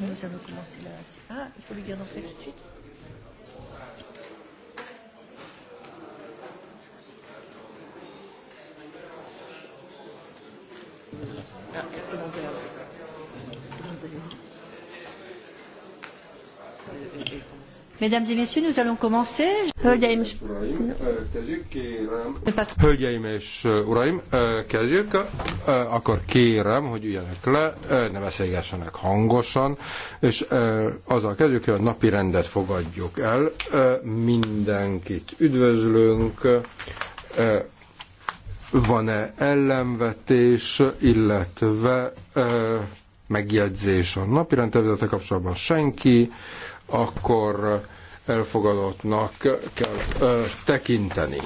Nous allons commencer là. Ah, il faut lui dire d'entrer tout de suite. Mesdames et messieurs, nous allons commencer. Hölgyeim és uraim, kezdjük, kérem. Hölgyeim és uraim, kezdjük. Akkor kérem, hogy üljenek le, ne beszélgessenek hangosan, és azzal kezdjük, hogy a napi rendet fogadjuk el. Mindenkit üdvözlünk. Van-e ellenvetés, illetve megjegyzés a napirend rendtervezete kapcsolatban senki, akkor elfogadottnak kell ö, tekinteni.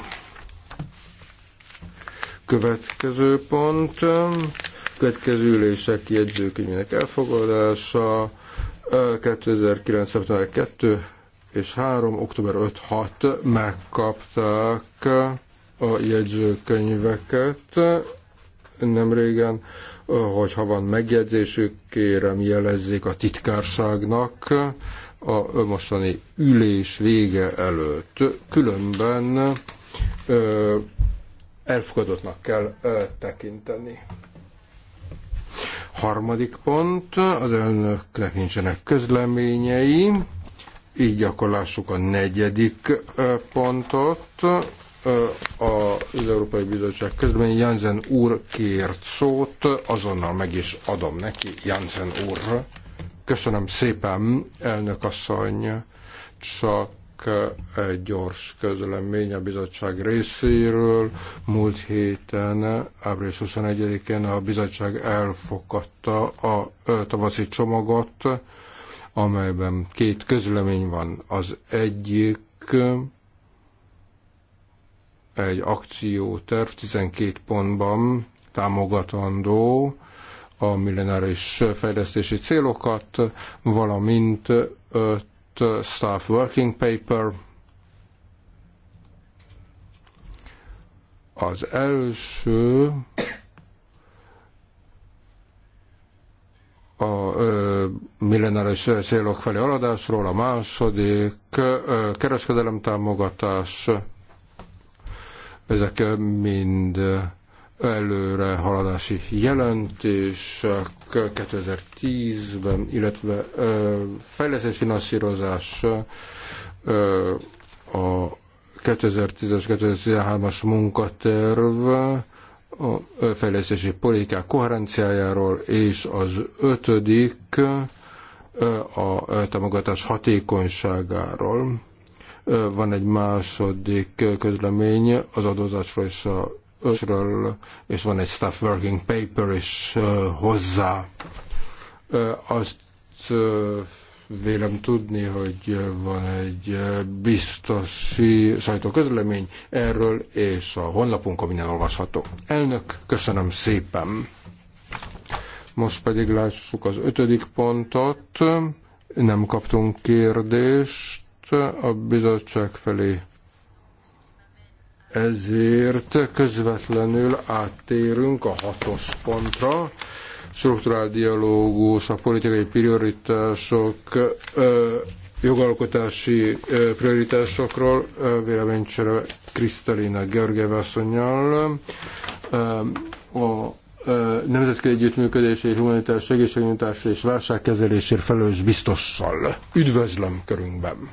Következő pont, következő ülések jegyzőkönyvének elfogadása, 2009. szeptember 2 és 3. október 5-6 megkapták a jegyzőkönyveket nem régen, hogyha van megjegyzésük, kérem jelezzék a titkárságnak, a mostani ülés vége előtt. Különben ö, elfogadottnak kell ö, tekinteni. Harmadik pont, az elnöknek nincsenek közleményei, így gyakorlássuk a negyedik pontot. Az Európai Bizottság közleménye Jansen úr kért szót, azonnal meg is adom neki, Jansen úr. Köszönöm szépen, elnök asszony, csak egy gyors közlemény a bizottság részéről. Múlt héten, április 21-én a bizottság elfogadta a tavaszi csomagot, amelyben két közlemény van. Az egyik egy akcióterv 12 pontban támogatandó a millenáris fejlesztési célokat, valamint öt staff working paper. Az első a millenáris célok felé aladásról, a második ö, kereskedelem támogatás, ezek mind előre haladási jelentések 2010-ben, illetve fejlesztési finanszírozás a 2010-es, 2013-as munkaterv a fejlesztési politikák koherenciájáról, és az ötödik a támogatás hatékonyságáról. Van egy második közlemény az adózásról és a ösről, és van egy staff working paper is hozzá. Azt vélem tudni, hogy van egy biztosi sajtóközlemény erről, és a honlapunkon minden olvasható. Elnök, köszönöm szépen! Most pedig lássuk az ötödik pontot. Nem kaptunk kérdést a bizottság felé ezért közvetlenül áttérünk a hatos pontra, strukturál dialógus, a politikai prioritások, jogalkotási prioritásokról, véleménycsere Krisztelina Gergely asszonynal, a nemzetközi együttműködésért, humanitárs segítségnyújtásra és válságkezelésért felelős biztossal. Üdvözlöm körünkben!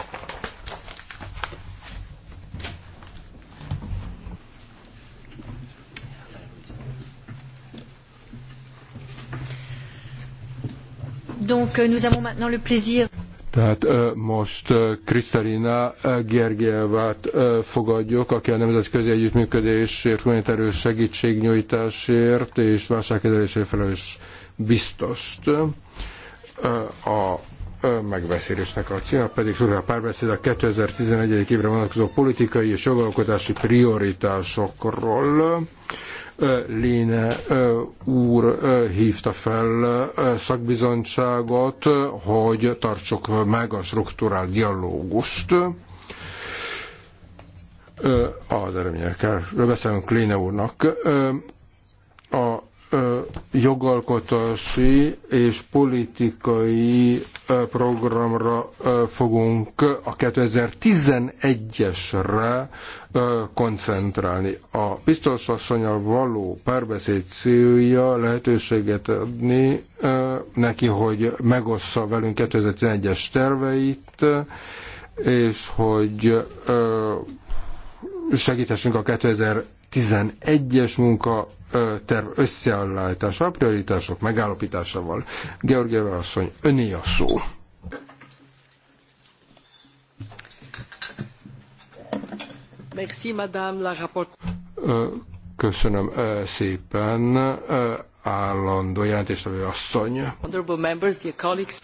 Donc, euh, nous avons maintenant le plaisir. Tehát most Krisztalina Gergievát fogadjuk, aki a Nemzetközi Együttműködésért, humanitárius segítségnyújtásért és válságkezelésért felelős biztost. A megbeszélésnek a célja pedig sorra párbeszéd a 2011. évre vonatkozó politikai és jogalkotási prioritásokról. Léne úr hívta fel szakbizonyságot, hogy tartsuk meg a struktúrál dialógust. Az eredményekkel beszélünk Léne úrnak. A jogalkotási és politikai programra fogunk a 2011-esre koncentrálni. A biztos asszonyal való párbeszéd célja lehetőséget adni neki, hogy megossza velünk 2011-es terveit, és hogy segíthessünk a 2000 11-es munka terv összeállítása, a prioritások megállapításával. Georgieva asszony, öné a szó. Merci, madame la rapport. Köszönöm szépen, állandó jelentéstevő asszony. Honorable members, dear colleagues.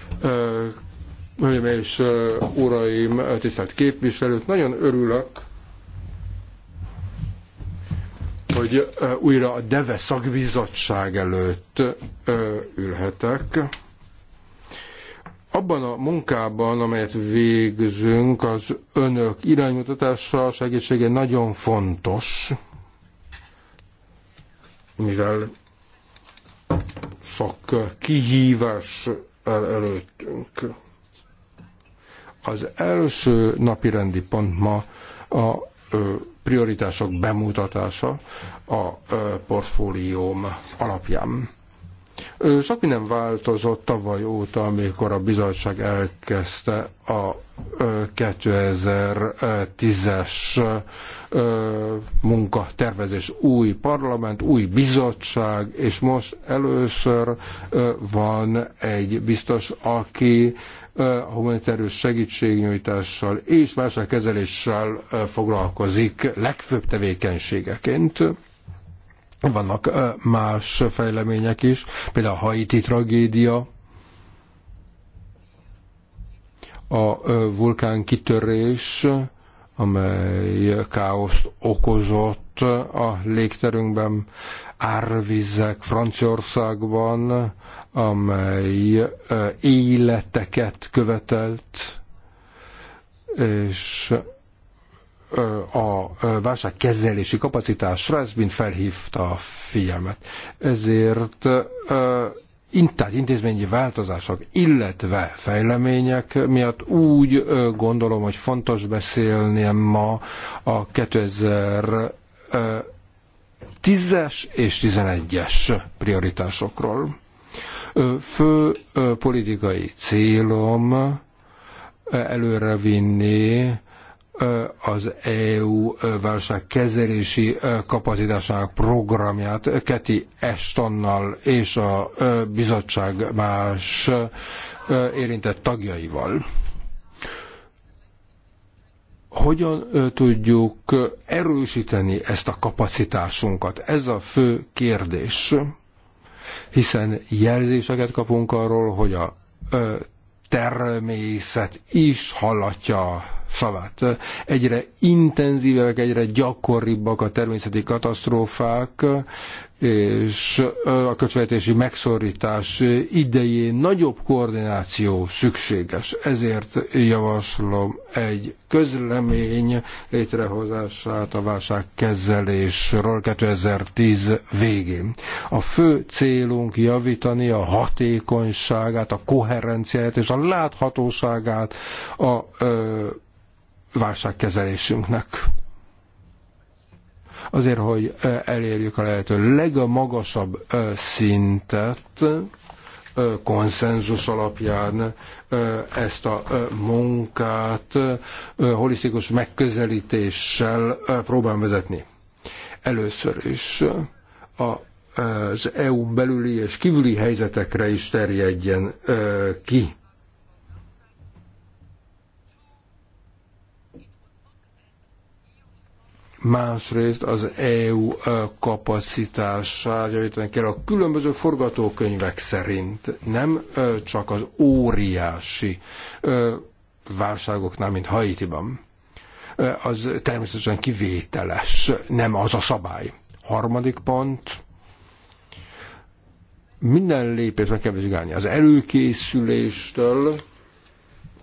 Hölgyeim és uraim, tisztelt képviselők, nagyon örülök, hogy újra a DEVE szakbizottság előtt ülhetek. Abban a munkában, amelyet végzünk, az önök iránymutatása, segítsége nagyon fontos, mivel sok kihívás el előttünk. Az első napi rendi pont ma a prioritások bemutatása a portfólióm alapján. Sok minden változott tavaly óta, amikor a bizottság elkezdte a 2010-es munkatervezés új parlament, új bizottság, és most először van egy biztos, aki a humanitárius segítségnyújtással és válságkezeléssel foglalkozik legfőbb tevékenységeként. Vannak más fejlemények is, például a haiti tragédia, a vulkán kitörés, amely káoszt okozott a légterünkben, árvizek Franciaországban, amely életeket követelt, és a kezelési kapacitásra, ez mind felhívta a figyelmet. Ezért tehát intézményi változások, illetve fejlemények miatt úgy gondolom, hogy fontos beszélni ma a 2010-es és 11-es prioritásokról. Fő politikai célom előrevinni az EU kezelési kapacitásának programját Keti Estonnal és a bizottság más érintett tagjaival. Hogyan tudjuk erősíteni ezt a kapacitásunkat? Ez a fő kérdés, hiszen jelzéseket kapunk arról, hogy a természet is hallatja szavát. Egyre intenzívebbek, egyre gyakoribbak a természeti katasztrófák, és a költségvetési megszorítás idején nagyobb koordináció szükséges. Ezért javaslom egy közlemény létrehozását a válságkezelésről 2010 végén. A fő célunk javítani a hatékonyságát, a koherenciát és a láthatóságát a válságkezelésünknek. Azért, hogy elérjük a lehető legmagasabb szintet, konszenzus alapján ezt a munkát holisztikus megközelítéssel próbálom vezetni. Először is a az EU belüli és kívüli helyzetekre is terjedjen ki másrészt az EU kapacitására javítani kell a különböző forgatókönyvek szerint, nem csak az óriási válságoknál, mint Haitiban. Az természetesen kivételes, nem az a szabály. Harmadik pont, minden lépést meg kell vizsgálni. Az előkészüléstől,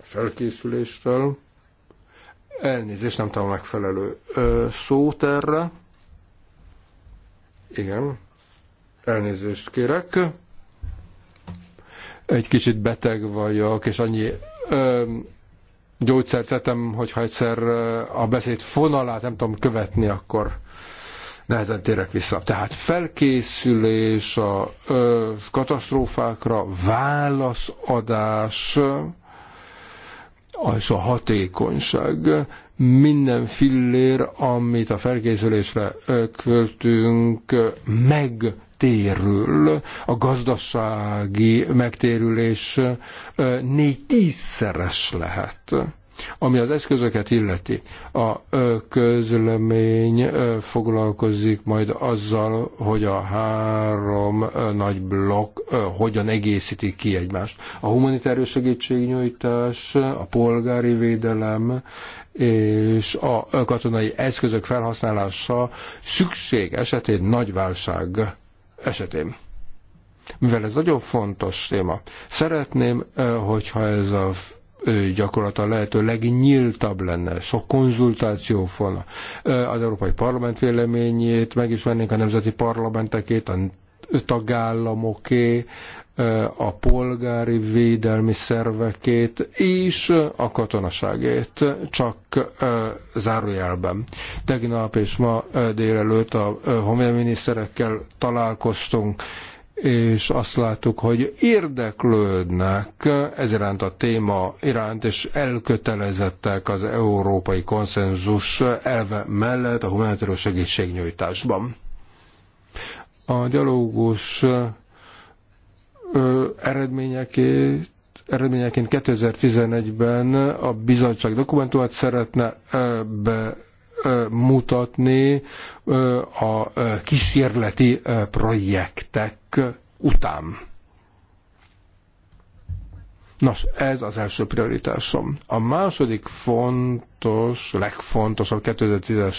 felkészüléstől, Elnézést, nem tudom megfelelő ö, szót erre. Igen. Elnézést kérek. Egy kicsit beteg vagyok, és annyi ö, gyógyszert szedtem, hogyha egyszer a beszéd fonalát nem tudom követni, akkor nehezen térek vissza. Tehát felkészülés a ö, katasztrófákra, válaszadás, és a hatékonyság minden fillér, amit a felkészülésre költünk, meg térül. A gazdasági megtérülés négy-tízszeres lehet ami az eszközöket illeti, a közlemény foglalkozik majd azzal, hogy a három nagy blokk hogyan egészíti ki egymást. A humanitárius segítségnyújtás, a polgári védelem és a katonai eszközök felhasználása szükség esetén nagy válság esetén mivel ez nagyon fontos téma, szeretném, hogyha ez a gyakorlata lehető legnyíltabb lenne, sok konzultáció volna. Az Európai Parlament véleményét megismernénk, a nemzeti parlamentekét, a tagállamoké, a polgári védelmi szervekét és a katonaságét, csak zárójelben. Tegnap és ma délelőtt a honvédelmi miniszterekkel találkoztunk, és azt láttuk, hogy érdeklődnek ez iránt a téma iránt, és elkötelezettek az európai konszenzus elve mellett a humanitárius segítségnyújtásban. A gyalogos eredményekét eredményeként 2011-ben a bizottság dokumentumát szeretne be mutatni a kísérleti projektek után. Nos, ez az első prioritásom. A második fontos, legfontosabb 2010-es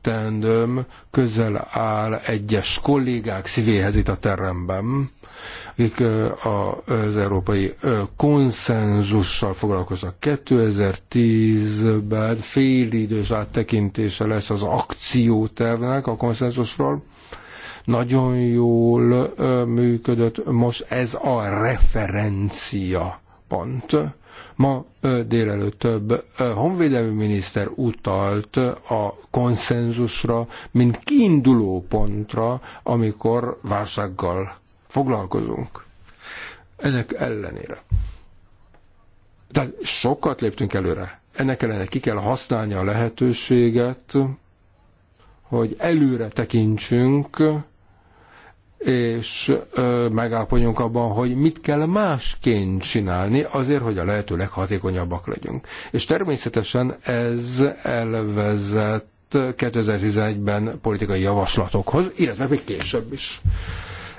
tendőm közel áll egyes kollégák szívéhez itt a teremben akik az európai konszenzussal foglalkoznak. 2010-ben félidős áttekintése lesz az akciótervnek a konszenzusról. Nagyon jól működött most ez a referencia pont. Ma délelőtt több honvédelmi miniszter utalt a konszenzusra, mint kiinduló pontra, amikor válsággal foglalkozunk. Ennek ellenére. Tehát sokat léptünk előre. Ennek ellenére ki kell használni a lehetőséget, hogy előre tekintsünk, és megállapodjunk abban, hogy mit kell másként csinálni azért, hogy a lehető leghatékonyabbak legyünk. És természetesen ez elvezet 2011-ben politikai javaslatokhoz, illetve még később is.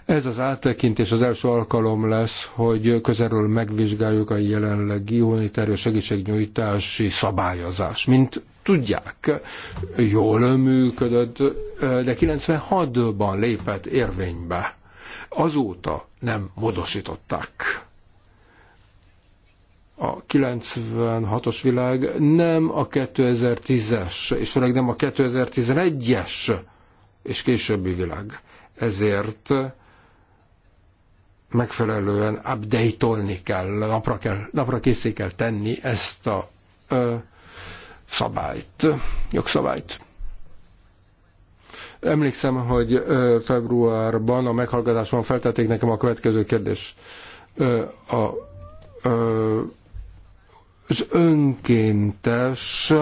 Ez az áttekintés az első alkalom lesz, hogy közelről megvizsgáljuk a jelenlegi humanitárius segítségnyújtási szabályozás. Mint tudják, jól működött, de 96-ban lépett érvénybe. Azóta nem módosították a 96-os világ nem a 2010-es, és főleg nem a 2011-es és későbbi világ. Ezért megfelelően update-olni kell, napra, kell, napra készé kell tenni ezt a ö, szabályt, jogszabályt. Emlékszem, hogy ö, februárban a meghallgatáson feltették nekem a következő kérdést. Ö, a, ö, az önkéntes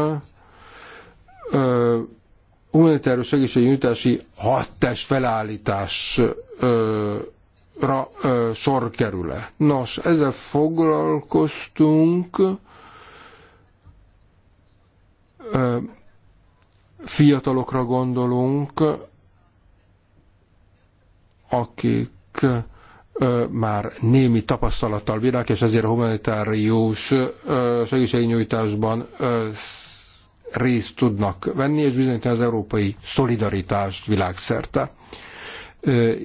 ö, humanitárius segítségnyújtási hadtest felállítás ö, ra sor kerül-e. Nos, ezzel foglalkoztunk fiatalokra gondolunk, akik már némi tapasztalattal bírnak, és ezért humanitárius segítségnyújtásban részt tudnak venni, és bizonyítani az európai szolidaritást világszerte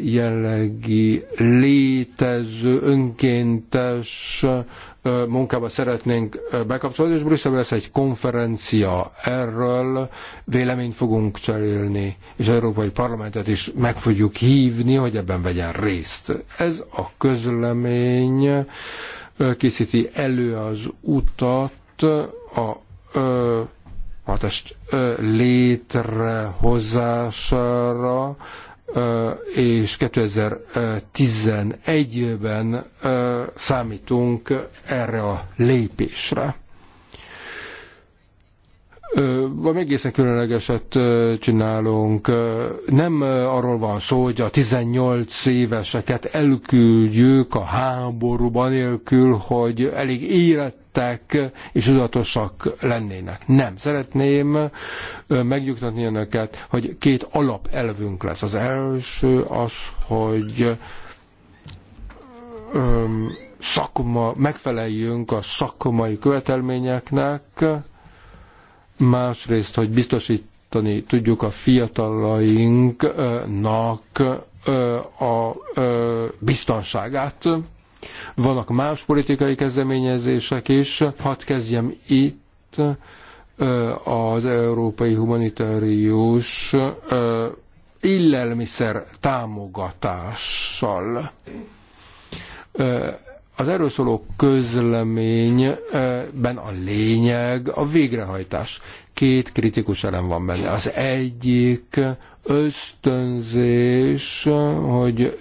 jellegi létező önkéntes munkába szeretnénk bekapcsolódni, és Brüsszelben lesz egy konferencia erről, véleményt fogunk cserélni, és az Európai Parlamentet is meg fogjuk hívni, hogy ebben vegyen részt. Ez a közlemény készíti elő az utat a hatást létrehozására, és 2011-ben számítunk erre a lépésre. Valami egészen különlegeset csinálunk. Nem arról van szó, hogy a 18 éveseket elküldjük a háborúban nélkül, hogy elég érett értenének és tudatosak lennének. Nem. Szeretném megnyugtatni önöket, hogy két alapelvünk lesz. Az első az, hogy szakma, megfeleljünk a szakmai követelményeknek, másrészt, hogy biztosítani tudjuk a fiatalainknak a biztonságát, vannak más politikai kezdeményezések is. Hadd kezdjem itt az európai humanitárius illelmiszer támogatással. Az erről szóló közleményben a lényeg a végrehajtás két kritikus elem van benne. Az egyik ösztönzés, hogy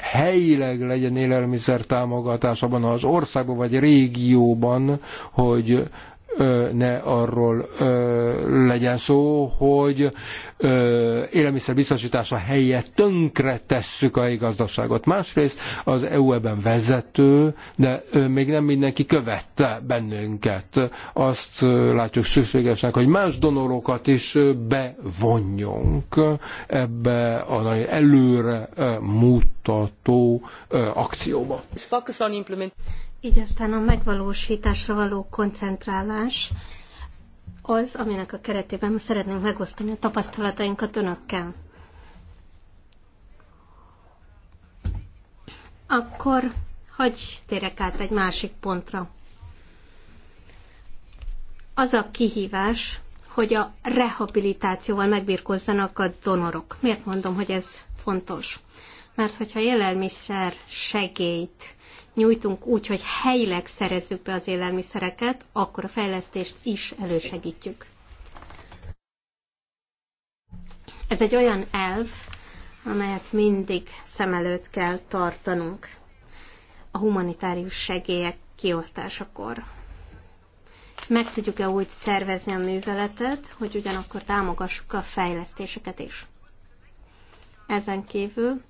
helyileg legyen élelmiszer támogatás abban az országban vagy régióban, hogy ne arról ö, legyen szó, hogy ö, élelmiszerbiztosítása helyett tönkre tesszük a gazdaságot. Másrészt az EU ebben vezető, de ö, még nem mindenki követte bennünket. Azt ö, látjuk szükségesnek, hogy más donorokat is bevonjunk ebbe a nagy előre ö, mutató ö, akcióba. Így aztán a megvalósításra való koncentrálás az, aminek a keretében szeretném megosztani a tapasztalatainkat önökkel. Akkor hagyj térek át egy másik pontra. Az a kihívás, hogy a rehabilitációval megbírkozzanak a donorok. Miért mondom, hogy ez fontos? mert hogyha élelmiszer segélyt nyújtunk úgy, hogy helyileg szerezzük be az élelmiszereket, akkor a fejlesztést is elősegítjük. Ez egy olyan elv, amelyet mindig szem előtt kell tartanunk a humanitárius segélyek kiosztásakor. Meg tudjuk-e úgy szervezni a műveletet, hogy ugyanakkor támogassuk a fejlesztéseket is. Ezen kívül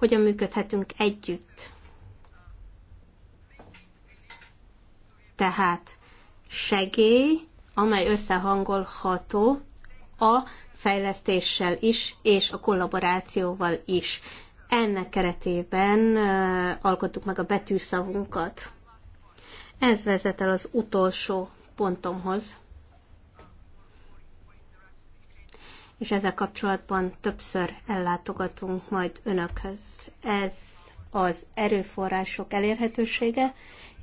hogyan működhetünk együtt. Tehát segély, amely összehangolható a fejlesztéssel is, és a kollaborációval is. Ennek keretében alkottuk meg a betűszavunkat. Ez vezet el az utolsó pontomhoz, és ezzel kapcsolatban többször ellátogatunk majd önökhöz. Ez az erőforrások elérhetősége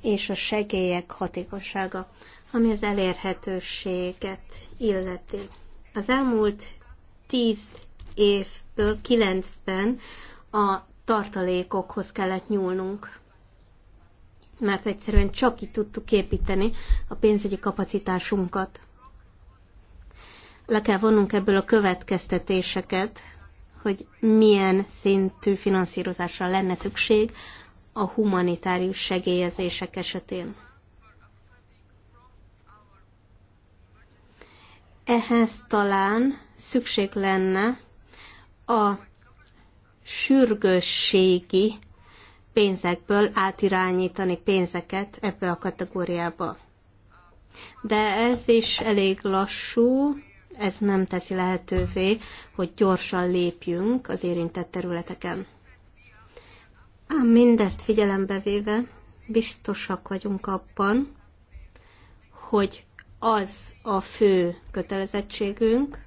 és a segélyek hatékossága, ami az elérhetőséget illeti. Az elmúlt tíz évből kilencben a tartalékokhoz kellett nyúlnunk, mert egyszerűen csak így tudtuk építeni a pénzügyi kapacitásunkat le kell vonnunk ebből a következtetéseket, hogy milyen szintű finanszírozásra lenne szükség a humanitárius segélyezések esetén. Ehhez talán szükség lenne a sürgősségi pénzekből átirányítani pénzeket ebbe a kategóriába. De ez is elég lassú, ez nem teszi lehetővé, hogy gyorsan lépjünk az érintett területeken. Ám mindezt figyelembe véve biztosak vagyunk abban, hogy az a fő kötelezettségünk,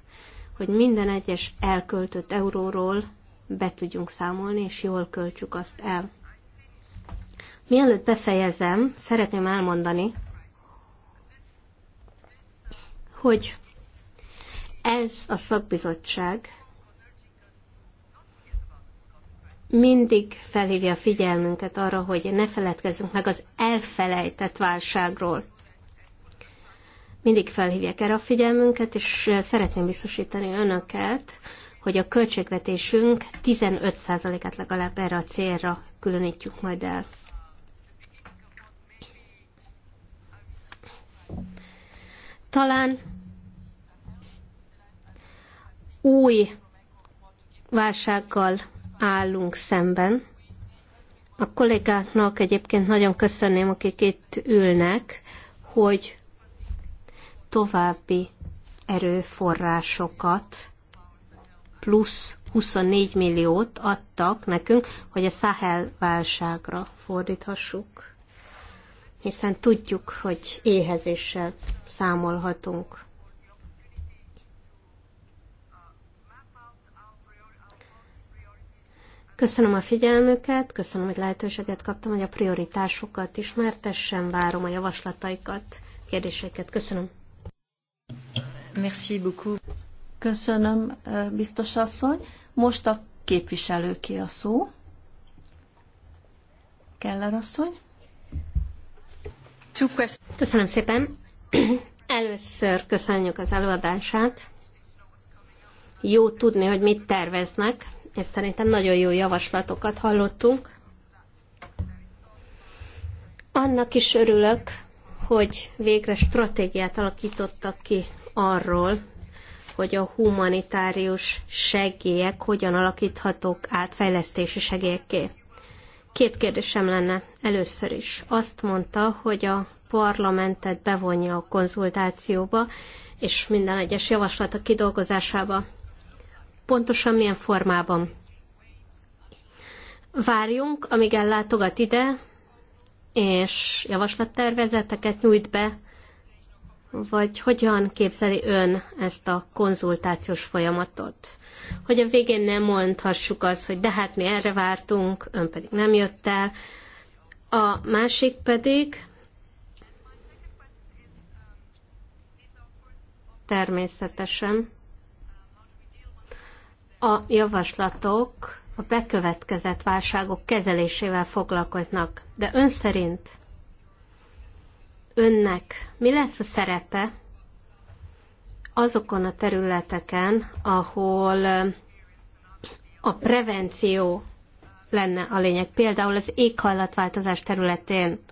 hogy minden egyes elköltött euróról be tudjunk számolni, és jól költsük azt el. Mielőtt befejezem, szeretném elmondani, hogy ez a szakbizottság mindig felhívja a figyelmünket arra, hogy ne feledkezzünk meg az elfelejtett válságról. Mindig felhívják erre a figyelmünket, és szeretném biztosítani önöket, hogy a költségvetésünk 15%-át legalább erre a célra különítjük majd el. Talán új válsággal állunk szemben. A kollégáknak egyébként nagyon köszönném, akik itt ülnek, hogy további erőforrásokat plusz 24 milliót adtak nekünk, hogy a Sahel válságra fordíthassuk, hiszen tudjuk, hogy éhezéssel számolhatunk. Köszönöm a figyelmüket, köszönöm, hogy lehetőséget kaptam, hogy a prioritásokat ismertessen, várom a javaslataikat, kérdéseiket. Köszönöm. Merci beaucoup. Köszönöm, biztos asszony. Most a képviselőké a szó. Keller asszony. Köszönöm szépen. Először köszönjük az előadását. Jó tudni, hogy mit terveznek, és szerintem nagyon jó javaslatokat hallottunk. Annak is örülök, hogy végre stratégiát alakítottak ki arról, hogy a humanitárius segélyek hogyan alakíthatók át fejlesztési segélyekké. Két kérdésem lenne először is. Azt mondta, hogy a parlamentet bevonja a konzultációba, és minden egyes javaslat a kidolgozásába pontosan milyen formában. Várjunk, amíg ellátogat ide, és javaslattervezeteket nyújt be, vagy hogyan képzeli ön ezt a konzultációs folyamatot? Hogy a végén nem mondhassuk azt, hogy de hát mi erre vártunk, ön pedig nem jött el. A másik pedig természetesen a javaslatok a bekövetkezett válságok kezelésével foglalkoznak, de ön szerint önnek mi lesz a szerepe azokon a területeken, ahol a prevenció lenne a lényeg, például az éghajlatváltozás területén,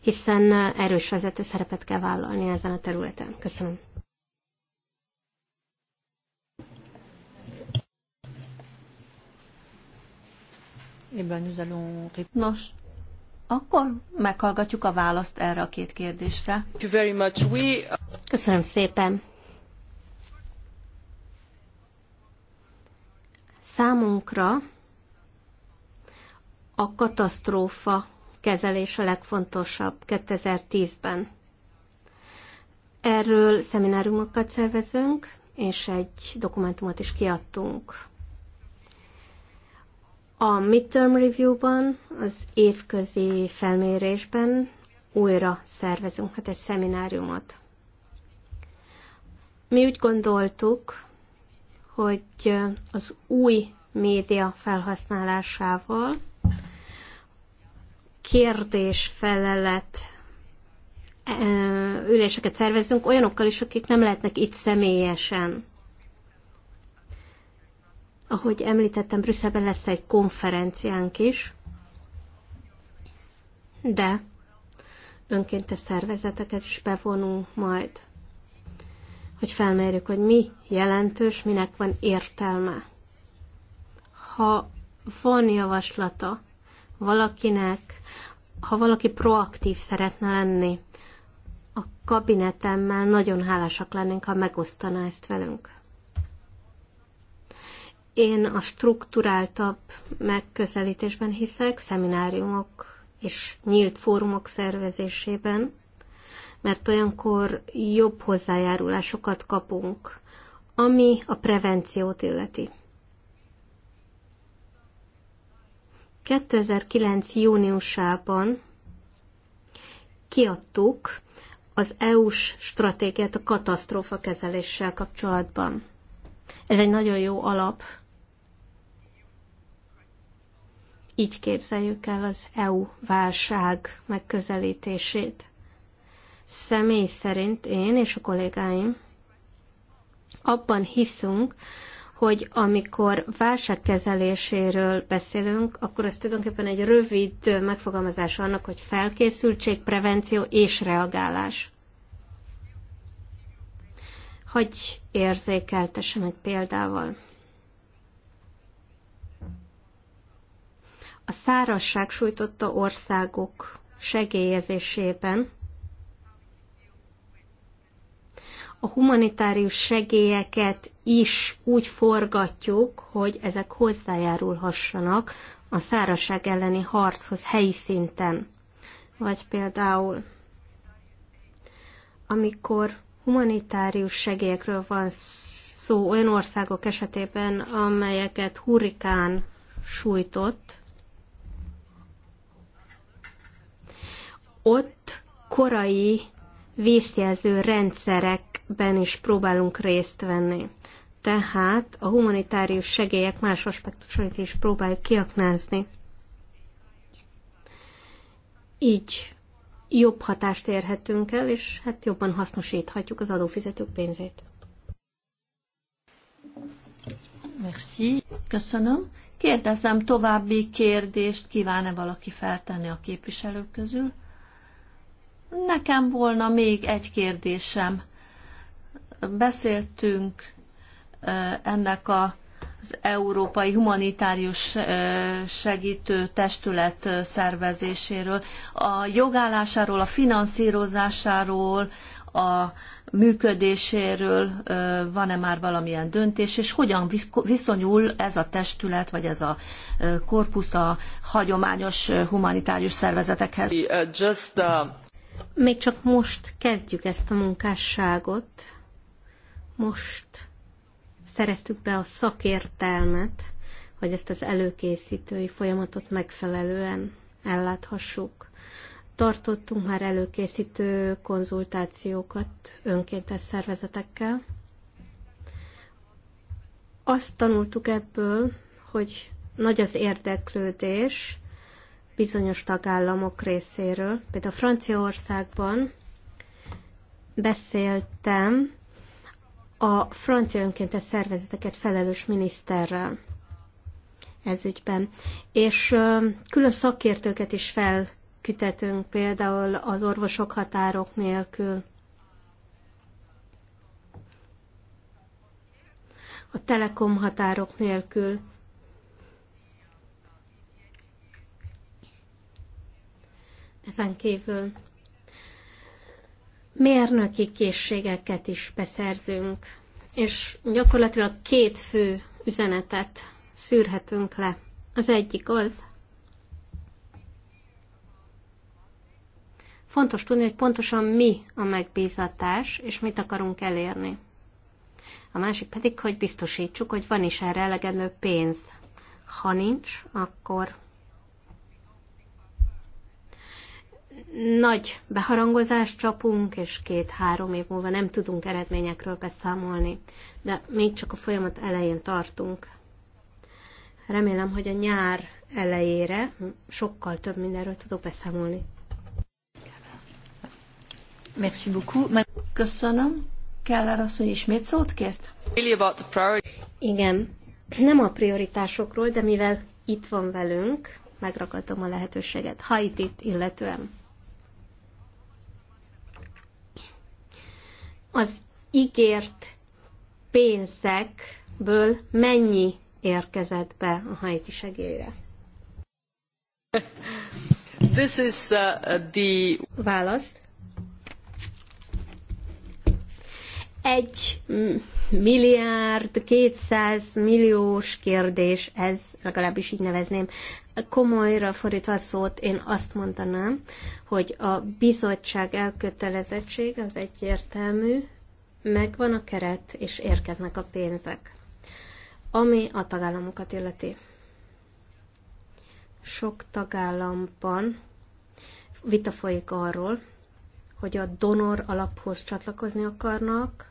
hiszen erős vezető szerepet kell vállalni ezen a területen. Köszönöm. Nos, akkor meghallgatjuk a választ erre a két kérdésre. Uh, Köszönöm szépen. Számunkra a katasztrófa kezelés a legfontosabb 2010-ben. Erről szemináriumokat szervezünk, és egy dokumentumot is kiadtunk. A midterm review-ban, az évközi felmérésben újra szervezünk hát egy szemináriumot. Mi úgy gondoltuk, hogy az új média felhasználásával kérdés-felelet üléseket szervezünk olyanokkal is, akik nem lehetnek itt személyesen. Ahogy említettem, Brüsszelben lesz egy konferenciánk is, de önkéntes szervezeteket is bevonunk majd, hogy felmérjük, hogy mi jelentős, minek van értelme. Ha van javaslata valakinek, ha valaki proaktív szeretne lenni, a kabinetemmel nagyon hálásak lennénk, ha megosztaná ezt velünk. Én a struktúráltabb megközelítésben hiszek, szemináriumok és nyílt fórumok szervezésében, mert olyankor jobb hozzájárulásokat kapunk, ami a prevenciót illeti. 2009. júniusában kiadtuk az EU-s stratégiát a katasztrófa kezeléssel kapcsolatban. Ez egy nagyon jó alap Így képzeljük el az EU válság megközelítését. Személy szerint én és a kollégáim abban hiszünk, hogy amikor válságkezeléséről beszélünk, akkor ez tulajdonképpen egy rövid megfogalmazása annak, hogy felkészültség, prevenció és reagálás. Hogy érzékeltessem egy példával. a szárazság sújtotta országok segélyezésében a humanitárius segélyeket is úgy forgatjuk, hogy ezek hozzájárulhassanak a szárazság elleni harchoz helyi szinten. Vagy például, amikor humanitárius segélyekről van szó olyan országok esetében, amelyeket hurrikán sújtott, ott korai vészjelző rendszerekben is próbálunk részt venni. Tehát a humanitárius segélyek más aspektusait is próbáljuk kiaknázni. Így jobb hatást érhetünk el, és hát jobban hasznosíthatjuk az adófizetők pénzét. Merci. Köszönöm. Kérdezem, további kérdést kíván-e valaki feltenni a képviselők közül? Nekem volna még egy kérdésem. Beszéltünk ennek a az Európai Humanitárius Segítő Testület szervezéséről, a jogállásáról, a finanszírozásáról, a működéséről van-e már valamilyen döntés, és hogyan viszonyul ez a testület, vagy ez a korpusz a hagyományos humanitárius szervezetekhez? Uh, just, uh... Még csak most kezdjük ezt a munkásságot. Most szereztük be a szakértelmet, hogy ezt az előkészítői folyamatot megfelelően elláthassuk. Tartottunk már előkészítő konzultációkat önkéntes szervezetekkel. Azt tanultuk ebből, hogy nagy az érdeklődés, bizonyos tagállamok részéről. Például Franciaországban beszéltem a francia önkéntes szervezeteket felelős miniszterrel ez ügyben. És külön szakértőket is felkütetünk, például az orvosok határok nélkül. A telekom határok nélkül ezen kívül mérnöki készségeket is beszerzünk, és gyakorlatilag két fő üzenetet szűrhetünk le. Az egyik az, fontos tudni, hogy pontosan mi a megbízatás, és mit akarunk elérni. A másik pedig, hogy biztosítsuk, hogy van is erre elegendő pénz. Ha nincs, akkor nagy beharangozást csapunk, és két-három év múlva nem tudunk eredményekről beszámolni, de még csak a folyamat elején tartunk. Remélem, hogy a nyár elejére sokkal több mindenről tudok beszámolni. Merci beaucoup. Köszönöm. Keller asszony ismét szót kért? Igen, nem a prioritásokról, de mivel itt van velünk, megragadom a lehetőséget itt illetően. az ígért pénzekből mennyi érkezett be a hajti segélyre? This is uh, the... Válasz. Egy milliárd, kétszáz milliós kérdés, ez legalábbis így nevezném komolyra fordítva a szót, én azt mondanám, hogy a bizottság elkötelezettség az egyértelmű, megvan a keret, és érkeznek a pénzek, ami a tagállamokat illeti. Sok tagállamban vita folyik arról, hogy a donor alaphoz csatlakozni akarnak,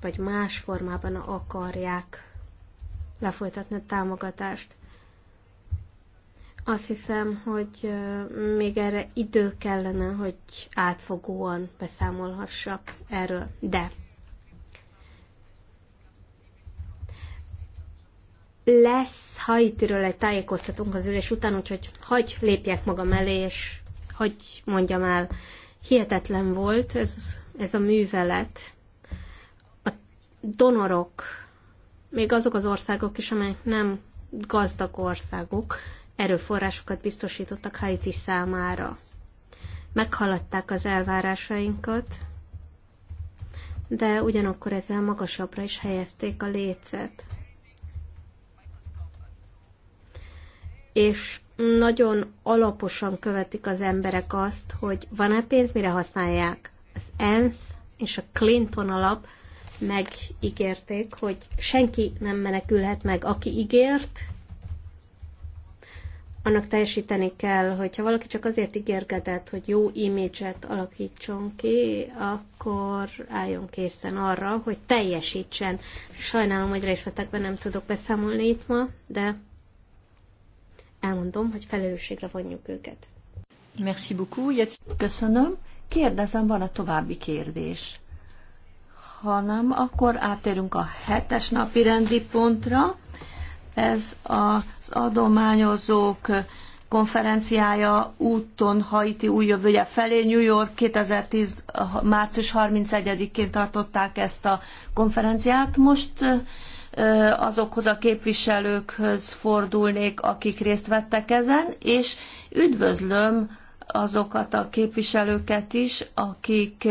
vagy más formában akarják lefolytatni a támogatást. Azt hiszem, hogy még erre idő kellene, hogy átfogóan beszámolhassak erről. De lesz Haitiről egy tájékoztatónk az ülés után, úgyhogy hagy lépjek magam elé, és hagy mondjam el, hihetetlen volt ez, ez a művelet. A donorok, még azok az országok is, amelyek nem gazdag országok, erőforrásokat biztosítottak Haiti számára. Meghaladták az elvárásainkat, de ugyanakkor ezzel magasabbra is helyezték a lécet. És nagyon alaposan követik az emberek azt, hogy van-e pénz, mire használják. Az ENSZ és a Clinton alap megígérték, hogy senki nem menekülhet meg, aki ígért, annak teljesíteni kell, hogyha valaki csak azért ígérgetett, hogy jó imidzset alakítson ki, akkor álljon készen arra, hogy teljesítsen. Sajnálom, hogy részletekben nem tudok beszámolni itt ma, de elmondom, hogy felelősségre vonjuk őket. Merci beaucoup. Köszönöm. Kérdezem, van a további kérdés? Ha nem, akkor átérünk a hetes napi rendi pontra ez az adományozók konferenciája úton Haiti új jövője felé. New York 2010. március 31-én tartották ezt a konferenciát. Most azokhoz a képviselőkhöz fordulnék, akik részt vettek ezen, és üdvözlöm azokat a képviselőket is, akik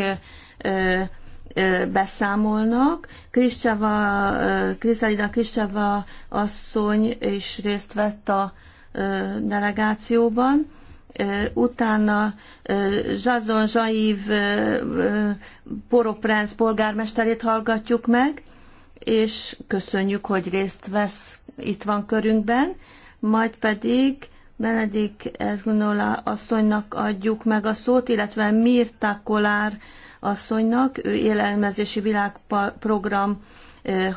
beszámolnak. Kriscsava, Kriszalida Kriscsava asszony is részt vett a delegációban. Utána Zsazon Zsaiv Poroprenc polgármesterét hallgatjuk meg, és köszönjük, hogy részt vesz itt van körünkben, majd pedig Benedik Erhunola asszonynak adjuk meg a szót, illetve Mirta Kolár asszonynak, ő élelmezési világprogram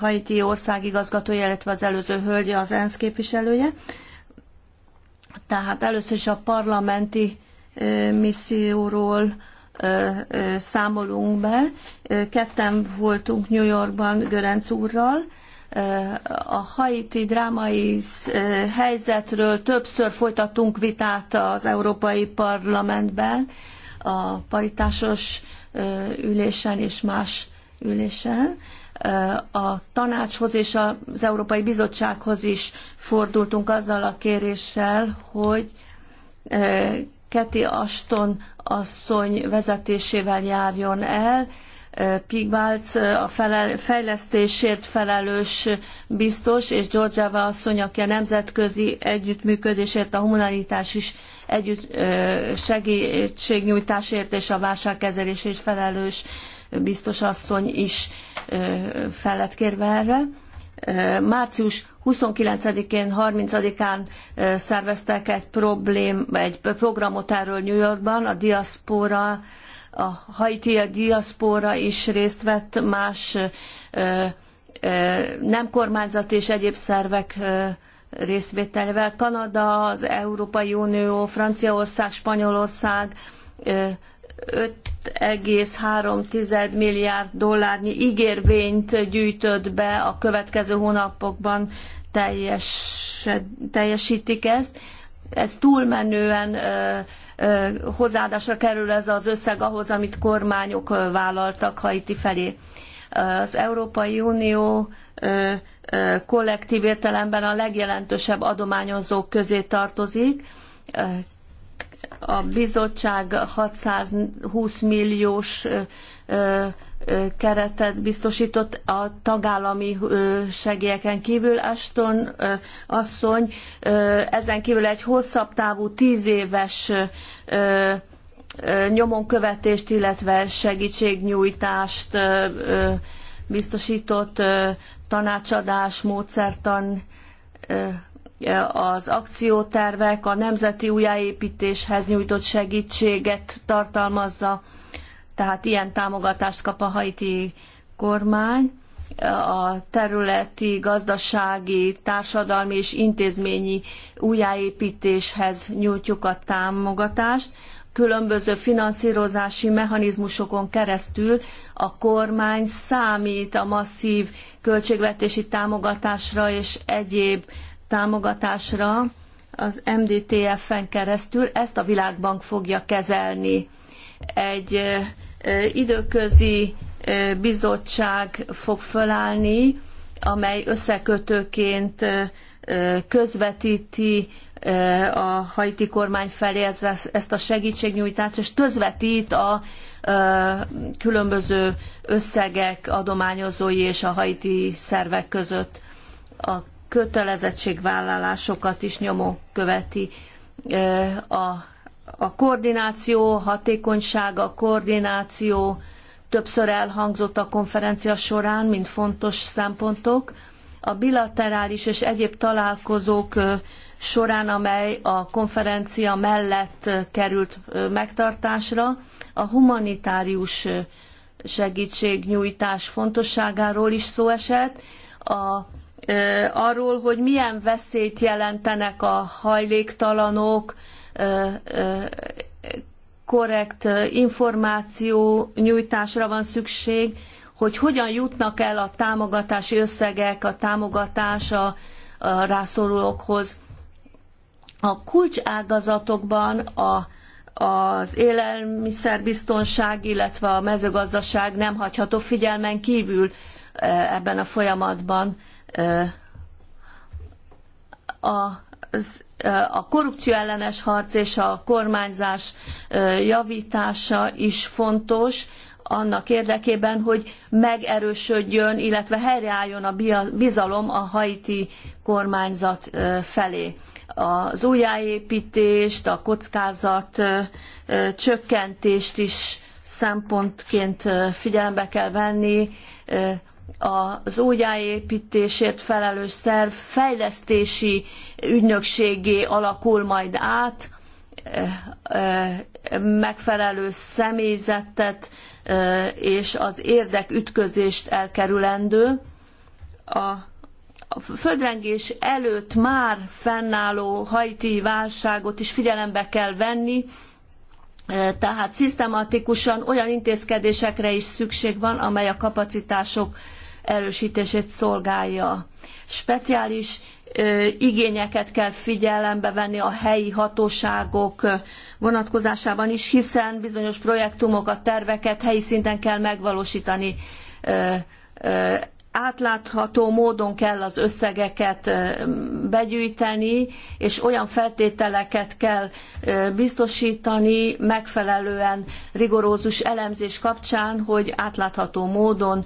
Haiti országigazgatója, illetve az előző hölgye az ENSZ képviselője. Tehát először is a parlamenti misszióról számolunk be. Ketten voltunk New Yorkban Görenc úrral, a haiti drámai helyzetről többször folytattunk vitát az Európai Parlamentben, a paritásos ülésen és más ülésen. A tanácshoz és az Európai Bizottsághoz is fordultunk azzal a kéréssel, hogy Keti Aston asszony vezetésével járjon el, Pigbalc a fejlesztésért felelős biztos, és Georgiava asszony, aki a nemzetközi együttműködésért, a humanitás is együtt segítségnyújtásért és a válságkezelésért felelős biztos asszony is fel lett kérve erre március 29-én, 30-án szerveztek egy, problém, egy programot erről New Yorkban, a diaszpora a haiti a diaszpora is részt vett, más nem kormányzat és egyéb szervek részvételével. Kanada, az Európai Unió, Franciaország, Spanyolország 5,3 milliárd dollárnyi ígérvényt gyűjtött be, a következő hónapokban teljes, teljesítik ezt ez túlmenően hozzáadásra kerül ez az összeg ahhoz, amit kormányok vállaltak Haiti felé. Az Európai Unió kollektív értelemben a legjelentősebb adományozók közé tartozik. A bizottság 620 milliós keretet biztosított a tagállami segélyeken kívül. Ashton asszony ezen kívül egy hosszabb távú, tíz éves nyomonkövetést, illetve segítségnyújtást biztosított tanácsadás, módszertan az akciótervek, a nemzeti újjáépítéshez nyújtott segítséget tartalmazza tehát ilyen támogatást kap a haiti kormány a területi, gazdasági, társadalmi és intézményi újjáépítéshez nyújtjuk a támogatást. Különböző finanszírozási mechanizmusokon keresztül a kormány számít a masszív költségvetési támogatásra és egyéb támogatásra az MDTF-en keresztül. Ezt a Világbank fogja kezelni. Egy időközi bizottság fog fölállni, amely összekötőként közvetíti a haiti kormány felé ezt a segítségnyújtást, és közvetít a különböző összegek adományozói és a haiti szervek között a kötelezettségvállalásokat is nyomon követi a a koordináció hatékonysága, a koordináció többször elhangzott a konferencia során, mint fontos szempontok. A bilaterális és egyéb találkozók során, amely a konferencia mellett került megtartásra, a humanitárius segítségnyújtás fontosságáról is szó esett, a, arról, hogy milyen veszélyt jelentenek a hajléktalanok, korrekt információ nyújtásra van szükség, hogy hogyan jutnak el a támogatási összegek, a támogatás a, rászorulókhoz. A kulcságazatokban a, az élelmiszerbiztonság, illetve a mezőgazdaság nem hagyható figyelmen kívül ebben a folyamatban. A a korrupció ellenes harc és a kormányzás javítása is fontos, annak érdekében, hogy megerősödjön, illetve helyreálljon a bizalom a haiti kormányzat felé. Az újjáépítést, a kockázat csökkentést is szempontként figyelembe kell venni, az újjáépítésért felelős szerv fejlesztési ügynökségé alakul majd át, eh, eh, megfelelő személyzetet eh, és az érdekütközést elkerülendő. A földrengés előtt már fennálló haiti válságot is figyelembe kell venni, tehát szisztematikusan olyan intézkedésekre is szükség van, amely a kapacitások erősítését szolgálja. Speciális igényeket kell figyelembe venni a helyi hatóságok vonatkozásában is, hiszen bizonyos projektumokat, terveket helyi szinten kell megvalósítani átlátható módon kell az összegeket begyűjteni, és olyan feltételeket kell biztosítani megfelelően rigorózus elemzés kapcsán, hogy átlátható módon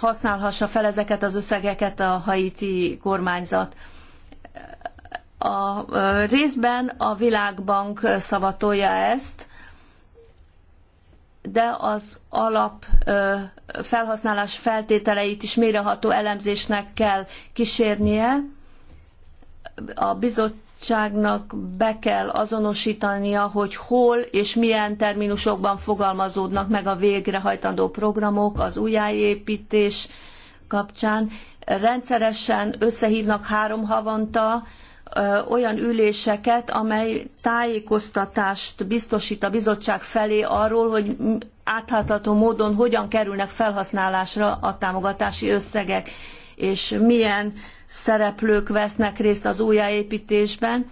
használhassa fel ezeket az összegeket a haiti kormányzat. A részben a Világbank szavatolja ezt, de az alap felhasználás feltételeit is méreható elemzésnek kell kísérnie. A bizottságnak be kell azonosítania, hogy hol és milyen terminusokban fogalmazódnak meg a végrehajtandó programok az újjáépítés kapcsán. Rendszeresen összehívnak három havonta, olyan üléseket, amely tájékoztatást biztosít a bizottság felé arról, hogy átlátható módon hogyan kerülnek felhasználásra a támogatási összegek, és milyen szereplők vesznek részt az újjáépítésben.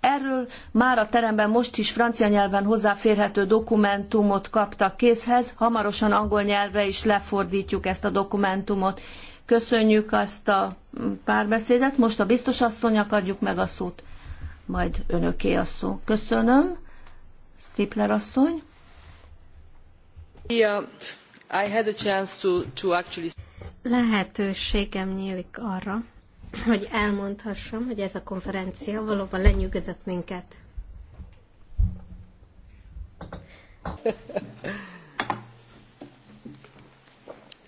Erről már a teremben most is francia nyelven hozzáférhető dokumentumot kaptak készhez, hamarosan angol nyelvre is lefordítjuk ezt a dokumentumot, Köszönjük azt a párbeszédet. Most a biztos asszonynak adjuk meg a szót, majd önöké a szó. Köszönöm. Stipler asszony. Yeah, I had a chance to, to actually... Lehetőségem nyílik arra, hogy elmondhassam, hogy ez a konferencia valóban lenyűgözött minket.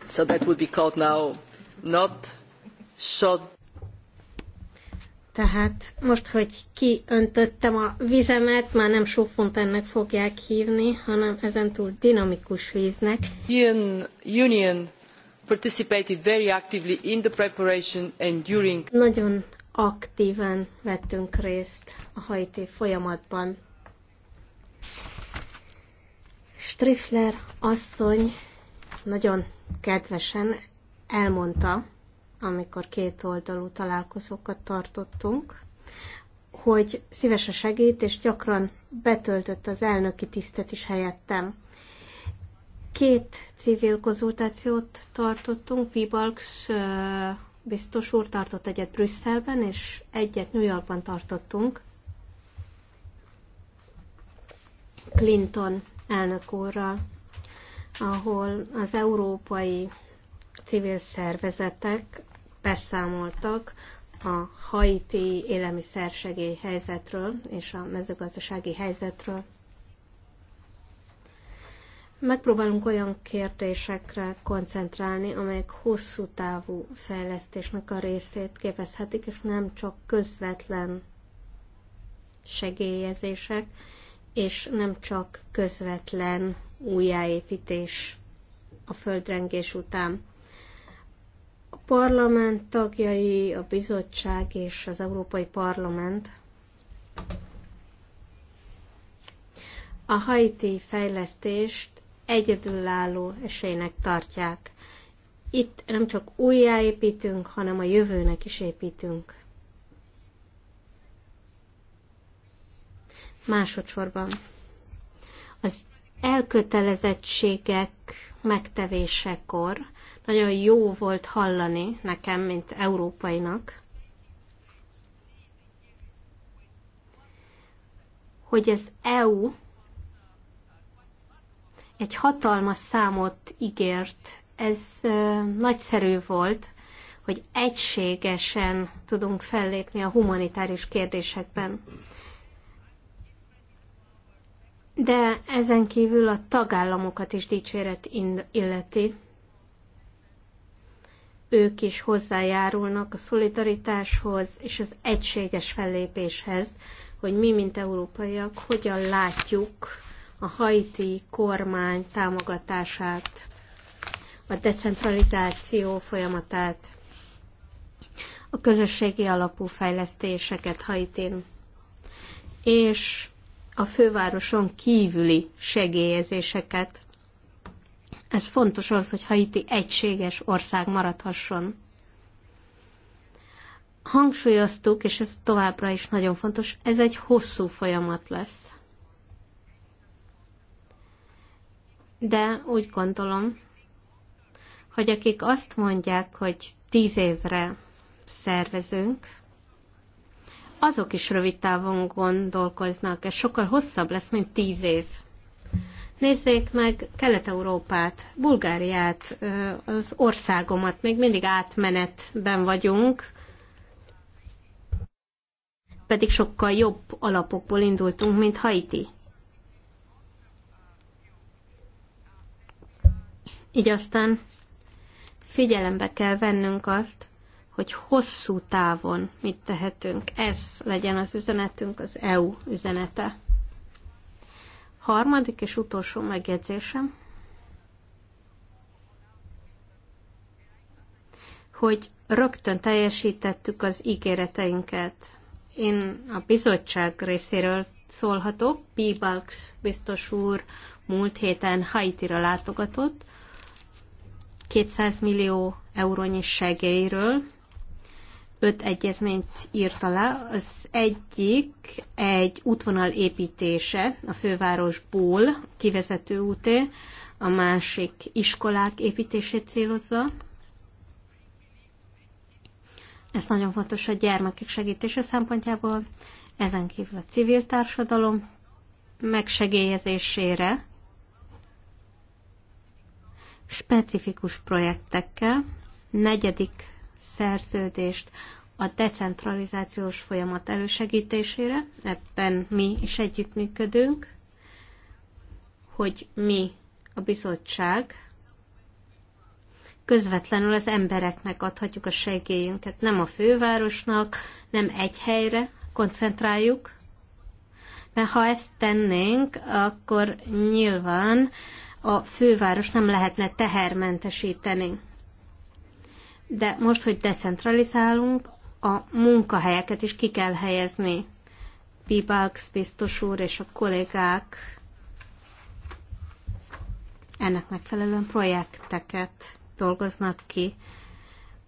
so that would be called now not shot. Tehát most, hogy kiöntöttem a vizemet, már nem sófontennek fogják hívni, hanem ezentúl dinamikus víznek. Union, Union participated very actively in the preparation and during. Nagyon aktíven vettünk részt a hajté folyamatban. Strifler asszony nagyon kedvesen elmondta, amikor két oldalú találkozókat tartottunk, hogy szívesen segít, és gyakran betöltött az elnöki tisztet is helyettem. Két civil konzultációt tartottunk, Pibalx biztos úr tartott egyet Brüsszelben, és egyet New Yorkban tartottunk. Clinton elnök úrral, ahol az európai civil szervezetek beszámoltak a haiti élelmiszersegély helyzetről és a mezőgazdasági helyzetről. Megpróbálunk olyan kérdésekre koncentrálni, amelyek hosszú távú fejlesztésnek a részét képezhetik, és nem csak közvetlen segélyezések, és nem csak közvetlen újjáépítés a földrengés után parlament tagjai, a bizottság és az Európai Parlament a haiti fejlesztést egyedülálló esélynek tartják. Itt nem csak újjáépítünk, hanem a jövőnek is építünk. Másodszorban az elkötelezettségek megtevésekor nagyon jó volt hallani nekem, mint európainak, hogy az EU egy hatalmas számot ígért. Ez ö, nagyszerű volt, hogy egységesen tudunk fellépni a humanitáris kérdésekben. De ezen kívül a tagállamokat is dicséret illeti, ők is hozzájárulnak a szolidaritáshoz és az egységes fellépéshez, hogy mi, mint európaiak, hogyan látjuk a haiti kormány támogatását, a decentralizáció folyamatát, a közösségi alapú fejlesztéseket Haitin, és a fővároson kívüli segélyezéseket. Ez fontos az, hogy Haiti egységes ország maradhasson. Hangsúlyoztuk, és ez továbbra is nagyon fontos, ez egy hosszú folyamat lesz. De úgy gondolom, hogy akik azt mondják, hogy tíz évre szervezünk, azok is rövid távon gondolkoznak. Ez sokkal hosszabb lesz, mint tíz év. Nézzék meg Kelet-Európát, Bulgáriát, az országomat, még mindig átmenetben vagyunk, pedig sokkal jobb alapokból indultunk, mint Haiti. Így aztán figyelembe kell vennünk azt, hogy hosszú távon mit tehetünk. Ez legyen az üzenetünk, az EU üzenete. Harmadik és utolsó megjegyzésem, hogy rögtön teljesítettük az ígéreteinket. Én a bizottság részéről szólhatok. Pibalks biztos úr múlt héten Haitira látogatott, 200 millió eurónyi segélyről öt egyezményt írt alá. Az egyik egy útvonal építése a fővárosból kivezető úté, a másik iskolák építését célozza. Ez nagyon fontos a gyermekek segítése szempontjából, ezen kívül a civil társadalom megsegélyezésére, specifikus projektekkel, negyedik szerződést a decentralizációs folyamat elősegítésére, ebben mi is együttműködünk, hogy mi a bizottság közvetlenül az embereknek adhatjuk a segélyünket, nem a fővárosnak, nem egy helyre koncentráljuk, mert ha ezt tennénk, akkor nyilván a főváros nem lehetne tehermentesíteni de most, hogy decentralizálunk, a munkahelyeket is ki kell helyezni. Pipax biztos úr és a kollégák ennek megfelelően projekteket dolgoznak ki,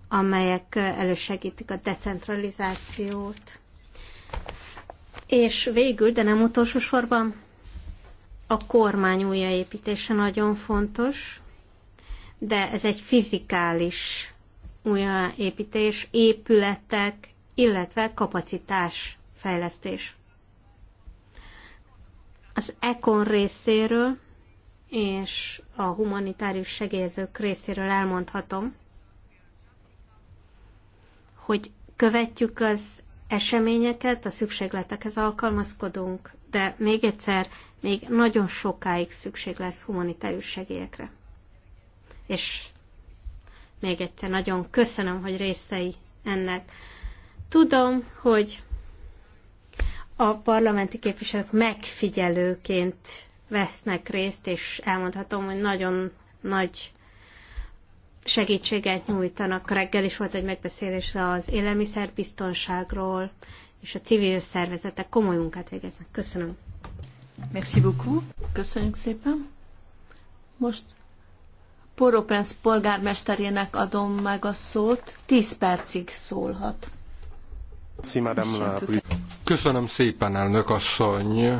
amelyek elősegítik a decentralizációt. És végül, de nem utolsó sorban, a kormány újjáépítése nagyon fontos, de ez egy fizikális építés, épületek, illetve kapacitás fejlesztés. Az ECON részéről és a humanitárius segélyezők részéről elmondhatom, hogy követjük az eseményeket, a szükségletekhez alkalmazkodunk, de még egyszer, még nagyon sokáig szükség lesz humanitárius segélyekre. És még egyszer nagyon köszönöm, hogy részei ennek. Tudom, hogy a parlamenti képviselők megfigyelőként vesznek részt, és elmondhatom, hogy nagyon nagy segítséget nyújtanak. Reggel is volt egy megbeszélés az élelmiszerbiztonságról, és a civil szervezetek komoly munkát végeznek. Köszönöm. Merci beaucoup. Köszönjük szépen. Most Poropensz polgármesterének adom meg a szót, Tíz percig szólhat. Köszönöm szépen, elnök asszony.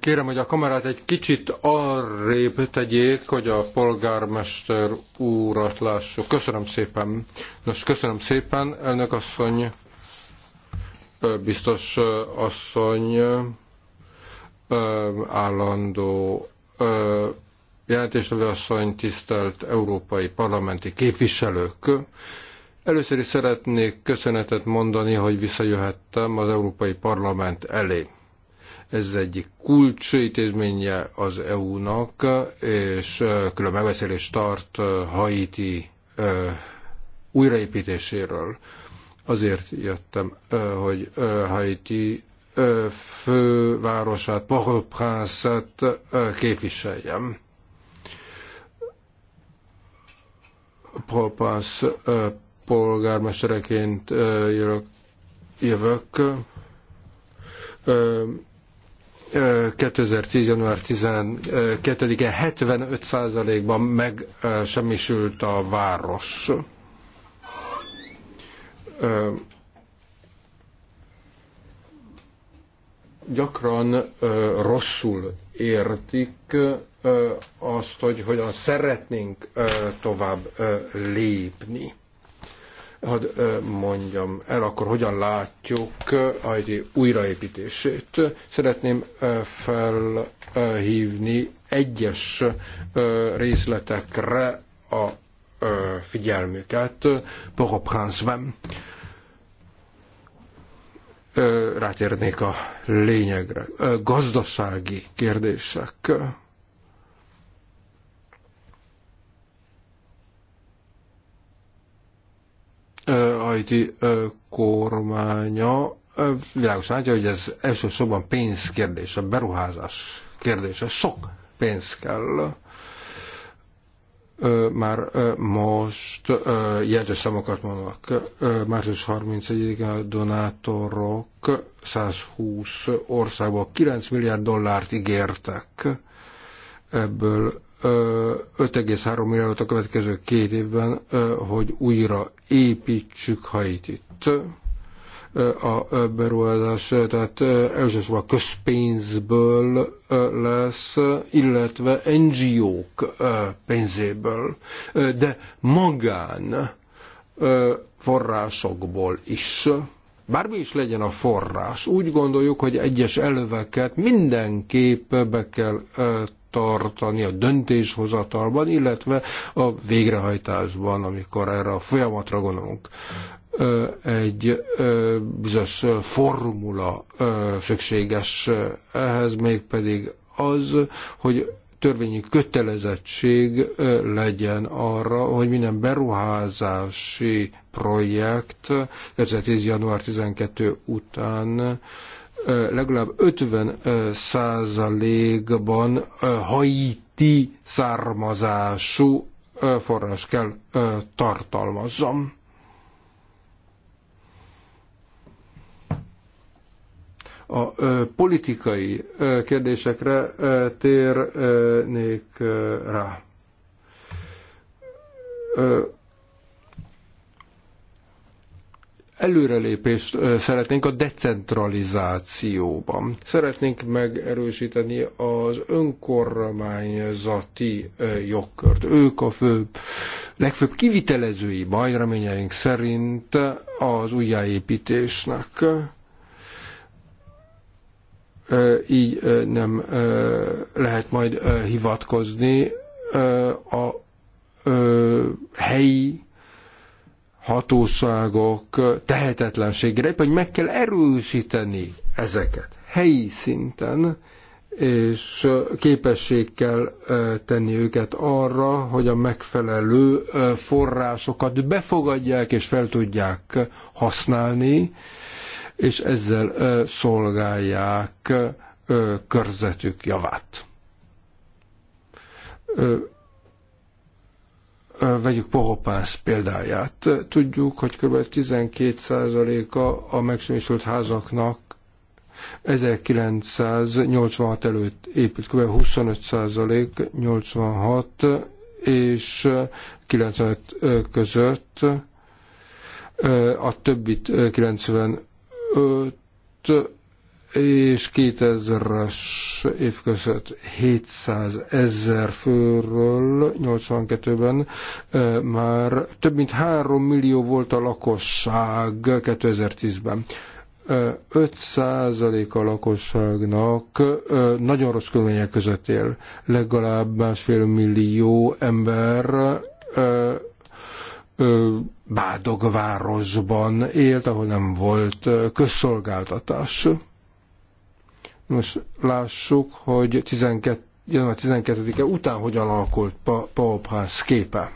Kérem, hogy a kamerát egy kicsit arrébb tegyék, hogy a polgármester úrat lássuk. Köszönöm szépen. Nos, köszönöm szépen, elnök asszony, biztos asszony állandó jelentéstevő asszony, tisztelt európai parlamenti képviselők. Először is szeretnék köszönetet mondani, hogy visszajöhettem az Európai Parlament elé. Ez egyik kulcsintézménye az EU-nak, és külön megbeszélést tart Haiti újraépítéséről. Azért jöttem, hogy Haiti fővárosát, Port-au-Prince-et képviseljem. Propász polgármestereként jövök, 2010. január 12 en 75%-ban megsemmisült a város gyakran ö, rosszul értik ö, azt, hogy hogyan szeretnénk ö, tovább ö, lépni. Hadd mondjam el, akkor hogyan látjuk ID újraépítését. Szeretném felhívni egyes részletekre a figyelmüket. port Rátérnék a lényegre. Gazdasági kérdések. Haiti kormánya világosan látja, hogy ez elsősorban pénz kérdése, beruházás kérdése. Sok pénz kell már most jelentős számokat mondanak. Március 31-én a donátorok 120 országból 9 milliárd dollárt ígértek. Ebből 5,3 milliárdot a következő két évben, hogy újra építsük Haitit a beruházás, tehát elsősorban közpénzből lesz, illetve NGO-k pénzéből, de magán forrásokból is. Bármi is legyen a forrás, úgy gondoljuk, hogy egyes elveket mindenképp be kell tartani a döntéshozatalban, illetve a végrehajtásban, amikor erre a folyamatra gondolunk egy bizonyos formula szükséges ehhez, mégpedig az, hogy törvényi kötelezettség legyen arra, hogy minden beruházási projekt 2010. január 12 után legalább 50 százalékban haiti származású forrás kell tartalmazzam. A politikai kérdésekre térnék rá. Előrelépést szeretnénk a decentralizációban. Szeretnénk megerősíteni az önkormányzati jogkört. Ők a fő, legfőbb kivitelezői baj reményeink szerint az újjáépítésnek így nem lehet majd hivatkozni a helyi hatóságok tehetetlenségére, hogy meg kell erősíteni ezeket helyi szinten, és képesség kell tenni őket arra, hogy a megfelelő forrásokat befogadják és fel tudják használni, és ezzel szolgálják körzetük javát. Vegyük Pohopász példáját. Tudjuk, hogy kb. 12%-a a megsemmisült házaknak 1986 előtt épült, kb. 25% 86 és 95 között, a többit 90 és 2000-es év között 700 ezer főről 82-ben már több mint 3 millió volt a lakosság 2010-ben. 5% a lakosságnak nagyon rossz körülmények között él. Legalább másfél millió ember Bádogvárosban élt, ahol nem volt közszolgáltatás. Most lássuk, hogy 12, január 12-e után hogyan alakult Paupház képe.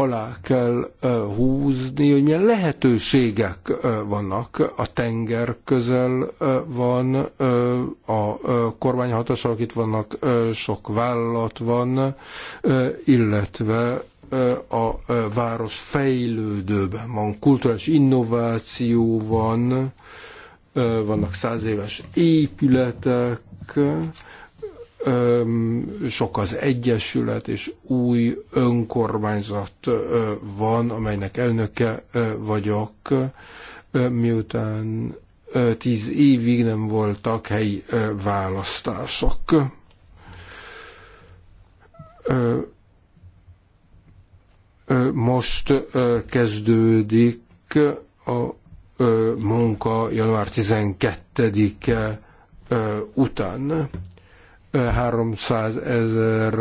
alá kell húzni, hogy milyen lehetőségek vannak. A tenger közel van, a kormányhatóságok itt vannak, sok vállalat van, illetve a város fejlődőben van, kulturális innováció van, vannak száz éves épületek, sok az egyesület és új önkormányzat van, amelynek elnöke vagyok, miután tíz évig nem voltak helyi választások. Most kezdődik a munka január 12-e után 300 ezer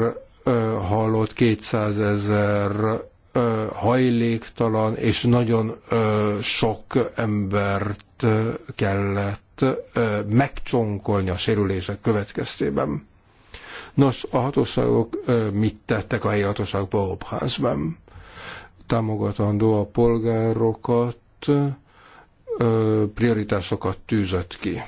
halott, 200 ezer hajléktalan, és nagyon sok embert kellett megcsonkolni a sérülések következtében. Nos, a hatóságok mit tettek a helyi hatóságok Bohobházben? Támogatandó a polgárokat, prioritásokat tűzött ki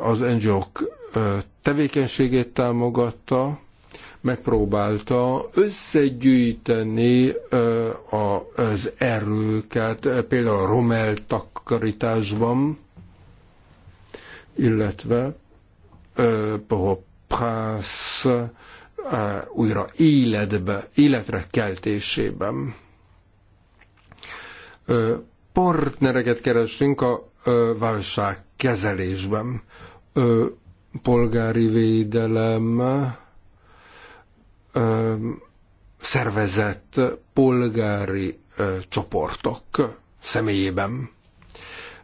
az ngo tevékenységét támogatta, megpróbálta összegyűjteni az erőket, például a Romel takarításban, illetve a Prince újra életbe, életre keltésében. Partnereket keresünk a válság kezelésben. Ö, polgári védelem, ö, szervezett polgári ö, csoportok személyében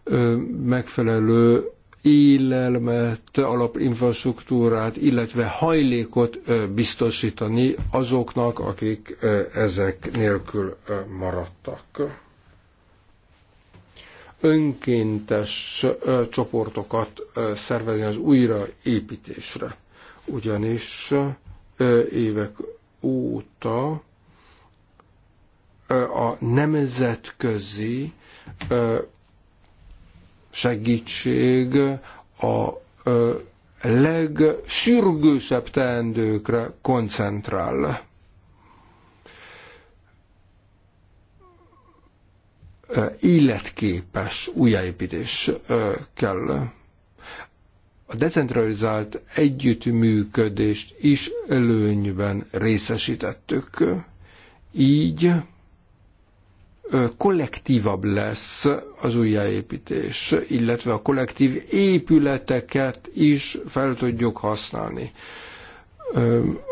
ö, megfelelő élelmet, alapinfrastruktúrát, illetve hajlékot biztosítani azoknak, akik ezek nélkül maradtak önkéntes csoportokat szervezni az újraépítésre. Ugyanis évek óta a nemzetközi segítség a legsürgősebb teendőkre koncentrál életképes újjáépítés kell. A decentralizált együttműködést is előnyben részesítettük. Így kollektívabb lesz az újjáépítés, illetve a kollektív épületeket is fel tudjuk használni.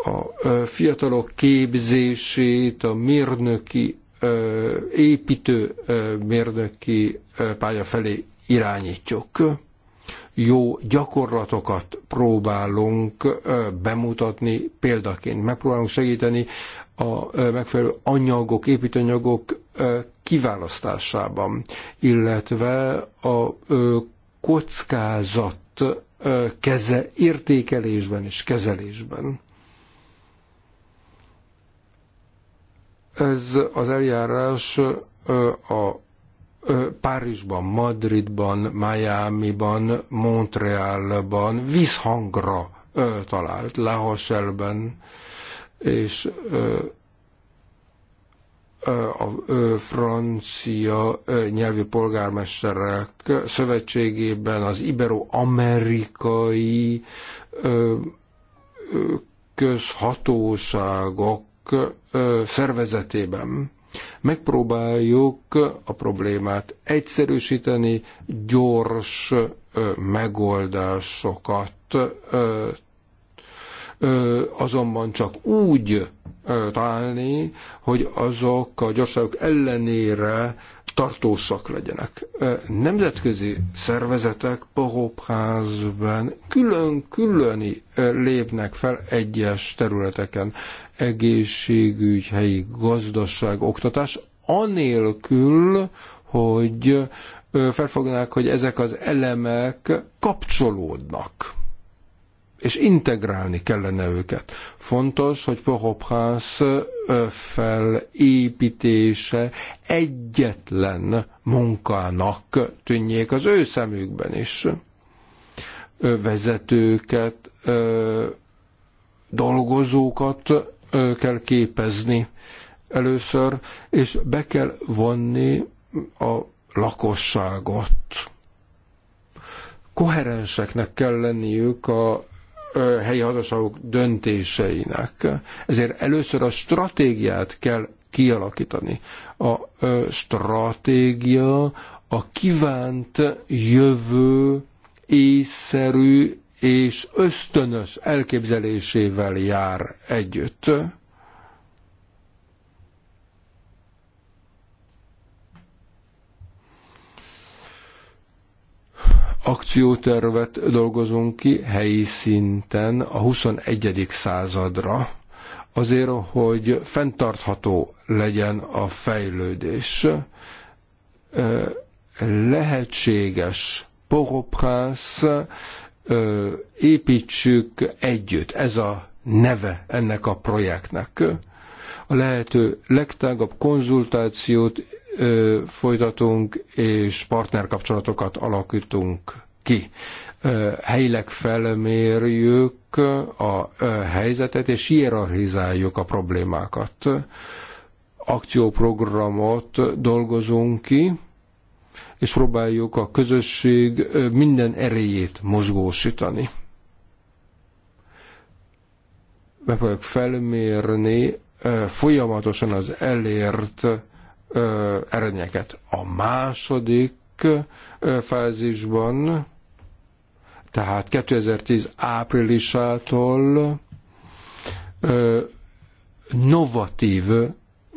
A fiatalok képzését, a mérnöki építő mérnöki pálya felé irányítjuk. Jó gyakorlatokat próbálunk bemutatni példaként. Megpróbálunk segíteni a megfelelő anyagok, építőanyagok kiválasztásában, illetve a kockázat keze értékelésben és kezelésben Ez az eljárás a Párizsban, Madridban, Miami-ban, Montrealban vízhangra talált, Lahosselben, és a francia nyelvű polgármesterek szövetségében az ibero-amerikai közhatóságok szervezetében megpróbáljuk a problémát egyszerűsíteni, gyors megoldásokat azonban csak úgy találni, hogy azok a gyorságok ellenére tartósak legyenek. Nemzetközi szervezetek Pohóprázben külön-külön lépnek fel egyes területeken. Egészségügy, helyi gazdaság, oktatás, anélkül, hogy felfognák, hogy ezek az elemek kapcsolódnak és integrálni kellene őket. Fontos, hogy Port-au-Prince felépítése egyetlen munkának tűnjék az ő szemükben is. Vezetőket, dolgozókat kell képezni először, és be kell vonni a lakosságot koherenseknek kell lenniük a helyi hatóságok döntéseinek. Ezért először a stratégiát kell kialakítani. A stratégia a kívánt jövő észszerű és ösztönös elképzelésével jár együtt Akciótervet dolgozunk ki helyi szinten a 21. századra, azért, hogy fenntartható legyen a fejlődés. Lehetséges porokrász, építsük együtt. Ez a neve ennek a projektnek. A lehető legtágabb konzultációt folytatunk, és partnerkapcsolatokat alakítunk ki. Helyileg felmérjük a helyzetet, és hierarchizáljuk a problémákat. Akcióprogramot dolgozunk ki, és próbáljuk a közösség minden erejét mozgósítani. Megpróbáljuk felmérni folyamatosan az elért eredményeket. A második fázisban, tehát 2010 áprilisától novatív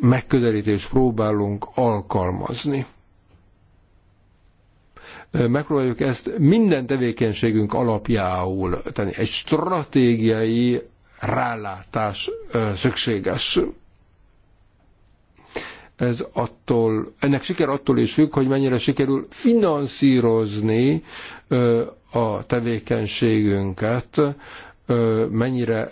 megközelítést próbálunk alkalmazni. Megpróbáljuk ezt minden tevékenységünk alapjául tenni. Egy stratégiai rálátás szükséges ez attól, ennek siker attól is függ, hogy mennyire sikerül finanszírozni a tevékenységünket, mennyire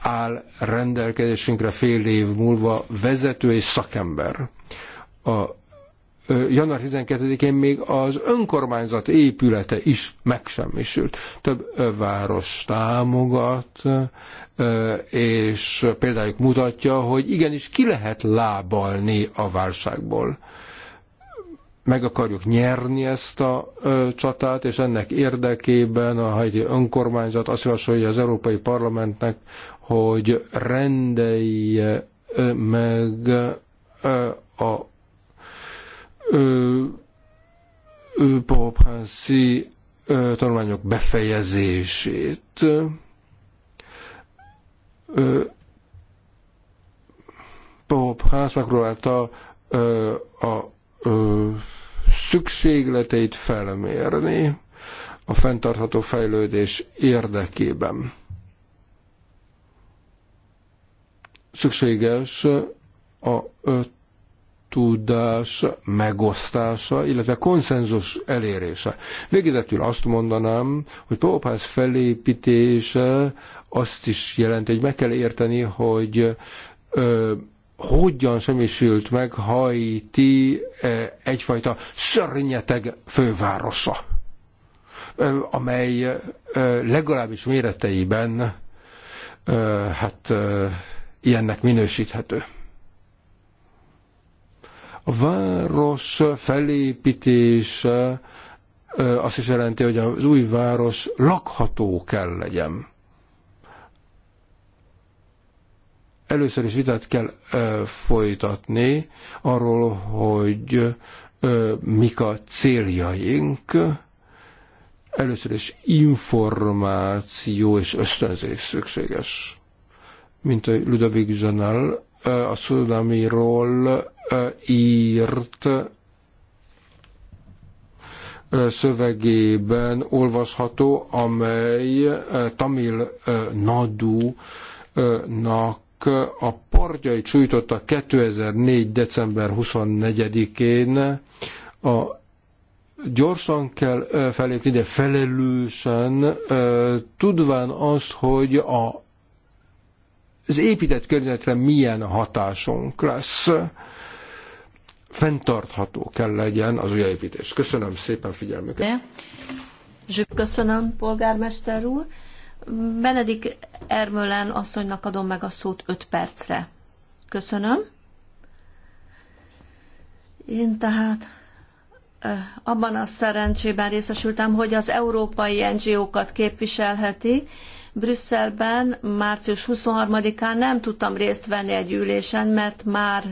áll rendelkezésünkre fél év múlva vezető és szakember. A január 12-én még az önkormányzat épülete is megsemmisült. Több város támogat, és példájuk mutatja, hogy igenis ki lehet lábalni a válságból. Meg akarjuk nyerni ezt a csatát, és ennek érdekében a hajti önkormányzat azt javasolja az Európai Parlamentnek, hogy rendelje meg a pau tanulmányok befejezését. pau megpróbálta ö, a ö, szükségleteit felmérni a fenntartható fejlődés érdekében. Szükséges a tudás megosztása, illetve konszenzus elérése. Végezetül azt mondanám, hogy Pópász felépítése azt is jelenti, hogy meg kell érteni, hogy ö, hogyan semmisült meg Haiti egyfajta szörnyeteg fővárosa, ö, amely ö, legalábbis méreteiben ö, hát ö, ilyennek minősíthető. A város felépítése azt is jelenti, hogy az új város lakható kell legyen. Először is vitát kell folytatni arról, hogy mik a céljaink. Először is információ és ösztönzés szükséges. Mint a Ludovic Zsanál a szunamiról írt szövegében olvasható, amely Tamil Nadu-nak a partjai sújtotta 2004. december 24-én a gyorsan kell felépni, de felelősen, tudván azt, hogy a, az épített környezetre milyen hatásunk lesz fenntartható kell legyen az újjáépítés. Köszönöm szépen figyelmüket. Köszönöm, polgármester úr. Benedik Ermölen asszonynak adom meg a szót 5 percre. Köszönöm. Én tehát abban a szerencsében részesültem, hogy az európai NGO-kat képviselheti, Brüsszelben március 23-án nem tudtam részt venni egy ülésen, mert már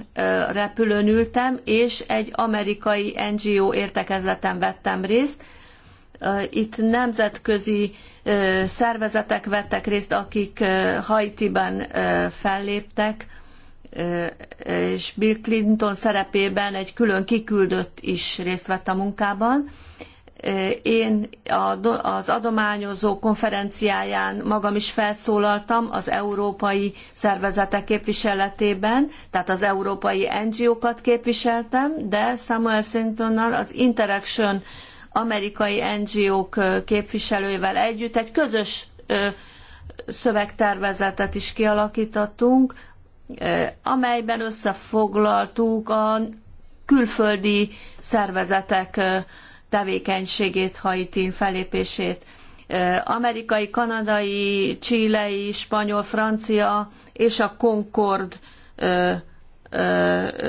repülőn ültem, és egy amerikai NGO értekezleten vettem részt. Itt nemzetközi szervezetek vettek részt, akik Haitiben felléptek, és Bill Clinton szerepében egy külön kiküldött is részt vett a munkában én az adományozó konferenciáján magam is felszólaltam az európai szervezetek képviseletében, tehát az európai NGO-kat képviseltem, de Samuel Sintonnal az Interaction amerikai NGO-k képviselőivel együtt egy közös szövegtervezetet is kialakítottunk, amelyben összefoglaltuk a külföldi szervezetek tevékenységét, Haiti felépését. Amerikai, kanadai, csilei, spanyol, francia és a Concord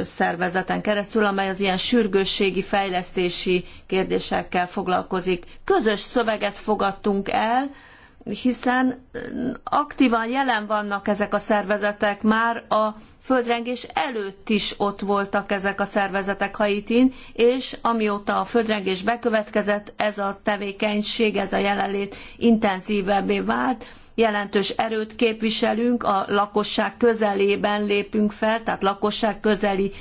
szervezeten keresztül, amely az ilyen sürgősségi fejlesztési kérdésekkel foglalkozik. Közös szöveget fogadtunk el, hiszen aktívan jelen vannak ezek a szervezetek, már a földrengés előtt is ott voltak ezek a szervezetek Haitin, és amióta a földrengés bekövetkezett, ez a tevékenység, ez a jelenlét intenzívebbé vált, jelentős erőt képviselünk, a lakosság közelében lépünk fel, tehát lakosság közeli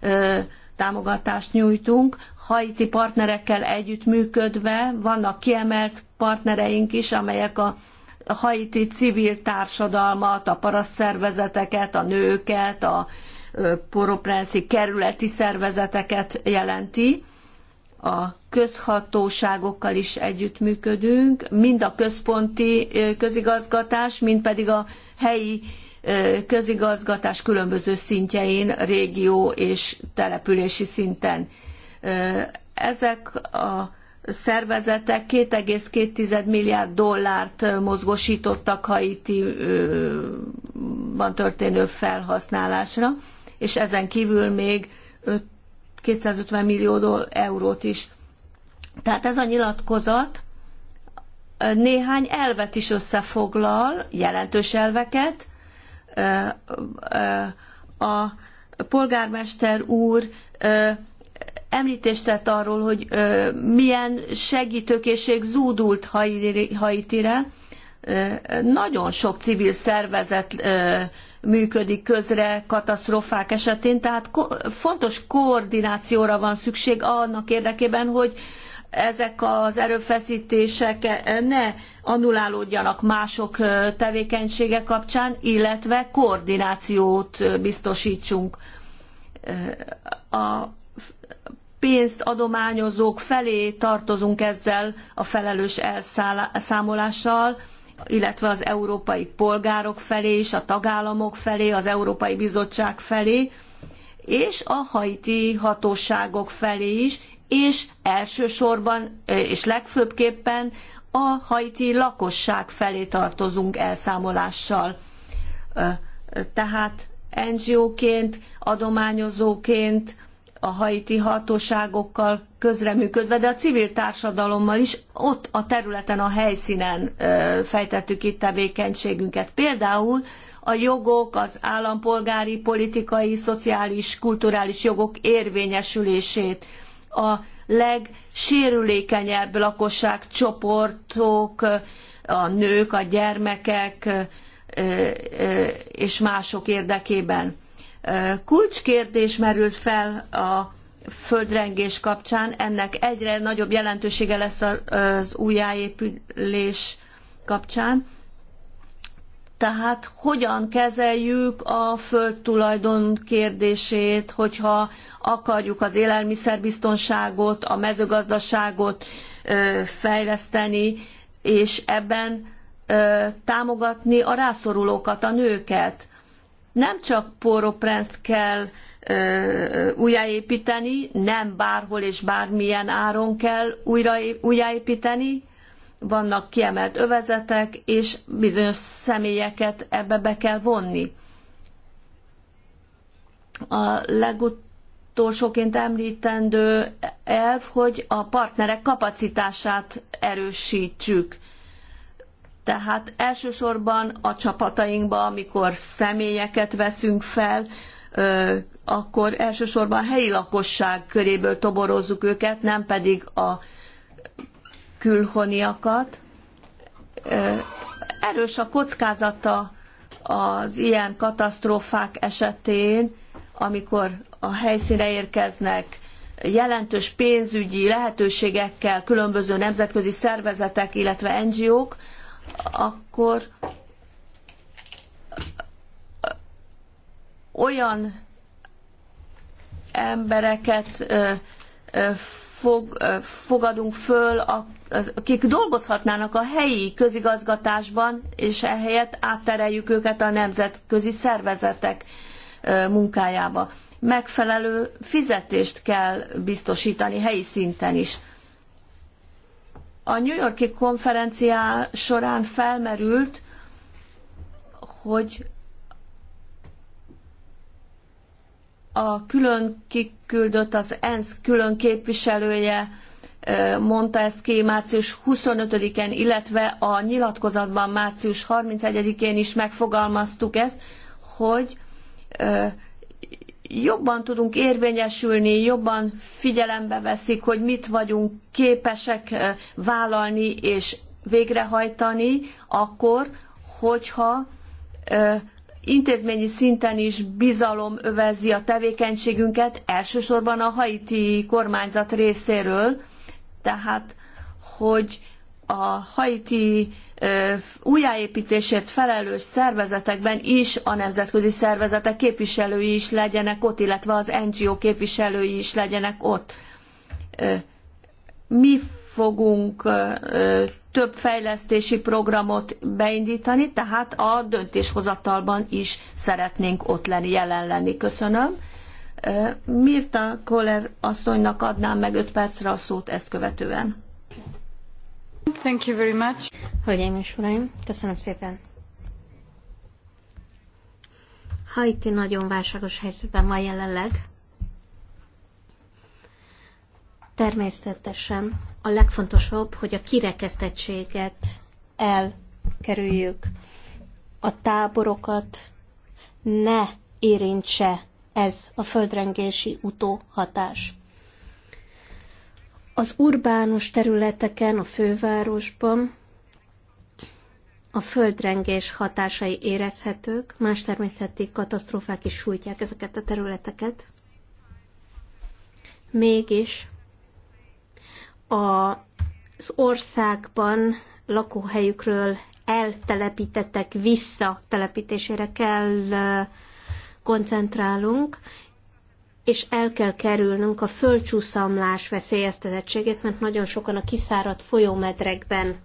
ö, támogatást nyújtunk haiti partnerekkel együttműködve, vannak kiemelt partnereink is, amelyek a haiti civil társadalmat, a paraszt szervezeteket, a nőket, a poroprenszi kerületi szervezeteket jelenti. A közhatóságokkal is együttműködünk, mind a központi közigazgatás, mind pedig a helyi közigazgatás különböző szintjein, régió és települési szinten. Ezek a szervezetek 2,2 milliárd dollárt mozgosítottak Haiti-ban történő felhasználásra, és ezen kívül még 250 millió eurót is. Tehát ez a nyilatkozat néhány elvet is összefoglal, jelentős elveket. A polgármester úr említést tett arról, hogy milyen segítőkészség zúdult Haitire. Nagyon sok civil szervezet működik közre katasztrófák esetén, tehát fontos koordinációra van szükség annak érdekében, hogy ezek az erőfeszítések ne anulálódjanak mások tevékenysége kapcsán, illetve koordinációt biztosítsunk. A pénzt adományozók felé tartozunk ezzel a felelős elszámolással, illetve az európai polgárok felé is, a tagállamok felé, az Európai Bizottság felé, és a haiti hatóságok felé is, és elsősorban és legfőbbképpen a haiti lakosság felé tartozunk elszámolással. Tehát NGO-ként, adományozóként, a haiti hatóságokkal közreműködve, de a civil társadalommal is ott a területen, a helyszínen fejtettük itt tevékenységünket. Például a jogok, az állampolgári, politikai, szociális, kulturális jogok érvényesülését, a legsérülékenyebb lakosságcsoportok, a nők, a gyermekek és mások érdekében. Kulcskérdés merült fel a földrengés kapcsán, ennek egyre nagyobb jelentősége lesz az újjáépülés kapcsán. Tehát hogyan kezeljük a földtulajdon kérdését, hogyha akarjuk az élelmiszerbiztonságot, a mezőgazdaságot fejleszteni, és ebben támogatni a rászorulókat, a nőket nem csak Poroprenszt kell ö, újjáépíteni, nem bárhol és bármilyen áron kell újra, újjáépíteni, vannak kiemelt övezetek, és bizonyos személyeket ebbe be kell vonni. A legutolsóként említendő elv, hogy a partnerek kapacitását erősítsük tehát elsősorban a csapatainkba, amikor személyeket veszünk fel, akkor elsősorban a helyi lakosság köréből toborozzuk őket, nem pedig a külhoniakat. Erős a kockázata az ilyen katasztrófák esetén, amikor a helyszínre érkeznek jelentős pénzügyi lehetőségekkel különböző nemzetközi szervezetek, illetve NGO-k, akkor olyan embereket fog, fogadunk föl, akik dolgozhatnának a helyi közigazgatásban, és ehelyett áttereljük őket a nemzetközi szervezetek munkájába. Megfelelő fizetést kell biztosítani helyi szinten is. A New Yorki konferenciá során felmerült, hogy a külön kiküldött, az ENSZ külön képviselője mondta ezt ki március 25-en, illetve a nyilatkozatban március 31-én is megfogalmaztuk ezt, hogy jobban tudunk érvényesülni, jobban figyelembe veszik, hogy mit vagyunk képesek eh, vállalni és végrehajtani, akkor, hogyha eh, intézményi szinten is bizalom övezi a tevékenységünket, elsősorban a haiti kormányzat részéről, tehát hogy a haiti újjáépítésért felelős szervezetekben is a nemzetközi szervezetek képviselői is legyenek ott, illetve az NGO képviselői is legyenek ott. Mi fogunk több fejlesztési programot beindítani, tehát a döntéshozatalban is szeretnénk ott lenni, jelen lenni. Köszönöm. Mirta Koller asszonynak adnám meg 5 percre a szót ezt követően. Thank you very much. Hölgyeim és uraim, köszönöm szépen. Haiti nagyon válságos helyzetben van jelenleg. Természetesen a legfontosabb, hogy a kirekesztettséget elkerüljük. A táborokat ne érintse ez a földrengési utóhatás. Az urbánus területeken, a fővárosban a földrengés hatásai érezhetők, más természeti katasztrófák is sújtják ezeket a területeket. Mégis az országban lakóhelyükről eltelepítettek visszatelepítésére kell koncentrálunk, és el kell kerülnünk a földcsúszamlás veszélyeztetettségét, mert nagyon sokan a kiszáradt folyómedrekben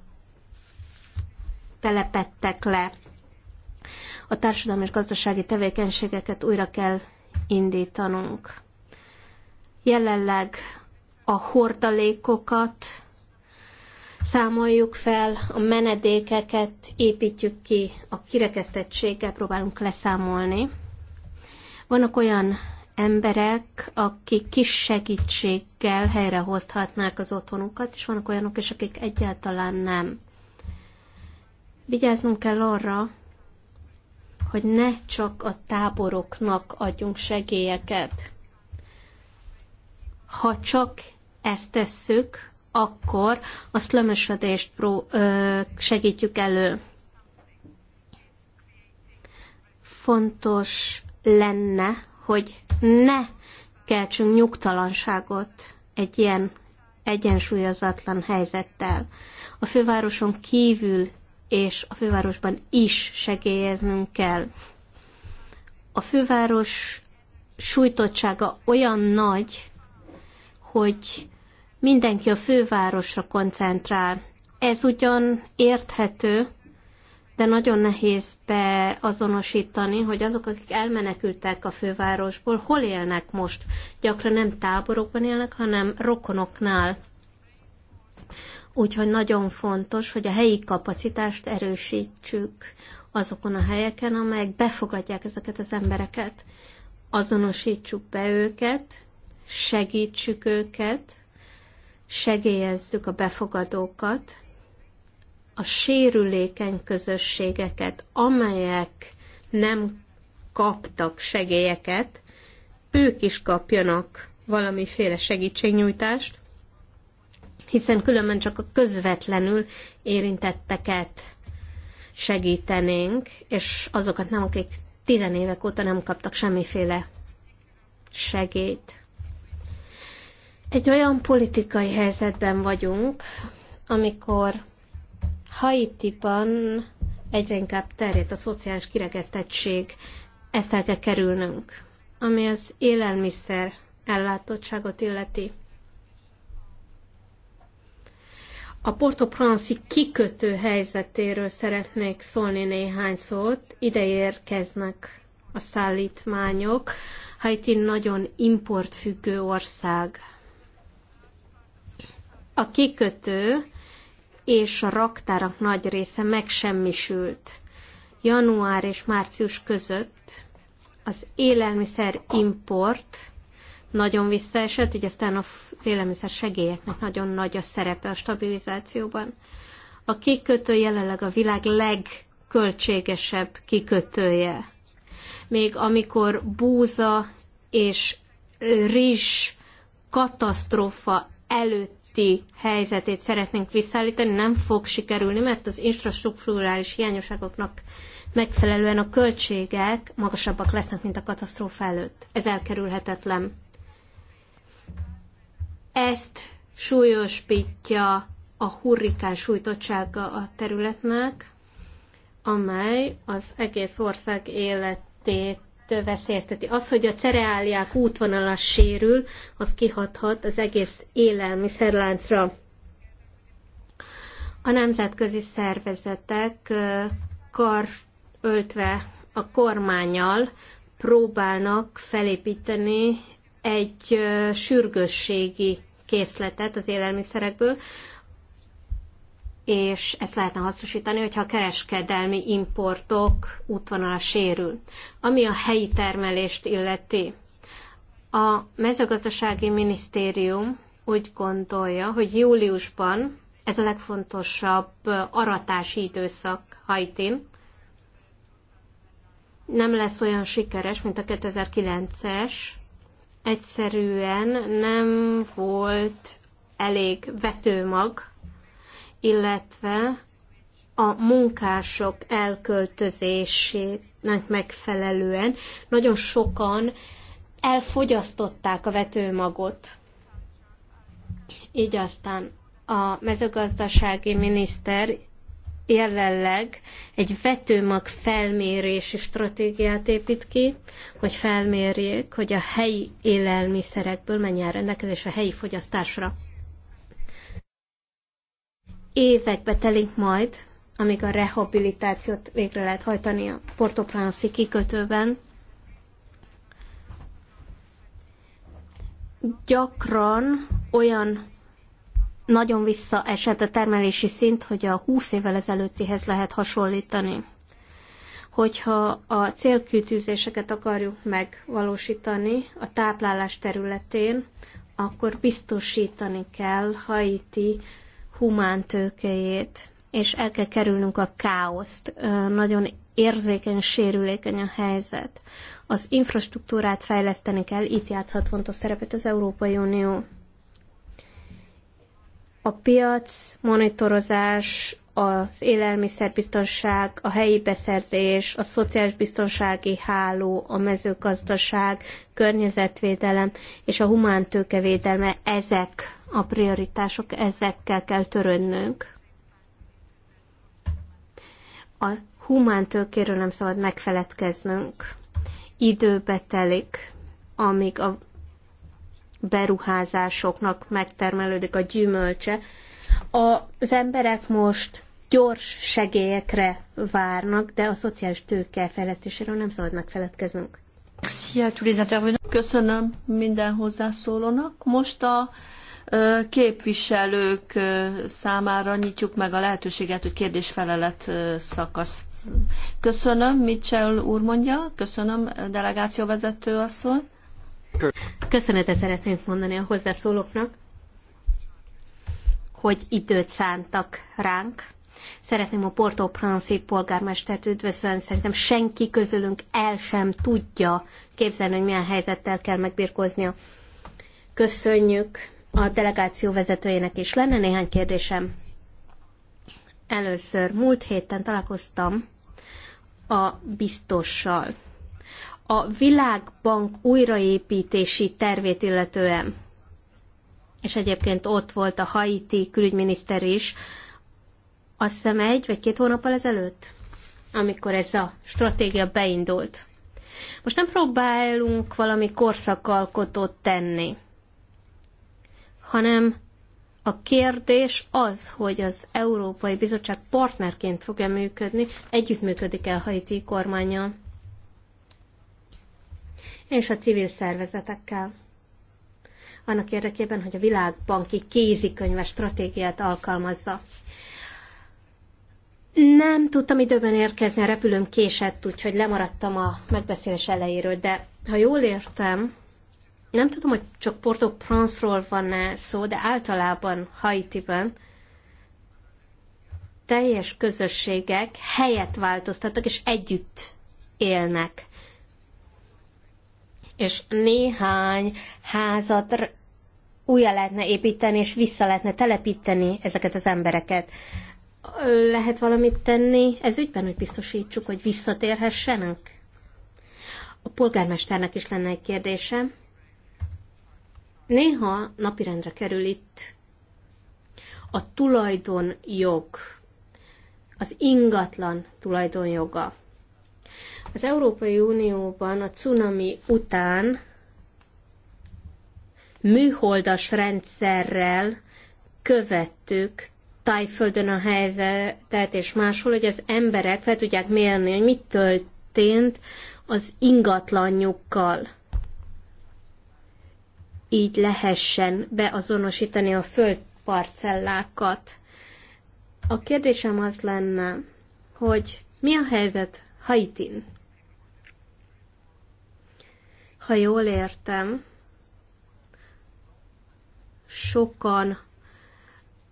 telepettek le. A társadalmi és gazdasági tevékenységeket újra kell indítanunk. Jelenleg a hordalékokat számoljuk fel, a menedékeket építjük ki, a kirekesztettséggel próbálunk leszámolni. Vannak olyan emberek, akik kis segítséggel helyrehozhatnák az otthonukat, és vannak olyanok is, akik egyáltalán nem. Vigyáznunk kell arra, hogy ne csak a táboroknak adjunk segélyeket. Ha csak ezt tesszük, akkor a szlömösödést pró- segítjük elő. Fontos lenne, hogy ne keltsünk nyugtalanságot egy ilyen egyensúlyozatlan helyzettel. A fővároson kívül és a fővárosban is segélyeznünk kell. A főváros sújtottsága olyan nagy, hogy mindenki a fővárosra koncentrál. Ez ugyan érthető, de nagyon nehéz beazonosítani, hogy azok, akik elmenekültek a fővárosból, hol élnek most. Gyakran nem táborokban élnek, hanem rokonoknál. Úgyhogy nagyon fontos, hogy a helyi kapacitást erősítsük azokon a helyeken, amelyek befogadják ezeket az embereket. Azonosítsuk be őket, segítsük őket, segélyezzük a befogadókat, a sérülékeny közösségeket, amelyek nem kaptak segélyeket, ők is kapjanak valamiféle segítségnyújtást, hiszen különben csak a közvetlenül érintetteket segítenénk, és azokat nem, akik tizen évek óta nem kaptak semmiféle segélyt. Egy olyan politikai helyzetben vagyunk, amikor Haitiban egyre inkább terjed a szociális kirekesztettség, ezt el kell kerülnünk, ami az élelmiszer ellátottságot illeti. A port prince kikötő helyzetéről szeretnék szólni néhány szót. Ide érkeznek a szállítmányok. Haiti nagyon importfüggő ország. A kikötő és a raktárak nagy része megsemmisült. Január és március között az élelmiszer import nagyon visszaesett, így aztán az élelmiszer segélyeknek nagyon nagy a szerepe a stabilizációban. A kikötő jelenleg a világ legköltségesebb kikötője. Még amikor búza és rizs katasztrófa előtt előtti helyzetét szeretnénk visszaállítani, nem fog sikerülni, mert az infrastruktúrális hiányosságoknak megfelelően a költségek magasabbak lesznek, mint a katasztrófa előtt. Ez elkerülhetetlen. Ezt súlyosbítja a hurrikán sújtottsága a területnek, amely az egész ország életét veszélyezteti. Az, hogy a cereáliák útvonala sérül, az kihathat az egész élelmiszerláncra. A nemzetközi szervezetek kar öltve a kormányal próbálnak felépíteni egy sürgősségi készletet az élelmiszerekből, és ezt lehetne hasznosítani, hogyha a kereskedelmi importok útvonala sérül. Ami a helyi termelést illeti, a mezőgazdasági minisztérium úgy gondolja, hogy júliusban ez a legfontosabb aratási időszak Haitin, nem lesz olyan sikeres, mint a 2009-es. Egyszerűen nem volt elég vetőmag illetve a munkások elköltözésének megfelelően nagyon sokan elfogyasztották a vetőmagot. Így aztán a mezőgazdasági miniszter jelenleg egy vetőmag felmérési stratégiát épít ki, hogy felmérjék, hogy a helyi élelmiszerekből mennyi rendelkezésre a helyi fogyasztásra évekbe telik majd, amíg a rehabilitációt végre lehet hajtani a portopránszi kikötőben. Gyakran olyan nagyon visszaesett a termelési szint, hogy a 20 évvel ezelőttihez lehet hasonlítani. Hogyha a célkütűzéseket akarjuk megvalósítani a táplálás területén, akkor biztosítani kell Haiti tőkéjét, és el kell kerülnünk a káoszt. Nagyon érzékeny, sérülékeny a helyzet. Az infrastruktúrát fejleszteni kell, itt játszhat fontos szerepet az Európai Unió. A piac, monitorozás, az élelmiszerbiztonság, a helyi beszerzés, a szociális biztonsági háló, a mezőgazdaság, környezetvédelem és a humántőkevédelme, ezek a prioritások, ezekkel kell törődnünk. A humán tőkéről nem szabad megfeledkeznünk. Időbe telik, amíg a beruházásoknak megtermelődik a gyümölcse. Az emberek most gyors segélyekre várnak, de a szociális tőke fejlesztéséről nem szabad megfeledkeznünk. Köszönöm minden hozzászólónak. Most a képviselők számára nyitjuk meg a lehetőséget, hogy kérdés-felelet szakaszt. Köszönöm, Mitchell úr mondja, köszönöm, delegációvezető asszony. Köszönetet szeretnék mondani a hozzászólóknak, hogy időt szántak ránk. Szeretném a Porto Prince polgármestert üdvözölni, szerintem senki közülünk el sem tudja képzelni, hogy milyen helyzettel kell megbirkóznia. Köszönjük a delegáció vezetőjének is lenne néhány kérdésem. Először múlt héten találkoztam a biztossal. A Világbank újraépítési tervét illetően, és egyébként ott volt a haiti külügyminiszter is, azt hiszem egy vagy két hónappal ezelőtt, amikor ez a stratégia beindult. Most nem próbálunk valami korszakalkotót tenni hanem a kérdés az, hogy az Európai Bizottság partnerként fog-e működni, együttműködik-e a haiti kormánya és a civil szervezetekkel. Annak érdekében, hogy a világbanki kézikönyve stratégiát alkalmazza. Nem tudtam időben érkezni, a repülőm késett, úgyhogy lemaradtam a megbeszélés elejéről, de ha jól értem, nem tudom, hogy csak Porto Prince-ról van-e szó, de általában Haiti-ben teljes közösségek helyet változtattak, és együtt élnek. És néhány házat újra lehetne építeni, és vissza lehetne telepíteni ezeket az embereket. Lehet valamit tenni ez ügyben, hogy biztosítsuk, hogy visszatérhessenek? A polgármesternek is lenne egy kérdésem Néha napirendre kerül itt a tulajdonjog, az ingatlan tulajdonjoga. Az Európai Unióban a cunami után műholdas rendszerrel követtük Tájföldön a helyzetet, és máshol, hogy az emberek fel tudják mérni, hogy mit történt az ingatlanjukkal így lehessen beazonosítani a földparcellákat. A kérdésem az lenne, hogy mi a helyzet Haitin? Ha jól értem, sokan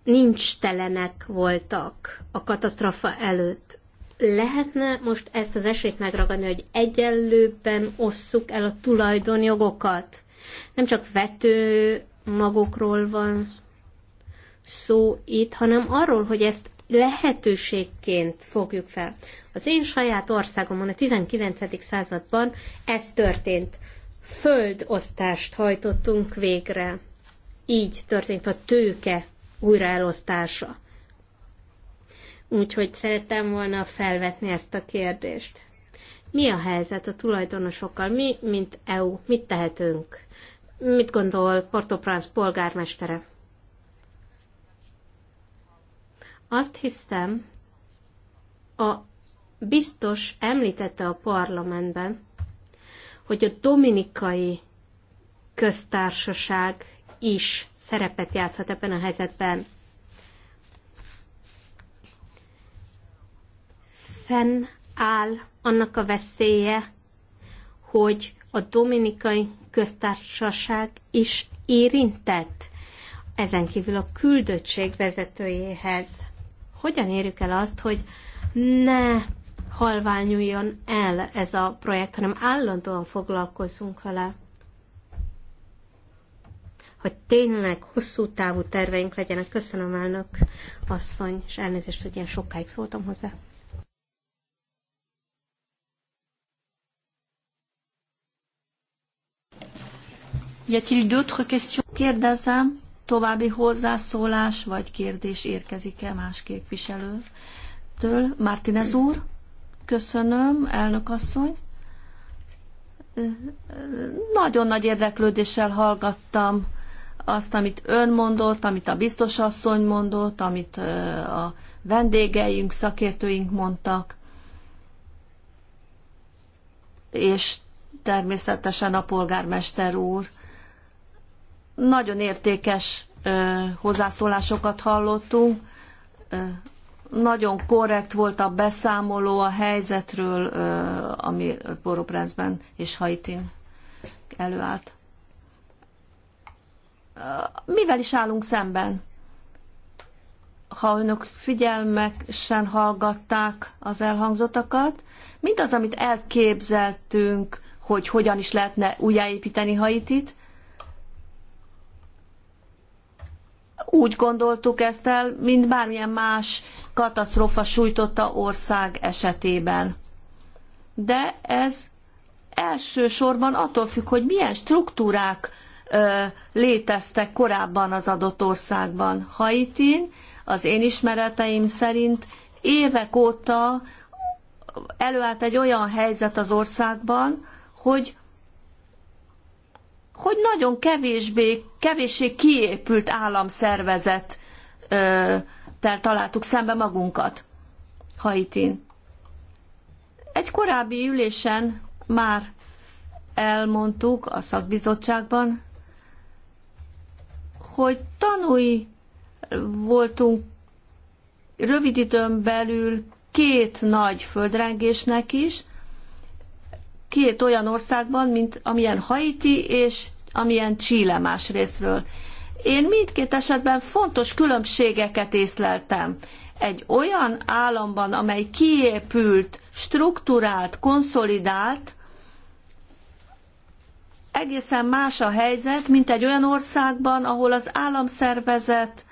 nincs telenek voltak a katasztrofa előtt. Lehetne most ezt az esélyt megragadni, hogy egyenlőben osszuk el a tulajdonjogokat? Nem csak vető magokról van szó itt, hanem arról, hogy ezt lehetőségként fogjuk fel. Az én saját országomon a 19. században ez történt. Földosztást hajtottunk végre. Így történt a tőke újraelosztása. Úgyhogy szerettem volna felvetni ezt a kérdést. Mi a helyzet a tulajdonosokkal? Mi, mint EU, mit tehetünk? Mit gondol Port-au-Prince polgármestere? Azt hiszem, a biztos említette a parlamentben, hogy a dominikai köztársaság is szerepet játszhat ebben a helyzetben. Fenn áll annak a veszélye, hogy a dominikai köztársaság is érintett, ezen kívül a küldöttség vezetőjéhez. Hogyan érjük el azt, hogy ne halványuljon el ez a projekt, hanem állandóan foglalkozzunk vele? hogy tényleg hosszú távú terveink legyenek. Köszönöm elnök asszony, és elnézést, hogy ilyen sokáig szóltam hozzá. Kérdezem, további hozzászólás vagy kérdés érkezik-e más képviselőtől? Martinez úr, köszönöm, elnök asszony. Nagyon nagy érdeklődéssel hallgattam azt, amit ön mondott, amit a biztos asszony mondott, amit a vendégeink, szakértőink mondtak, és természetesen a polgármester úr nagyon értékes hozzászólásokat hallottunk, nagyon korrekt volt a beszámoló a helyzetről, ami Poroprenzben és Haitin előállt. Mivel is állunk szemben? ha önök figyelmesen hallgatták az elhangzottakat, mint az, amit elképzeltünk, hogy hogyan is lehetne újjáépíteni Haitit, Úgy gondoltuk ezt el, mint bármilyen más katasztrófa sújtotta ország esetében. De ez elsősorban attól függ, hogy milyen struktúrák ö, léteztek korábban az adott országban. Haitin az én ismereteim szerint évek óta előállt egy olyan helyzet az országban, hogy hogy nagyon kevésbé, kevéssé kiépült államszervezet tel találtuk szembe magunkat Haitin. Egy korábbi ülésen már elmondtuk a szakbizottságban, hogy tanúi voltunk rövid időn belül két nagy földrengésnek is, két olyan országban, mint amilyen Haiti és amilyen Chile más részről. Én mindkét esetben fontos különbségeket észleltem. Egy olyan államban, amely kiépült, strukturált, konszolidált, egészen más a helyzet, mint egy olyan országban, ahol az államszervezet,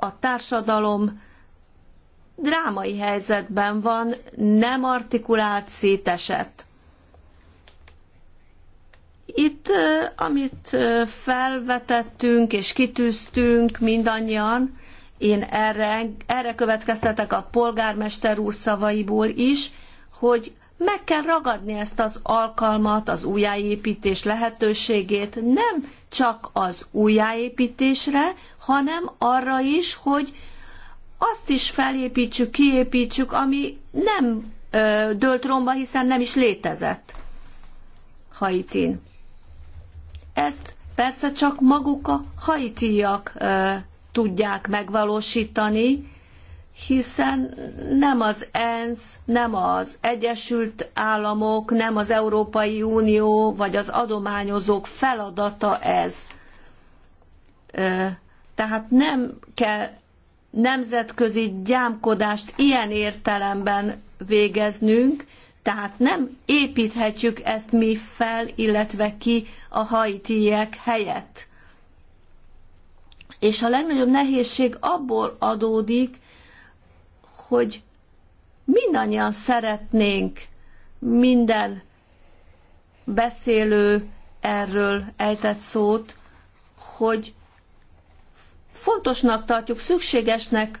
a társadalom drámai helyzetben van, nem artikulált, szétesett. Itt, amit felvetettünk és kitűztünk mindannyian, én erre, erre következtetek a polgármester úr szavaiból is, hogy meg kell ragadni ezt az alkalmat, az újjáépítés lehetőségét, nem csak az újjáépítésre, hanem arra is, hogy azt is felépítsük, kiépítsük, ami nem ö, dölt romba, hiszen nem is létezett Haitin. Ezt persze csak maguk a haitiak tudják megvalósítani, hiszen nem az ENSZ, nem az Egyesült Államok, nem az Európai Unió vagy az adományozók feladata ez. tehát nem kell nemzetközi gyámkodást ilyen értelemben végeznünk, tehát nem építhetjük ezt mi fel, illetve ki a haitiek helyett. És a legnagyobb nehézség abból adódik, hogy mindannyian szeretnénk minden beszélő erről ejtett szót, hogy fontosnak tartjuk, szükségesnek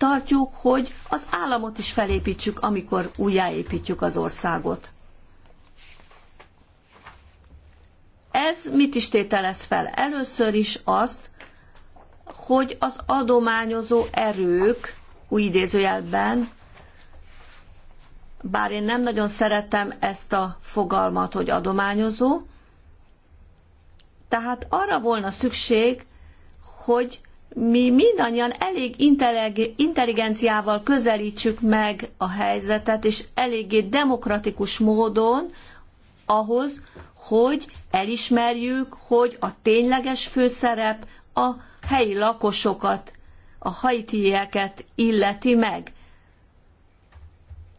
tartjuk, hogy az államot is felépítsük, amikor újjáépítjük az országot. Ez mit is tételez fel? Először is azt, hogy az adományozó erők, új idézőjelben, bár én nem nagyon szeretem ezt a fogalmat, hogy adományozó, tehát arra volna szükség, hogy mi mindannyian elég intelligenciával közelítsük meg a helyzetet, és eléggé demokratikus módon ahhoz, hogy elismerjük, hogy a tényleges főszerep a helyi lakosokat, a haitieket illeti meg.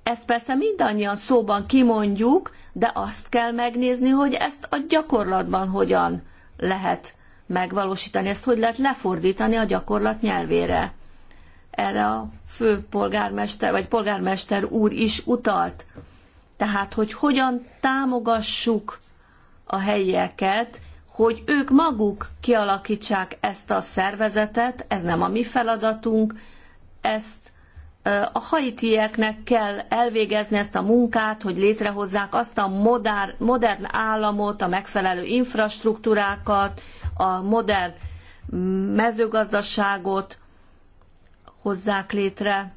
Ezt persze mindannyian szóban kimondjuk, de azt kell megnézni, hogy ezt a gyakorlatban hogyan lehet megvalósítani, ezt hogy lehet lefordítani a gyakorlat nyelvére. Erre a főpolgármester vagy polgármester úr is utalt. Tehát, hogy hogyan támogassuk a helyieket, hogy ők maguk kialakítsák ezt a szervezetet, ez nem a mi feladatunk, ezt a haitieknek kell elvégezni ezt a munkát, hogy létrehozzák azt a modern, modern államot, a megfelelő infrastruktúrákat, a modern mezőgazdaságot hozzák létre,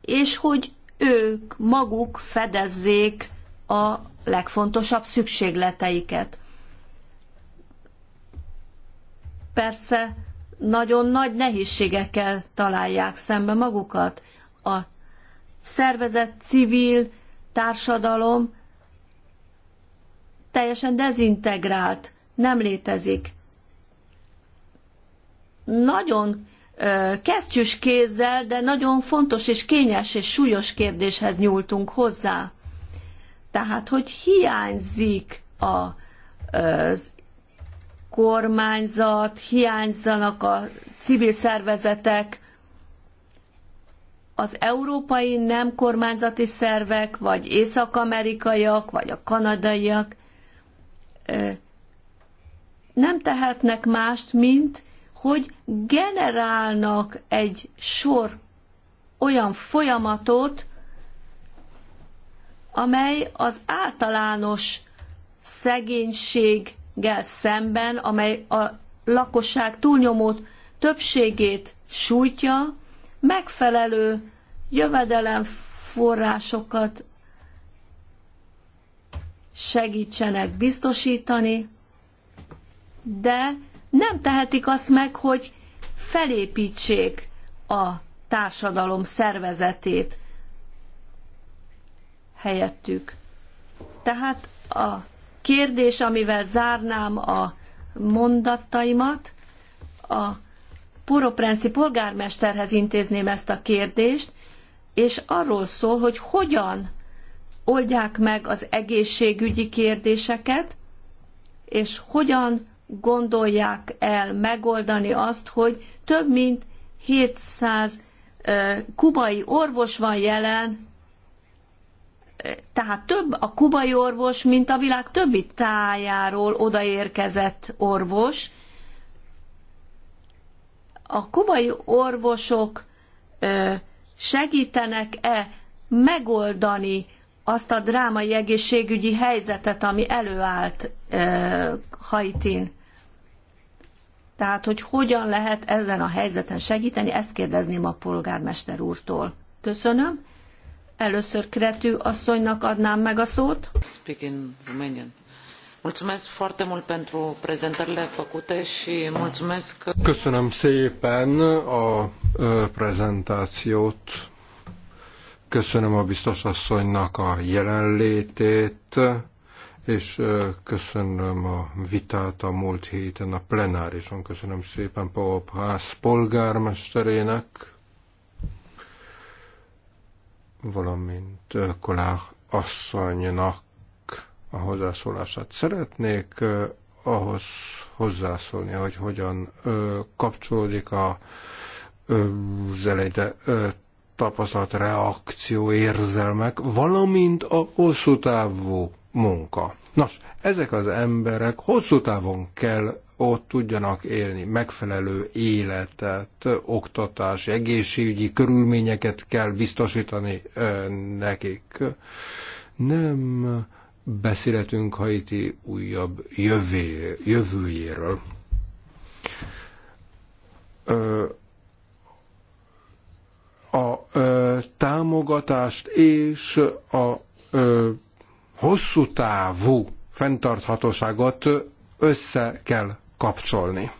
és hogy ők maguk fedezzék a legfontosabb szükségleteiket. Persze nagyon nagy nehézségekkel találják szembe magukat. A szervezett civil társadalom teljesen dezintegrált, nem létezik. Nagyon kesztyűs kézzel, de nagyon fontos és kényes és súlyos kérdéshez nyúltunk hozzá. Tehát, hogy hiányzik a, az kormányzat, hiányzanak a civil szervezetek, az európai nem kormányzati szervek, vagy észak-amerikaiak, vagy a kanadaiak nem tehetnek mást, mint hogy generálnak egy sor olyan folyamatot, amely az általános szegénység gel szemben, amely a lakosság túlnyomó többségét sújtja, megfelelő jövedelemforrásokat segítsenek biztosítani, de nem tehetik azt meg, hogy felépítsék a társadalom szervezetét helyettük. Tehát a kérdés, amivel zárnám a mondataimat. A Puroprenszi polgármesterhez intézném ezt a kérdést, és arról szól, hogy hogyan oldják meg az egészségügyi kérdéseket, és hogyan gondolják el megoldani azt, hogy több mint 700 kubai orvos van jelen tehát több a kubai orvos, mint a világ többi tájáról odaérkezett orvos. A kubai orvosok segítenek-e megoldani azt a drámai egészségügyi helyzetet, ami előállt Haitin? Tehát, hogy hogyan lehet ezen a helyzeten segíteni, ezt kérdezném a polgármester úrtól. Köszönöm. Először Kretű asszonynak adnám meg a szót. Romanian. Mulțumesc foarte mult pentru prezentările făcute și mulțumesc... Köszönöm szépen a prezentációt. Köszönöm a biztos asszonynak a jelenlétét, és köszönöm a vitát a múlt héten a plenárison. Köszönöm szépen Pahop ház polgármesterének valamint Kolár asszonynak a hozzászólását. Szeretnék ahhoz hozzászólni, hogy hogyan kapcsolódik a az elejte tapasztalt reakció, érzelmek, valamint a hosszú távú munka. Nos, ezek az emberek hosszú távon kell ott tudjanak élni megfelelő életet, oktatás, egészségügyi körülményeket kell biztosítani nekik. Nem beszélhetünk Haiti újabb jövő, jövőjéről. A támogatást és a hosszú távú fenntarthatóságot össze kell kapcsolni.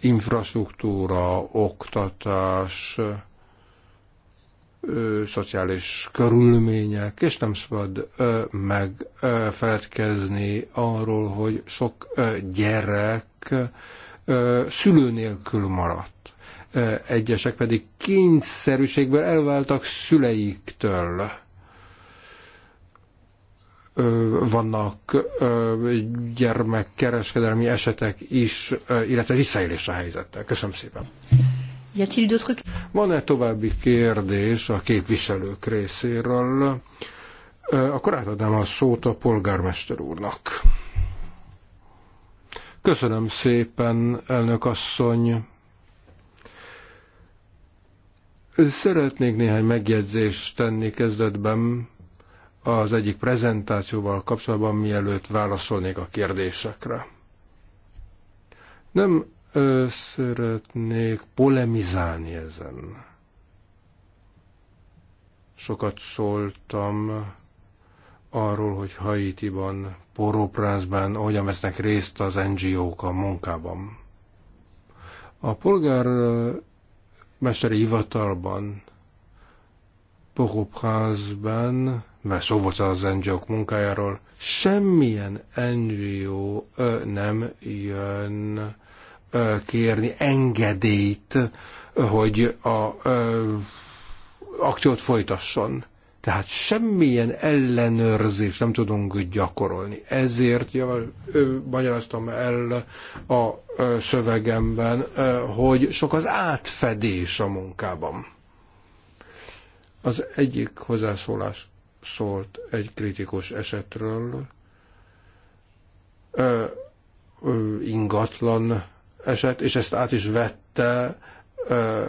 Infrastruktúra, oktatás, ö, szociális körülmények, és nem szabad ö, megfeledkezni arról, hogy sok ö, gyerek ö, szülő nélkül maradt. egyesek pedig kényszerűségből elváltak szüleiktől vannak gyermekkereskedelmi esetek is, illetve visszaélés a helyzettel. Köszönöm szépen. Van-e további kérdés a képviselők részéről? Akkor átadnám a szót a polgármester úrnak. Köszönöm szépen, elnök asszony. Szeretnék néhány megjegyzést tenni kezdetben az egyik prezentációval kapcsolatban, mielőtt válaszolnék a kérdésekre. Nem ö, szeretnék polemizálni ezen. Sokat szóltam arról, hogy Haitiban, Poroprázban hogyan vesznek részt az NGO-k a munkában. A polgármesteri hivatalban Poroprázban mert szó volt az NGO-k munkájáról, semmilyen NGO nem jön kérni engedélyt, hogy a akciót folytasson. Tehát semmilyen ellenőrzést nem tudunk gyakorolni. Ezért ja, ő, magyaráztam el a ö, szövegemben, ö, hogy sok az átfedés a munkában. Az egyik hozzászólás szólt egy kritikus esetről, ö, ö, ingatlan eset, és ezt át is vette ö,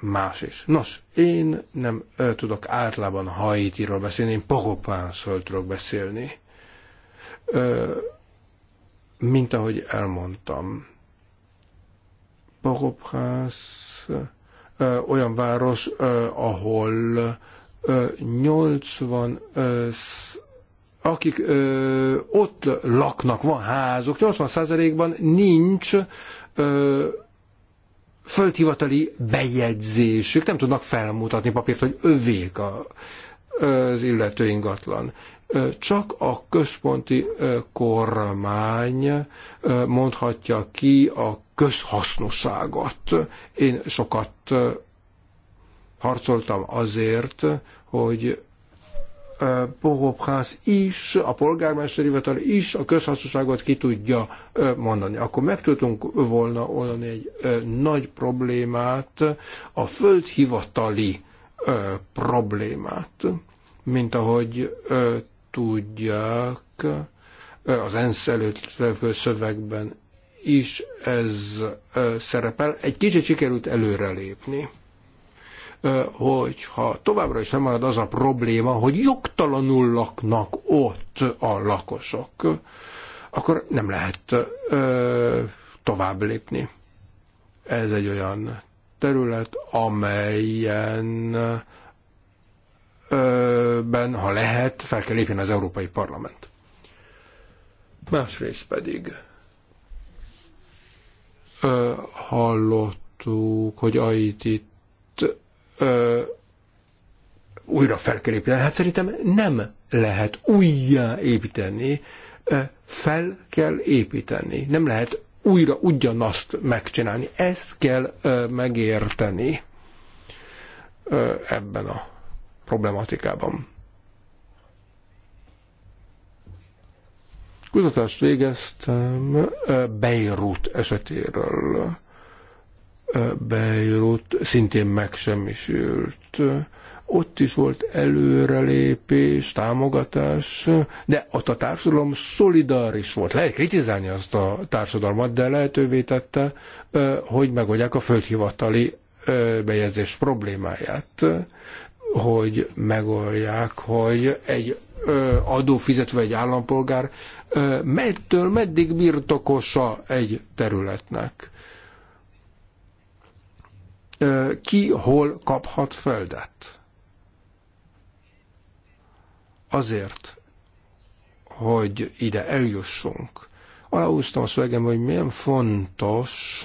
más is. Nos, én nem ö, tudok általában Haitiról beszélni, én Pogopánszról tudok beszélni. Ö, mint ahogy elmondtam, Pogopász olyan város, ö, ahol 80 akik ott laknak, van házok, 80%-ban nincs földhivatali bejegyzésük, nem tudnak felmutatni papírt, hogy övék a, az illető ingatlan. Csak a központi kormány mondhatja ki a közhasznosságot. Én sokat harcoltam azért, hogy port prince is, a polgármester hivatal is a közhasznosságot ki tudja mondani. Akkor meg tudtunk volna oldani egy nagy problémát, a földhivatali problémát, mint ahogy tudják, az ENSZ előtt szövegben is ez szerepel. Egy kicsit sikerült előrelépni hogyha továbbra is nem marad az a probléma, hogy jogtalanul laknak ott a lakosok, akkor nem lehet tovább lépni. Ez egy olyan terület, amelyen ben, ha lehet, fel kell lépjen az Európai Parlament. Másrészt pedig hallottuk, hogy Aitit ö, újra fel kell építeni. Hát szerintem nem lehet újjáépíteni, fel kell építeni. Nem lehet újra ugyanazt megcsinálni. Ezt kell ö, megérteni ö, ebben a problematikában. Kutatást végeztem Beirut esetéről. Beirut szintén megsemmisült. Ott is volt előrelépés, támogatás, de ott a társadalom szolidáris volt. Lehet kritizálni azt a társadalmat, de lehetővé tette, hogy megoldják a földhivatali bejegyzés problémáját, hogy megoldják, hogy egy adófizető egy állampolgár mettől meddig birtokosa egy területnek ki hol kaphat földet. Azért, hogy ide eljussunk. Aláhúztam a szövegem, hogy milyen fontos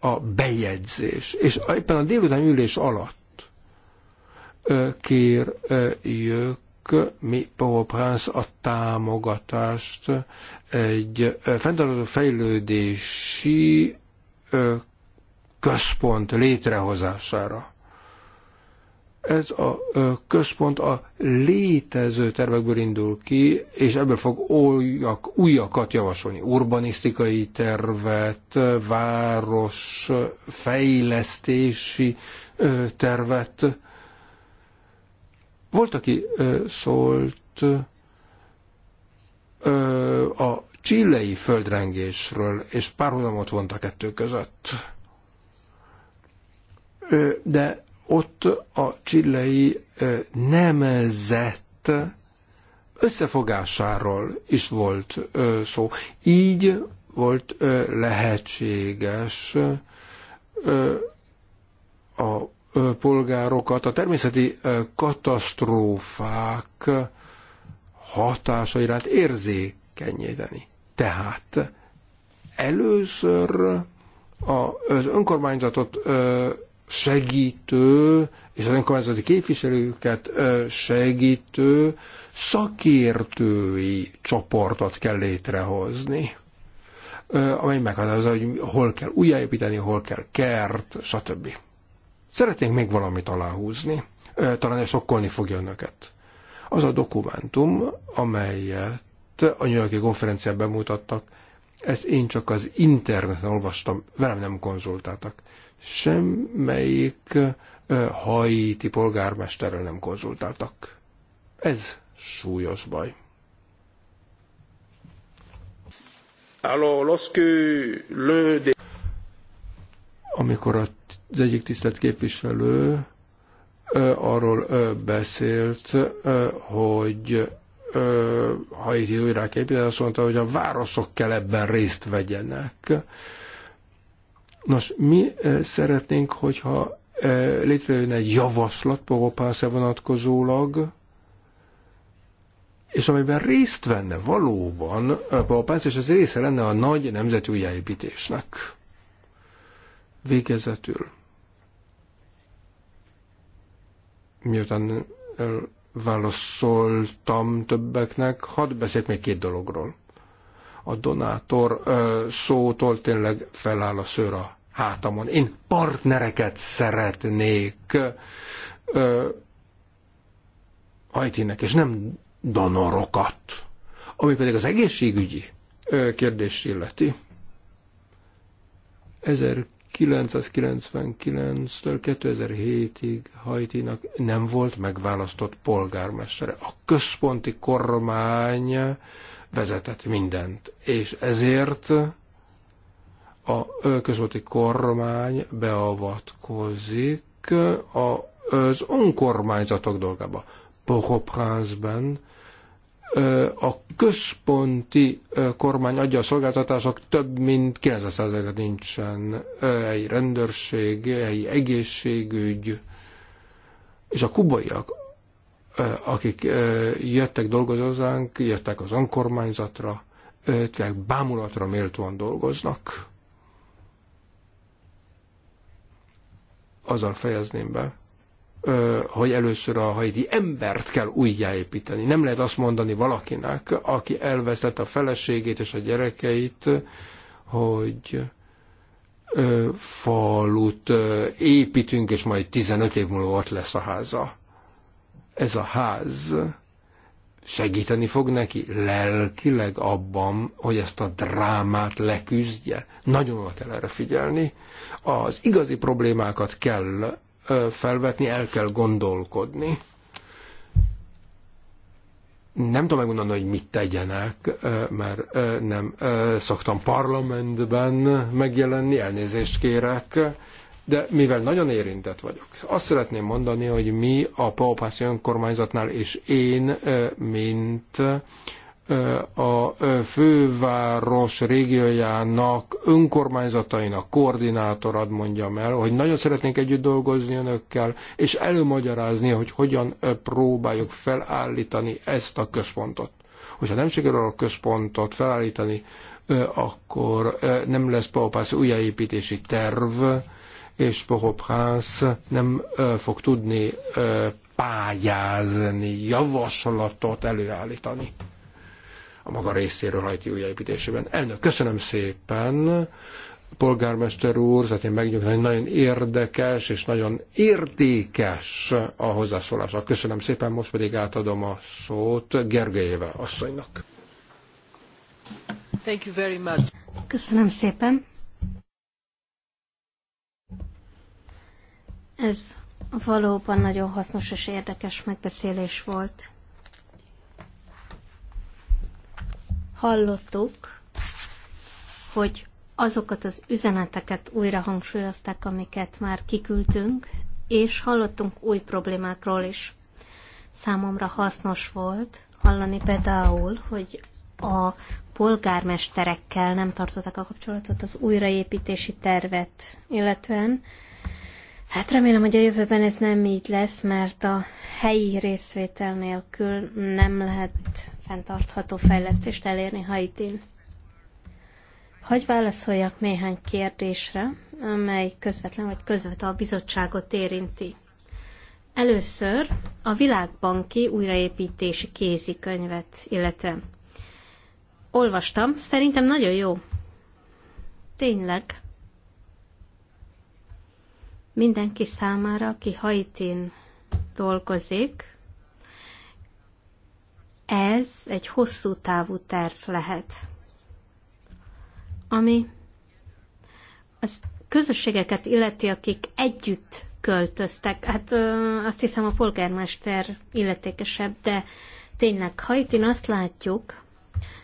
a bejegyzés. És éppen a délután ülés alatt kérjük mi Prince a támogatást egy fenntartható fejlődési központ létrehozására. Ez a központ a létező tervekből indul ki, és ebből fog újak, újakat javasolni. Urbanisztikai tervet, város fejlesztési tervet. Volt, aki szólt a csillei földrengésről, és párhuzamot vont a kettő között de ott a csillei nemzet összefogásáról is volt szó. Így volt lehetséges a polgárokat a természeti katasztrófák hatásairát érzékenyíteni. Tehát először az önkormányzatot segítő és az önkormányzati képviselőket segítő szakértői csoportot kell létrehozni, amely meghatározza, hogy hol kell újjáépíteni, hol kell kert, stb. Szeretnénk még valamit aláhúzni, talán ez sokkolni fogja önöket. Az a dokumentum, amelyet a New Yorki konferencián bemutattak, ezt én csak az interneten olvastam, velem nem konzultáltak semmelyik haiti polgármesterrel nem konzultáltak. Ez súlyos baj. Amikor az egyik tisztelt képviselő arról beszélt, hogy Haiti újra képviselő, azt mondta, hogy a városok kell ebben részt vegyenek Nos, mi eh, szeretnénk, hogyha eh, létrejön egy javaslat Pogopásze vonatkozólag, és amiben részt venne valóban Pogopász, eh, és ez része lenne a nagy nemzeti újjáépítésnek. Végezetül. Miután válaszoltam többeknek, hadd beszéljek még két dologról. A donátor szótól tényleg feláll a szőr a hátamon. Én partnereket szeretnék Haitinek, és nem donorokat. Ami pedig az egészségügyi ö, kérdést illeti, 1999-től 2007-ig Haitinak nem volt megválasztott polgármestere. A központi kormány vezetett mindent, és ezért a közúti kormány beavatkozik az önkormányzatok dolgába. port a központi kormány adja a szolgáltatások több mint 90%-a nincsen helyi rendőrség, helyi egészségügy, és a kubaiak, akik jöttek dolgozózánk, jöttek az önkormányzatra, tehát bámulatra méltóan dolgoznak. azzal fejezném be, hogy először a haidi embert kell újjáépíteni. Nem lehet azt mondani valakinek, aki elvesztette a feleségét és a gyerekeit, hogy falut építünk, és majd 15 év múlva ott lesz a háza. Ez a ház segíteni fog neki lelkileg abban, hogy ezt a drámát leküzdje. Nagyon oda kell erre figyelni. Az igazi problémákat kell felvetni, el kell gondolkodni. Nem tudom megmondani, hogy mit tegyenek, mert nem szoktam parlamentben megjelenni, elnézést kérek, de mivel nagyon érintett vagyok, azt szeretném mondani, hogy mi a Paupászi önkormányzatnál és én, mint a főváros régiójának önkormányzatainak koordinátorad mondjam el, hogy nagyon szeretnénk együtt dolgozni önökkel, és előmagyarázni, hogy hogyan próbáljuk felállítani ezt a központot. Hogyha nem sikerül a központot felállítani, akkor nem lesz Paupász újjáépítési terv, és Port-au-Prince nem fog tudni pályázni, javaslatot előállítani a maga részéről hajti újjáépítésében. Elnök, köszönöm szépen, polgármester úr, szeretném megnyugni, hogy nagyon érdekes és nagyon értékes a hozzászólása. Köszönöm szépen, most pedig átadom a szót Gergelyével asszonynak. Thank you very much. Köszönöm szépen. Ez valóban nagyon hasznos és érdekes megbeszélés volt. Hallottuk, hogy azokat az üzeneteket újra hangsúlyozták, amiket már kiküldtünk, és hallottunk új problémákról is. Számomra hasznos volt hallani például, hogy a polgármesterekkel nem tartották a kapcsolatot az újraépítési tervet, illetően Hát remélem, hogy a jövőben ez nem így lesz, mert a helyi részvétel nélkül nem lehet fenntartható fejlesztést elérni Haitin. Hogy válaszoljak néhány kérdésre, amely közvetlen vagy közvetve a bizottságot érinti. Először a világbanki újraépítési kézikönyvet, illetve olvastam, szerintem nagyon jó. Tényleg, mindenki számára, aki Haitin dolgozik, ez egy hosszú távú terv lehet, ami az közösségeket illeti, akik együtt költöztek. Hát ö, azt hiszem a polgármester illetékesebb, de tényleg Hajtin azt látjuk,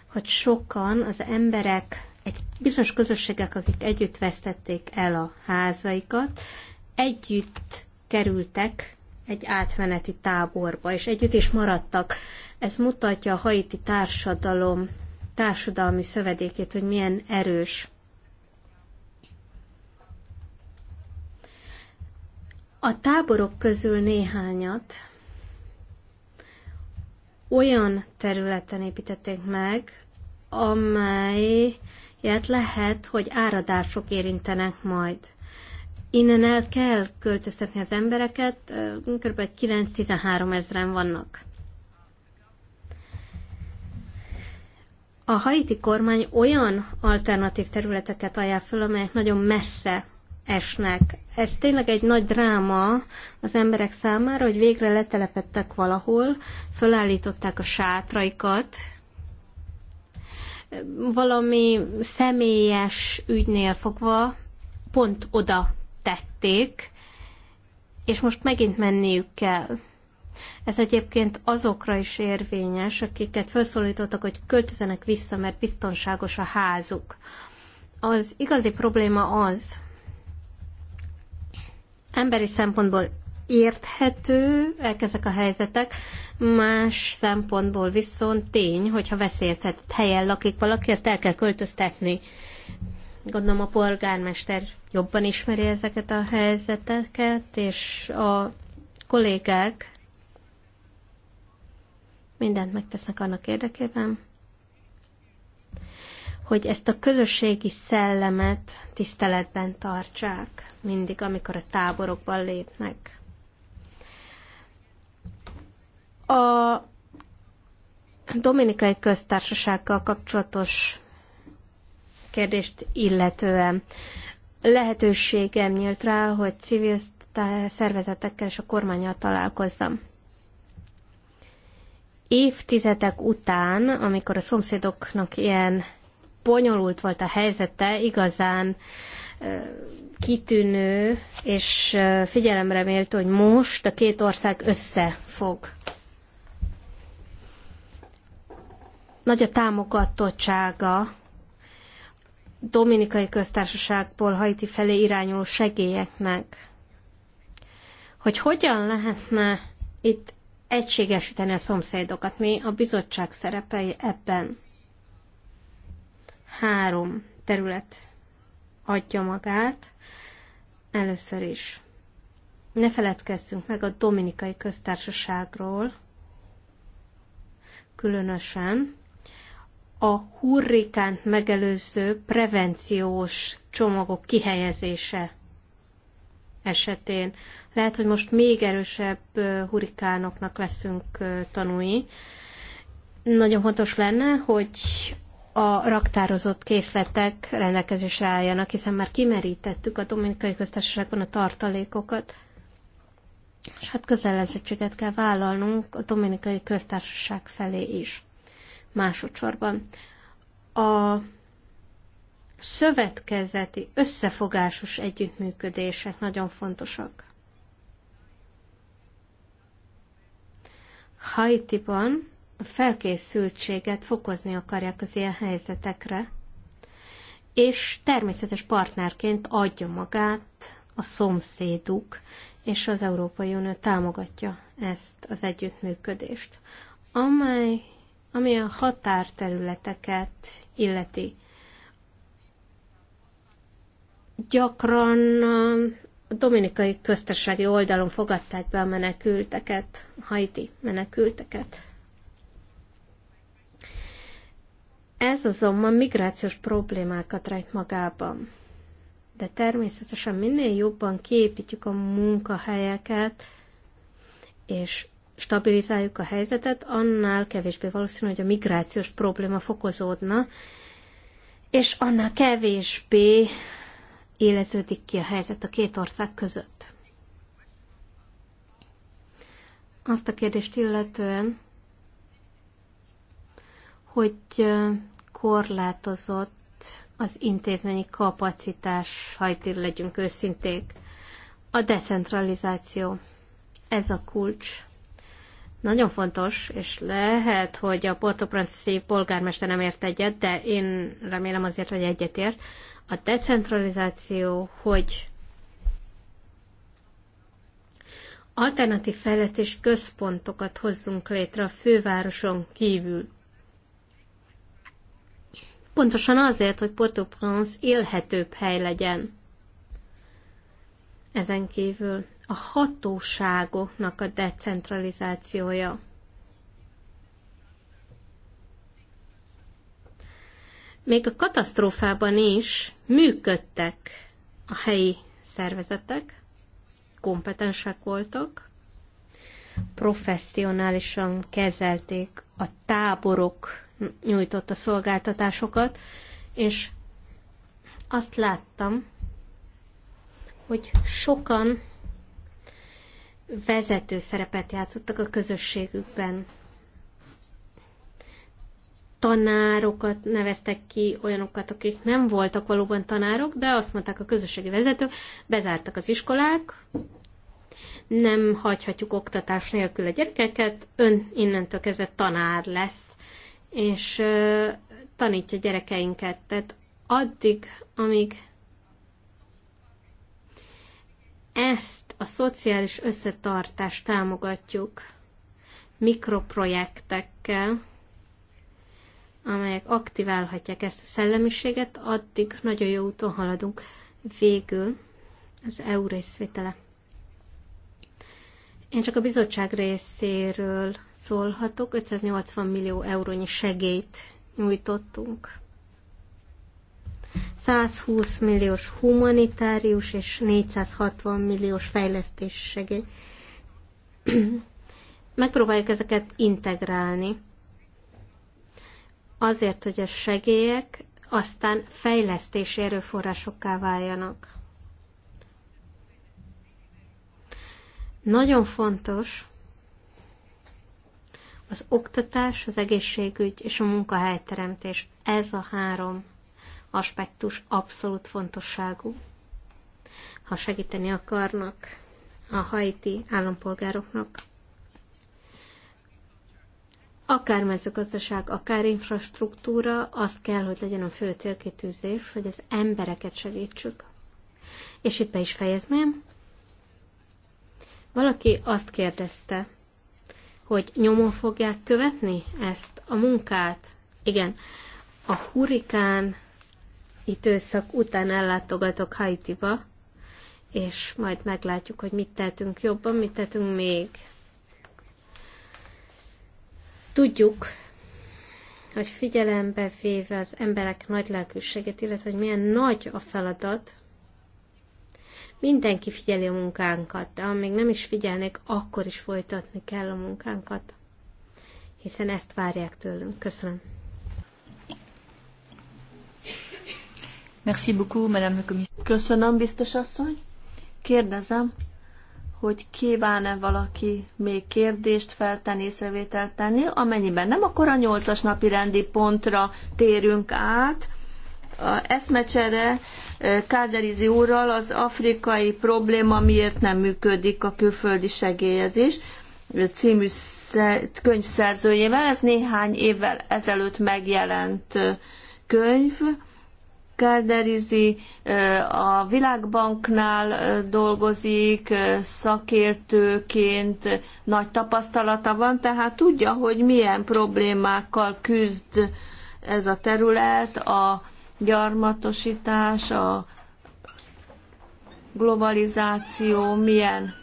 hogy sokan az emberek, egy bizonyos közösségek, akik együtt vesztették el a házaikat, együtt kerültek egy átmeneti táborba, és együtt is maradtak. Ez mutatja a haiti társadalom társadalmi szövedékét, hogy milyen erős. A táborok közül néhányat olyan területen építették meg, amelyet lehet, hogy áradások érintenek majd. Innen el kell költöztetni az embereket, kb. 9-13 ezeren vannak. A haiti kormány olyan alternatív területeket ajánl föl, amelyek nagyon messze esnek. Ez tényleg egy nagy dráma az emberek számára, hogy végre letelepedtek valahol, fölállították a sátraikat, valami személyes ügynél fogva pont oda tették, és most megint menniük kell. Ez egyébként azokra is érvényes, akiket felszólítottak, hogy költözenek vissza, mert biztonságos a házuk. Az igazi probléma az, emberi szempontból érthető, ezek a helyzetek, más szempontból viszont tény, hogyha veszélyeztetett helyen lakik valaki, ezt el kell költöztetni. Gondolom a polgármester jobban ismeri ezeket a helyzeteket, és a kollégák mindent megtesznek annak érdekében, hogy ezt a közösségi szellemet tiszteletben tartsák mindig, amikor a táborokban lépnek. A Dominikai Köztársasággal kapcsolatos kérdést illetően lehetőségem nyílt rá, hogy civil szervezetekkel és a kormányjal találkozzam. Évtizedek után, amikor a szomszédoknak ilyen bonyolult volt a helyzete, igazán kitűnő, és figyelemre méltó, hogy most a két ország összefog. Nagy a támogatottsága Dominikai Köztársaságból Haiti felé irányuló segélyeknek. Hogy hogyan lehetne itt egységesíteni a szomszédokat? Mi a bizottság szerepei ebben? Három terület adja magát. Először is ne feledkezzünk meg a Dominikai Köztársaságról, különösen a hurrikánt megelőző prevenciós csomagok kihelyezése esetén. Lehet, hogy most még erősebb hurrikánoknak leszünk tanúi. Nagyon fontos lenne, hogy a raktározott készletek rendelkezésre álljanak, hiszen már kimerítettük a Dominikai Köztársaságban a tartalékokat, és hát kötelezettséget kell vállalnunk a Dominikai Köztársaság felé is. Másodszorban a szövetkezeti, összefogásos együttműködések nagyon fontosak. Haitiban a felkészültséget fokozni akarják az ilyen helyzetekre, és természetes partnerként adja magát a szomszéduk, és az Európai Unió támogatja ezt az együttműködést, amely ami a határterületeket illeti. Gyakran um, a dominikai köztársasági oldalon fogadták be a menekülteket, haiti menekülteket. Ez azonban migrációs problémákat rejt magában. De természetesen minél jobban kiépítjük a munkahelyeket, és stabilizáljuk a helyzetet, annál kevésbé valószínű, hogy a migrációs probléma fokozódna, és annál kevésbé éleződik ki a helyzet a két ország között. Azt a kérdést illetően, hogy korlátozott az intézményi kapacitás, ha itt legyünk őszinték, a decentralizáció. Ez a kulcs. Nagyon fontos, és lehet, hogy a portopranci polgármester nem ért egyet, de én remélem azért, hogy egyet ért, A decentralizáció, hogy alternatív fejlesztés központokat hozzunk létre a fővároson kívül. Pontosan azért, hogy port au élhetőbb hely legyen. Ezen kívül a hatóságoknak a decentralizációja. Még a katasztrófában is működtek a helyi szervezetek, kompetensek voltak, professzionálisan kezelték a táborok nyújtotta szolgáltatásokat, és azt láttam, hogy sokan vezető szerepet játszottak a közösségükben. Tanárokat neveztek ki, olyanokat, akik nem voltak valóban tanárok, de azt mondták a közösségi vezetők, bezártak az iskolák, nem hagyhatjuk oktatás nélkül a gyerekeket, ön innentől kezdve tanár lesz, és ö, tanítja gyerekeinket. Tehát addig, amíg ezt a szociális összetartást támogatjuk mikroprojektekkel, amelyek aktiválhatják ezt a szellemiséget, addig nagyon jó úton haladunk. Végül az EU részvétele. Én csak a bizottság részéről szólhatok, 580 millió eurónyi segélyt nyújtottunk. 120 milliós humanitárius és 460 milliós fejlesztési segély. Megpróbáljuk ezeket integrálni. Azért, hogy a segélyek aztán fejlesztési erőforrásokká váljanak. Nagyon fontos az oktatás, az egészségügy és a munkahelyteremtés. Ez a három aspektus abszolút fontosságú. Ha segíteni akarnak a haiti állampolgároknak, akár mezőgazdaság, akár infrastruktúra, az kell, hogy legyen a fő célkitűzés, hogy az embereket segítsük. És itt be is fejezném. Valaki azt kérdezte, hogy nyomon fogják követni ezt a munkát. Igen, a hurikán időszak után ellátogatok Haitiba, és majd meglátjuk, hogy mit tehetünk jobban, mit tehetünk még. Tudjuk, hogy figyelembe véve az emberek nagy lelkűséget, illetve hogy milyen nagy a feladat, mindenki figyeli a munkánkat, de amíg nem is figyelnék, akkor is folytatni kell a munkánkat, hiszen ezt várják tőlünk. Köszönöm. Merci beaucoup, Madame Commissaire. Köszönöm, biztos asszony. Kérdezem, hogy kíván-e valaki még kérdést feltenni, észrevételt tenni, amennyiben nem, akkor a nyolcas napi rendi pontra térünk át. A eszmecsere e, Káderizi úrral az afrikai probléma miért nem működik a külföldi segélyezés e, című könyv Ez néhány évvel ezelőtt megjelent e, könyv kárderizi, a Világbanknál dolgozik, szakértőként nagy tapasztalata van, tehát tudja, hogy milyen problémákkal küzd ez a terület, a gyarmatosítás, a globalizáció milyen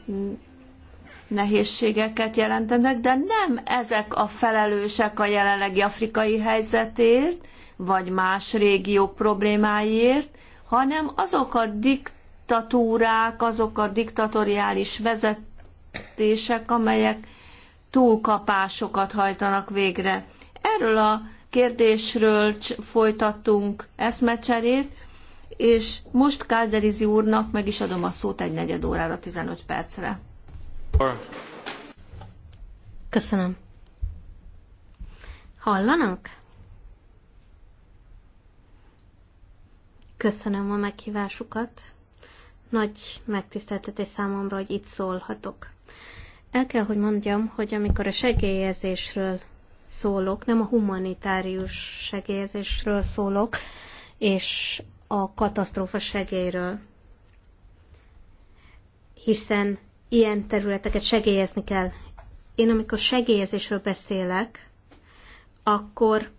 nehézségeket jelentenek, de nem ezek a felelősek a jelenlegi afrikai helyzetért, vagy más régiók problémáiért, hanem azok a diktatúrák, azok a diktatoriális vezetések, amelyek túlkapásokat hajtanak végre. Erről a kérdésről folytattunk eszmecserét, és most Kálderizi úrnak meg is adom a szót egy negyed órára, 15 percre. Köszönöm. Hallanak? Köszönöm a meghívásukat. Nagy megtiszteltetés számomra, hogy itt szólhatok. El kell, hogy mondjam, hogy amikor a segélyezésről szólok, nem a humanitárius segélyezésről szólok, és a katasztrófa segélyről, hiszen ilyen területeket segélyezni kell. Én amikor segélyezésről beszélek, akkor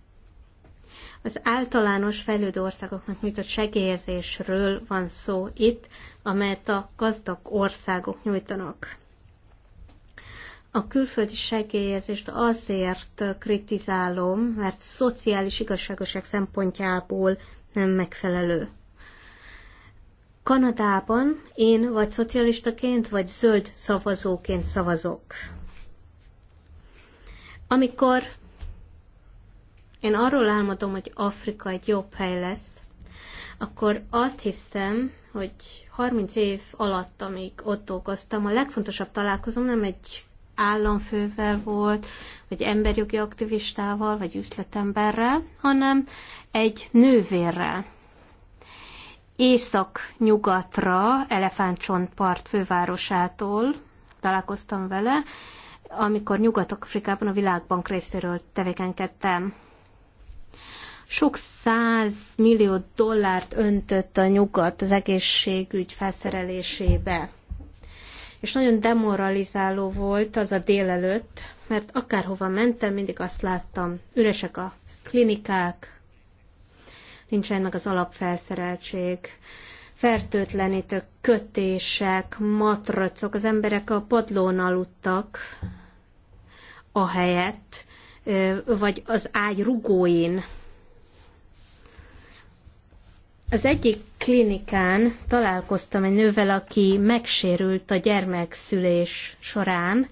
az általános fejlődő országoknak nyújtott segélyezésről van szó itt, amelyet a gazdag országok nyújtanak. A külföldi segélyezést azért kritizálom, mert szociális igazságoság szempontjából nem megfelelő. Kanadában én vagy szocialistaként, vagy zöld szavazóként szavazok. Amikor én arról álmodom, hogy Afrika egy jobb hely lesz, akkor azt hiszem, hogy 30 év alatt, amíg ott dolgoztam, a legfontosabb találkozom nem egy államfővel volt, vagy emberjogi aktivistával, vagy üzletemberrel, hanem egy nővérrel. Észak-nyugatra, Elefántcsontpart fővárosától találkoztam vele, amikor Nyugat-Afrikában a Világbank részéről tevékenykedtem sok száz millió dollárt öntött a nyugat az egészségügy felszerelésébe. És nagyon demoralizáló volt az a délelőtt, mert akárhova mentem, mindig azt láttam, üresek a klinikák, nincs ennek az alapfelszereltség, fertőtlenítő kötések, matracok, az emberek a padlón aludtak, a helyett, vagy az ágy rugóin az egyik klinikán találkoztam egy nővel, aki megsérült a gyermekszülés során,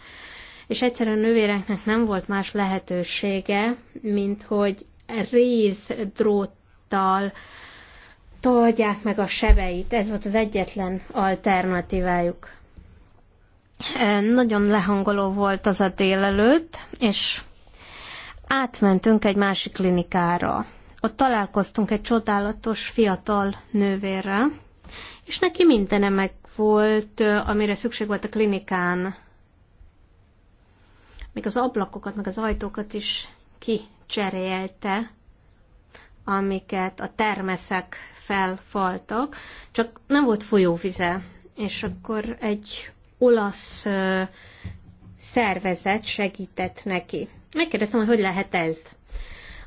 és egyszerűen a nővéreknek nem volt más lehetősége, mint hogy rézdróttal tolják meg a sebeit. Ez volt az egyetlen alternatívájuk. Nagyon lehangoló volt az a délelőtt, és átmentünk egy másik klinikára ott találkoztunk egy csodálatos fiatal nővérrel, és neki mindene meg volt, amire szükség volt a klinikán. Még az ablakokat, meg az ajtókat is kicserélte, amiket a termeszek felfaltak, csak nem volt folyóvize. És akkor egy olasz szervezet segített neki. Megkérdeztem, hogy hogy lehet ez.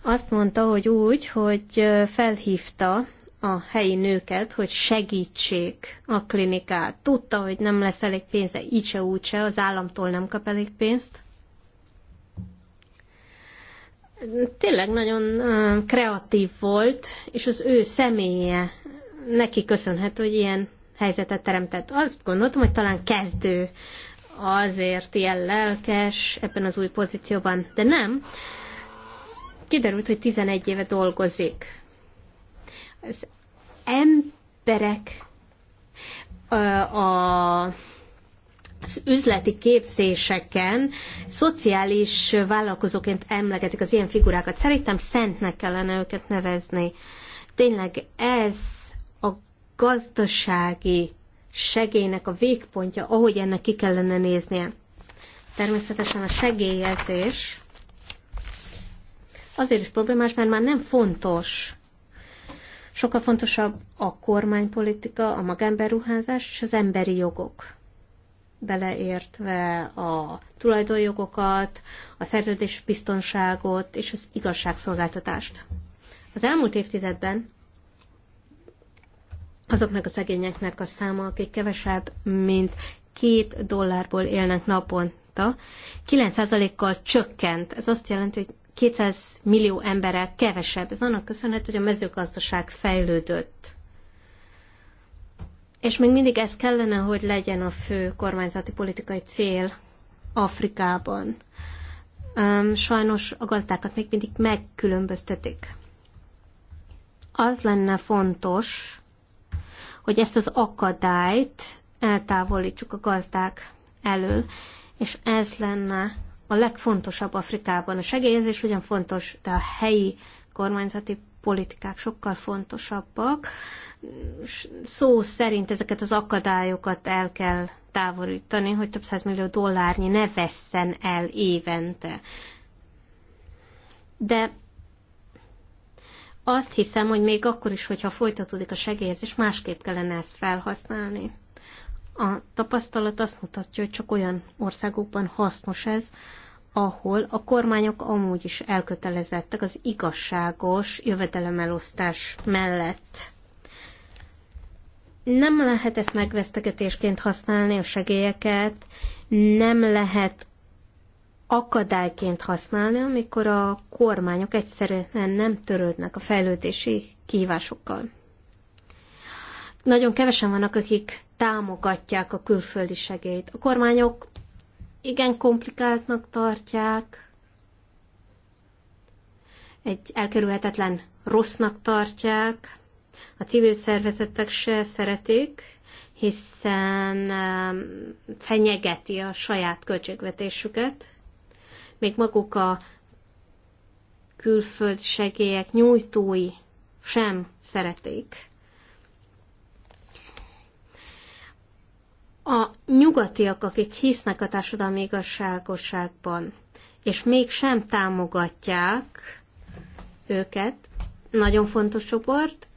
Azt mondta, hogy úgy, hogy felhívta a helyi nőket, hogy segítsék a klinikát. Tudta, hogy nem lesz elég pénze, így se úgy se, az államtól nem kap elég pénzt. Tényleg nagyon kreatív volt, és az ő személye neki köszönhet, hogy ilyen helyzetet teremtett. Azt gondoltam, hogy talán kezdő azért ilyen lelkes ebben az új pozícióban, de nem kiderült, hogy 11 éve dolgozik. Az emberek a, az üzleti képzéseken szociális vállalkozóként emlegetik az ilyen figurákat. Szerintem szentnek kellene őket nevezni. Tényleg ez a gazdasági segélynek a végpontja, ahogy ennek ki kellene néznie. Természetesen a segélyezés azért is problémás, mert már nem fontos. Sokkal fontosabb a kormánypolitika, a magánberuházás és az emberi jogok beleértve a tulajdonjogokat, a szerződés biztonságot és az igazságszolgáltatást. Az elmúlt évtizedben azoknak a szegényeknek a száma, akik kevesebb, mint két dollárból élnek naponta, 9%-kal csökkent. Ez azt jelenti, hogy 200 millió emberrel kevesebb. Ez annak köszönhető, hogy a mezőgazdaság fejlődött. És még mindig ez kellene, hogy legyen a fő kormányzati politikai cél Afrikában. Sajnos a gazdákat még mindig megkülönböztetik. Az lenne fontos, hogy ezt az akadályt eltávolítsuk a gazdák elől, és ez lenne a legfontosabb Afrikában. A segélyezés ugyan fontos, de a helyi kormányzati politikák sokkal fontosabbak. Szó szerint ezeket az akadályokat el kell távolítani, hogy több millió dollárnyi ne vesszen el évente. De azt hiszem, hogy még akkor is, hogyha folytatódik a segélyezés, másképp kellene ezt felhasználni. A tapasztalat azt mutatja, hogy csak olyan országokban hasznos ez, ahol a kormányok amúgy is elkötelezettek az igazságos jövedelemelosztás mellett. Nem lehet ezt megvesztegetésként használni a segélyeket, nem lehet akadályként használni, amikor a kormányok egyszerűen nem törődnek a fejlődési kihívásokkal. Nagyon kevesen vannak, akik támogatják a külföldi segélyt. A kormányok igen komplikáltnak tartják, egy elkerülhetetlen rossznak tartják, a civil szervezetek se szeretik, hiszen um, fenyegeti a saját költségvetésüket, még maguk a külföld segélyek nyújtói sem szeretik. a nyugatiak, akik hisznek a társadalmi igazságosságban, és mégsem támogatják őket, nagyon fontos csoport,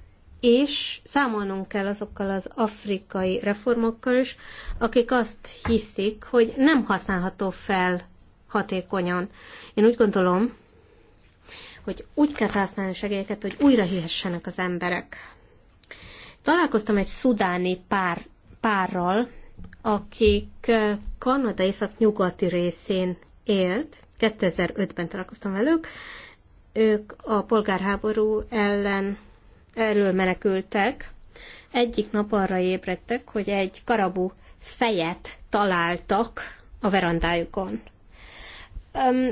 és számolnunk kell azokkal az afrikai reformokkal is, akik azt hiszik, hogy nem használható fel hatékonyan. Én úgy gondolom, hogy úgy kell használni segélyeket, hogy újra hihessenek az emberek. Találkoztam egy szudáni pár, párral, akik eh, Kanada észak-nyugati részén élt, 2005-ben találkoztam velük, ők a polgárháború ellen erről menekültek. Egyik nap arra ébredtek, hogy egy karabú fejet találtak a verandájukon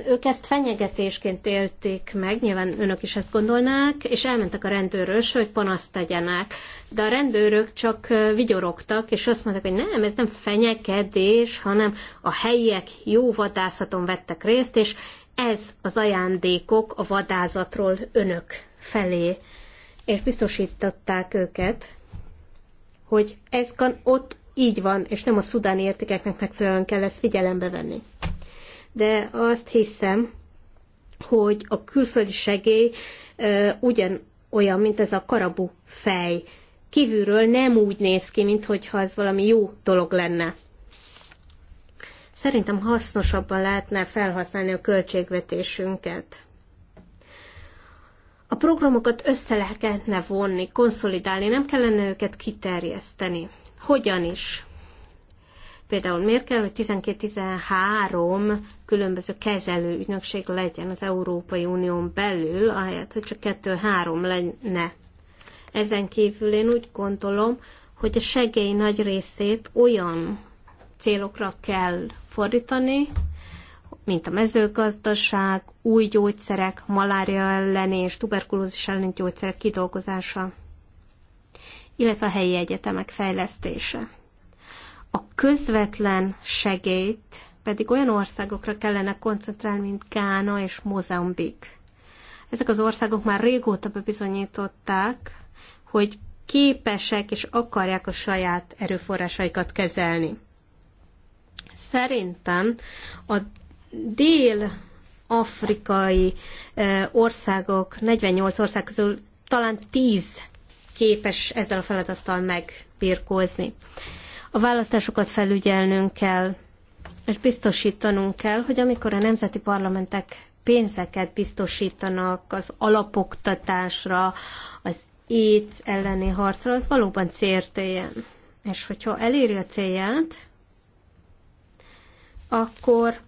ők ezt fenyegetésként élték meg, nyilván önök is ezt gondolnák, és elmentek a rendőrös, hogy panaszt tegyenek. De a rendőrök csak vigyorogtak, és azt mondták, hogy nem, ez nem fenyegetés, hanem a helyiek jó vadászaton vettek részt, és ez az ajándékok a vadászatról önök felé. És biztosították őket, hogy ez kan ott így van, és nem a szudáni értékeknek megfelelően kell ezt figyelembe venni de azt hiszem, hogy a külföldi segély ugyan olyan, mint ez a karabú fej. Kívülről nem úgy néz ki, mintha ez valami jó dolog lenne. Szerintem hasznosabban lehetne felhasználni a költségvetésünket. A programokat össze lehetne vonni, konszolidálni, nem kellene őket kiterjeszteni. Hogyan is? Például miért kell, hogy 12-13 különböző kezelő ügynökség legyen az Európai Unión belül, ahelyett, hogy csak 2-3 lenne. Ezen kívül én úgy gondolom, hogy a segély nagy részét olyan célokra kell fordítani, mint a mezőgazdaság, új gyógyszerek, malária elleni és tuberkulózis elleni gyógyszerek kidolgozása, illetve a helyi egyetemek fejlesztése. A közvetlen segélyt pedig olyan országokra kellene koncentrálni, mint Gána és Mozambik. Ezek az országok már régóta bebizonyították, hogy képesek és akarják a saját erőforrásaikat kezelni. Szerintem a dél-afrikai országok, 48 ország közül talán 10 képes ezzel a feladattal megbirkózni. A választásokat felügyelnünk kell, és biztosítanunk kell, hogy amikor a nemzeti parlamentek pénzeket biztosítanak az alapoktatásra, az éjsz elleni harcra, az valóban célt éljen. És hogyha eléri a célját, akkor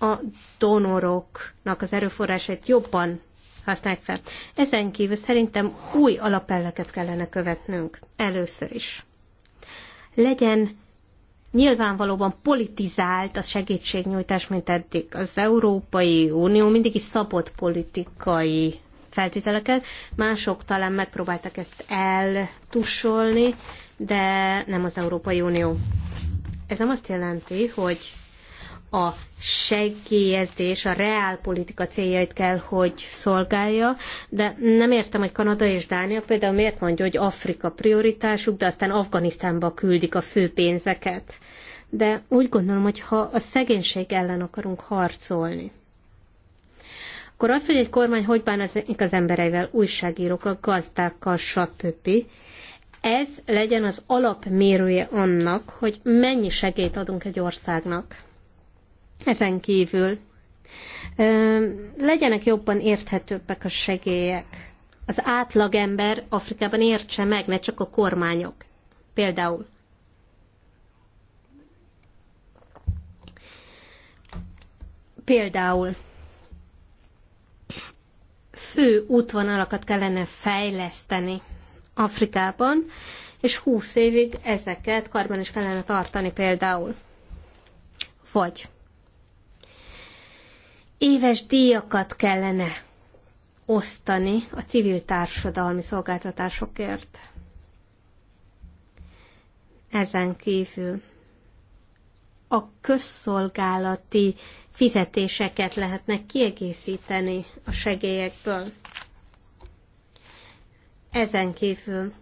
a donoroknak az erőforrásait jobban használják fel. Ezen kívül szerintem új alapelveket kellene követnünk először is legyen nyilvánvalóban politizált a segítségnyújtás, mint eddig. Az Európai Unió mindig is szabott politikai feltételeket, mások talán megpróbáltak ezt eltussolni, de nem az Európai Unió. Ez nem azt jelenti, hogy a segélyezés, a reálpolitika céljait kell, hogy szolgálja, de nem értem, hogy Kanada és Dánia például miért mondja, hogy Afrika prioritásuk, de aztán Afganisztánba küldik a fő pénzeket. De úgy gondolom, hogy ha a szegénység ellen akarunk harcolni, akkor az, hogy egy kormány hogy bánik az embereivel, újságírókkal, gazdákkal, stb., ez legyen az alapmérője annak, hogy mennyi segélyt adunk egy országnak. Ezen kívül legyenek jobban érthetőbbek a segélyek. Az átlagember Afrikában értse meg, ne csak a kormányok. Például. Például fő útvonalakat kellene fejleszteni Afrikában, és 20 évig ezeket karban is kellene tartani például. Vagy éves díjakat kellene osztani a civil társadalmi szolgáltatásokért. Ezen kívül a közszolgálati fizetéseket lehetne kiegészíteni a segélyekből. Ezen kívül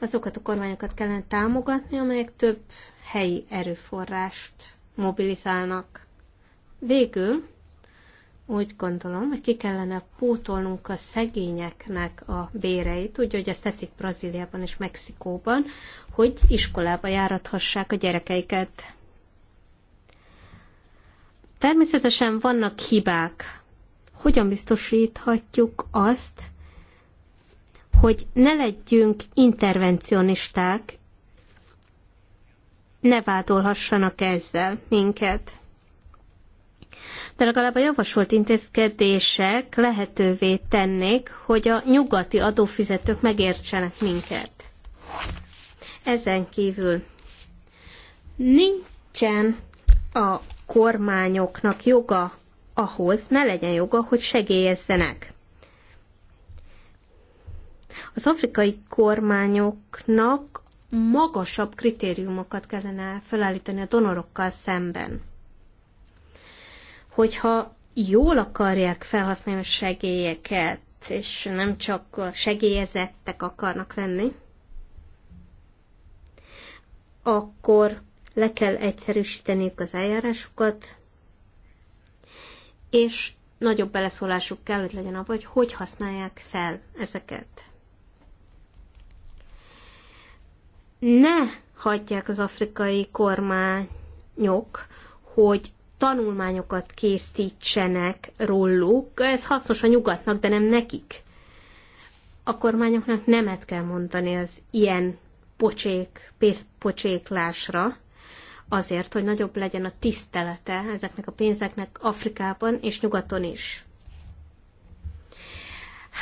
azokat a kormányokat kellene támogatni, amelyek több helyi erőforrást mobilizálnak. Végül úgy gondolom, hogy ki kellene pótolnunk a szegényeknek a béreit, úgy, hogy ezt teszik Brazíliában és Mexikóban, hogy iskolába járathassák a gyerekeiket. Természetesen vannak hibák. Hogyan biztosíthatjuk azt, hogy ne legyünk intervencionisták, ne vádolhassanak ezzel minket de legalább a javasolt intézkedések lehetővé tennék, hogy a nyugati adófizetők megértsenek minket. Ezen kívül nincsen a kormányoknak joga ahhoz, ne legyen joga, hogy segélyezzenek. Az afrikai kormányoknak magasabb kritériumokat kellene felállítani a donorokkal szemben hogyha jól akarják felhasználni a segélyeket, és nem csak segélyezettek akarnak lenni, akkor le kell egyszerűsíteniük az eljárásukat, és nagyobb beleszólásuk kell, hogy legyen abban, hogy hogy használják fel ezeket. Ne hagyják az afrikai kormányok, hogy tanulmányokat készítsenek róluk. Ez hasznos a nyugatnak, de nem nekik. A kormányoknak nemet kell mondani az ilyen pocsék, pénzpocséklásra, azért, hogy nagyobb legyen a tisztelete ezeknek a pénzeknek Afrikában és nyugaton is.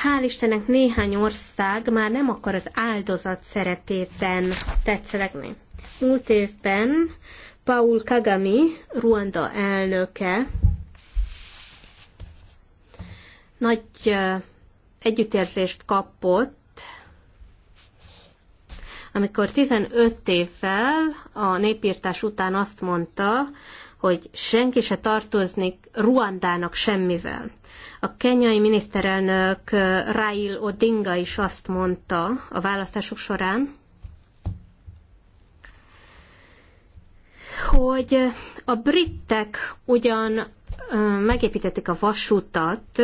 Hál' Istennek néhány ország már nem akar az áldozat szerepében tetszelegni. Múlt évben Paul Kagami, Ruanda elnöke, nagy együttérzést kapott, amikor 15 évvel a népírtás után azt mondta, hogy senki se tartoznik Ruandának semmivel. A kenyai miniszterelnök Rail Odinga is azt mondta a választások során, hogy a britek ugyan megépítették a vasutat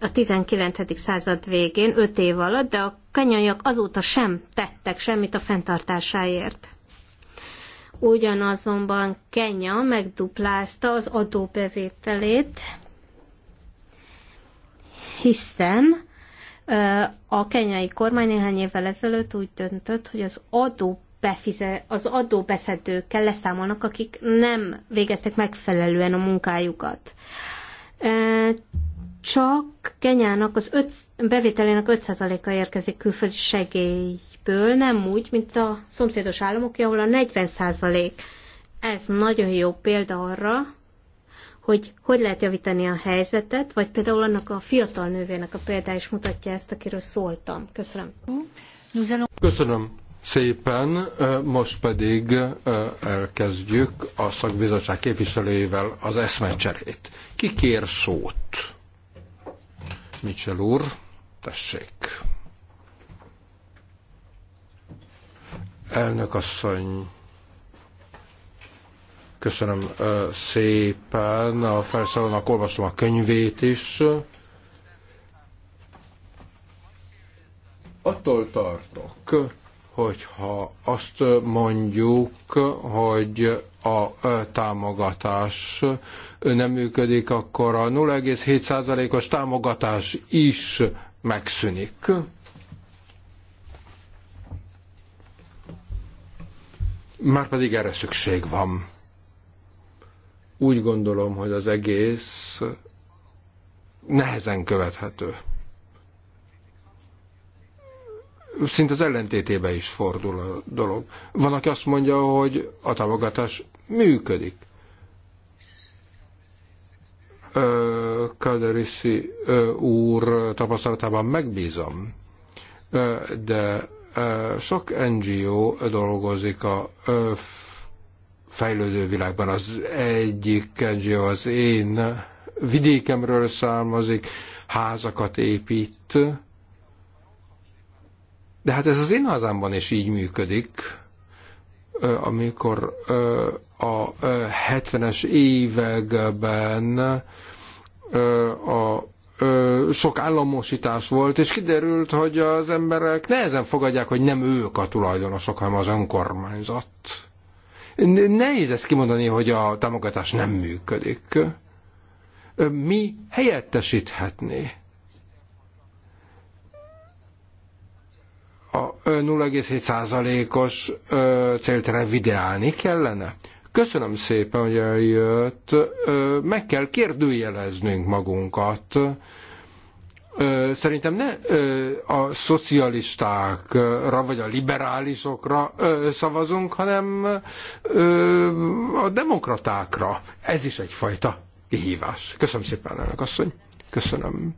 a 19. század végén, 5 év alatt, de a kenyaiak azóta sem tettek semmit a fenntartásáért. Ugyanazonban Kenya megduplázta az adóbevételét, hiszen a kenyai kormány néhány évvel ezelőtt úgy döntött, hogy az adó befize, az adóbeszedőkkel leszámolnak, akik nem végeztek megfelelően a munkájukat. Csak Kenyának az öt, bevételének 5%-a érkezik külföldi segélyből, nem úgy, mint a szomszédos államok, ahol a 40%. Ez nagyon jó példa arra, hogy hogy lehet javítani a helyzetet, vagy például annak a fiatal nővének a példája is mutatja ezt, akiről szóltam. Köszönöm. Köszönöm szépen, most pedig elkezdjük a szakbizottság képviselőivel az eszmecserét. Ki kér szót? Mitchell úr, tessék. Elnök asszony, köszönöm szépen a felszállónak, olvasom a könyvét is. Attól tartok, hogyha azt mondjuk, hogy a támogatás nem működik, akkor a 0,7%-os támogatás is megszűnik. Márpedig erre szükség van. Úgy gondolom, hogy az egész nehezen követhető szinte az ellentétébe is fordul a dolog. Van, aki azt mondja, hogy a támogatás működik. Kaderiszi úr tapasztalatában megbízom, de sok NGO dolgozik a fejlődő világban. Az egyik NGO az én vidékemről származik, házakat épít, de hát ez az én hazámban is így működik, amikor a 70-es években a sok államosítás volt, és kiderült, hogy az emberek nehezen fogadják, hogy nem ők a tulajdonosok, hanem az önkormányzat. Nehéz ezt kimondani, hogy a támogatás nem működik. Mi helyettesíthetné? a 0,7%-os célt revideálni kellene. Köszönöm szépen, hogy eljött. Meg kell kérdőjeleznünk magunkat. Szerintem ne a szocialistákra vagy a liberálisokra szavazunk, hanem a demokratákra. Ez is egyfajta kihívás. Köszönöm szépen, elnök asszony. Köszönöm.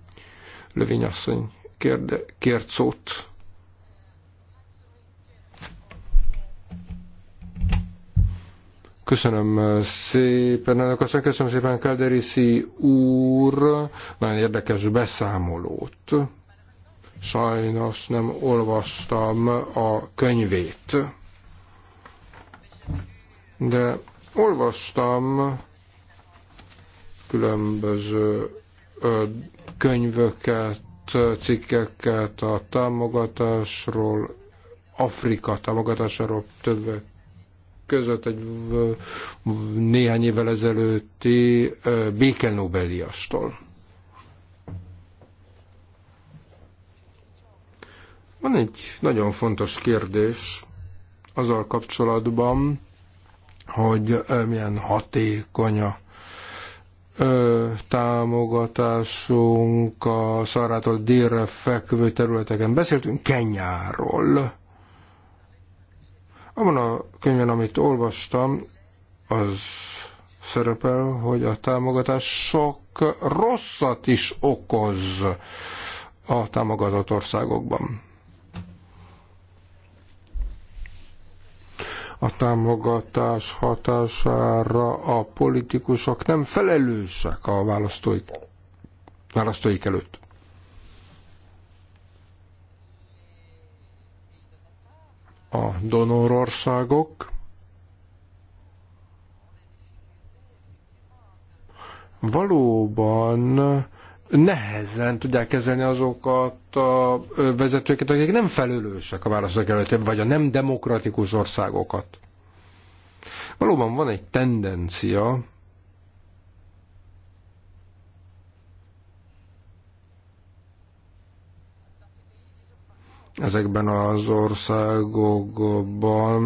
Lövény asszony kérde, kért szót. Köszönöm uh, szépen, elnök asszony, köszönöm szépen Kelderiszi úr, nagyon érdekes beszámolót. Sajnos nem olvastam a könyvét, de olvastam különböző könyvöket, cikkeket a támogatásról, Afrika támogatásáról többek között egy néhány évvel ezelőtti béke Nobel-díjastól. Van egy nagyon fontos kérdés azzal kapcsolatban, hogy milyen hatékony a támogatásunk a szarától délre fekvő területeken. Beszéltünk Kenyáról abban a könyvben, amit olvastam, az szerepel, hogy a támogatás sok rosszat is okoz a támogatott országokban. A támogatás hatására a politikusok nem felelősek a választóik, választóik előtt. a donorországok valóban nehezen tudják kezelni azokat a vezetőket, akik nem felülősek a választások előtt, vagy a nem demokratikus országokat. Valóban van egy tendencia, ezekben az országokban,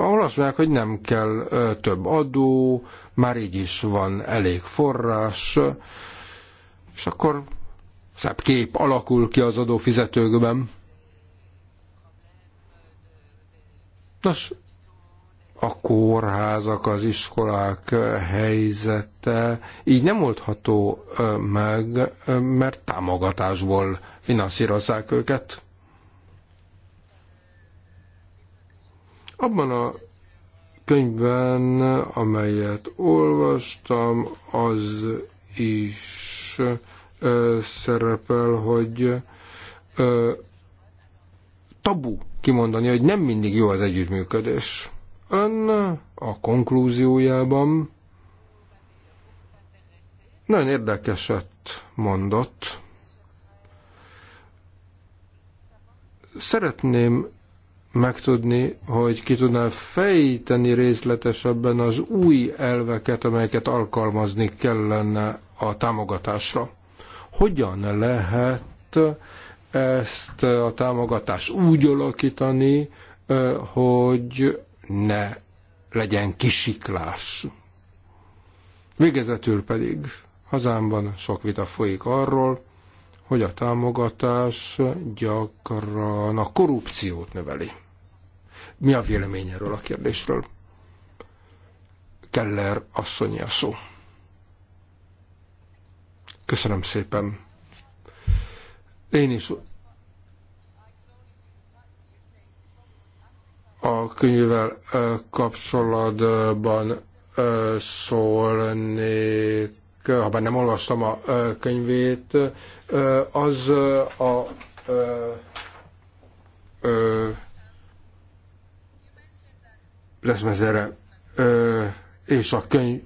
ahol azt mondják, hogy nem kell több adó, már így is van elég forrás, és akkor szebb kép alakul ki az adófizetőkben. Nos, a kórházak, az iskolák helyzete így nem oldható meg, mert támogatásból finanszírozzák őket. Abban a könyvben, amelyet olvastam, az is ö, szerepel, hogy ö, tabu kimondani, hogy nem mindig jó az együttműködés. Ön a konklúziójában nagyon érdekeset mondott. Szeretném megtudni, hogy ki tudná fejteni részletesebben az új elveket, amelyeket alkalmazni kellene a támogatásra. Hogyan lehet ezt a támogatást úgy alakítani, hogy ne legyen kisiklás. Végezetül pedig hazámban sok vita folyik arról, hogy a támogatás gyakran a korrupciót növeli. Mi a vélemény erről a kérdésről? Keller asszonyi a szó. Köszönöm szépen. Én is a könyvvel kapcsolatban szólnék, ha bár nem olvastam a könyvét, az a Pleszmezere és a könyv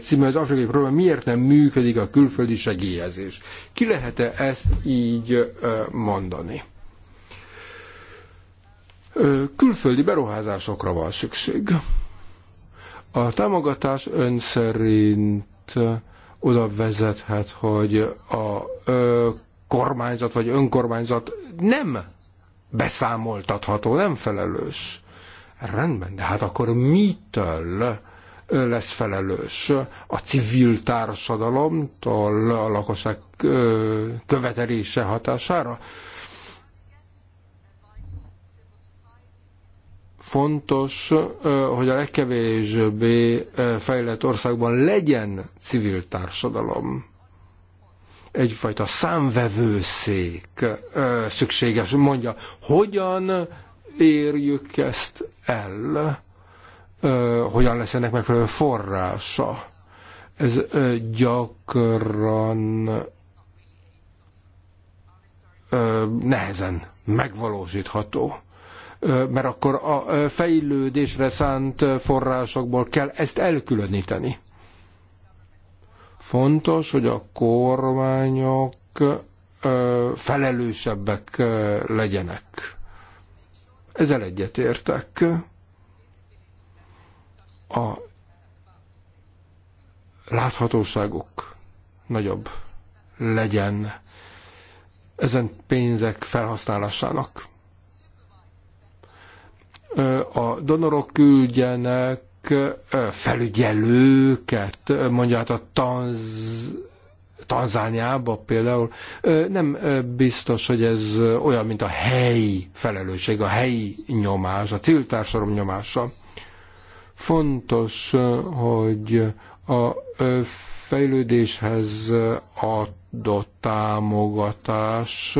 címe az afrikai probléma miért nem működik a külföldi segélyezés. Ki lehet-e ezt így mondani? Külföldi beruházásokra van szükség. A támogatás ön szerint oda vezethet, hogy a kormányzat vagy önkormányzat nem beszámoltatható, nem felelős Rendben, de hát akkor mitől lesz felelős? A civil társadalomtól, a lakosság követelése hatására? fontos, hogy a legkevésbé fejlett országban legyen civil társadalom. Egyfajta számvevőszék szükséges, mondja, hogyan érjük ezt el, hogyan lesz ennek megfelelő forrása. Ez gyakran nehezen megvalósítható mert akkor a fejlődésre szánt forrásokból kell ezt elkülöníteni. Fontos, hogy a kormányok felelősebbek legyenek. Ezzel egyetértek. A láthatóságok nagyobb legyen ezen pénzek felhasználásának. A donorok küldjenek felügyelőket, mondja hát a tanz, Tanzániába például, nem biztos, hogy ez olyan, mint a helyi felelősség, a helyi nyomás, a civil társadalom nyomása. Fontos, hogy a fejlődéshez adott támogatás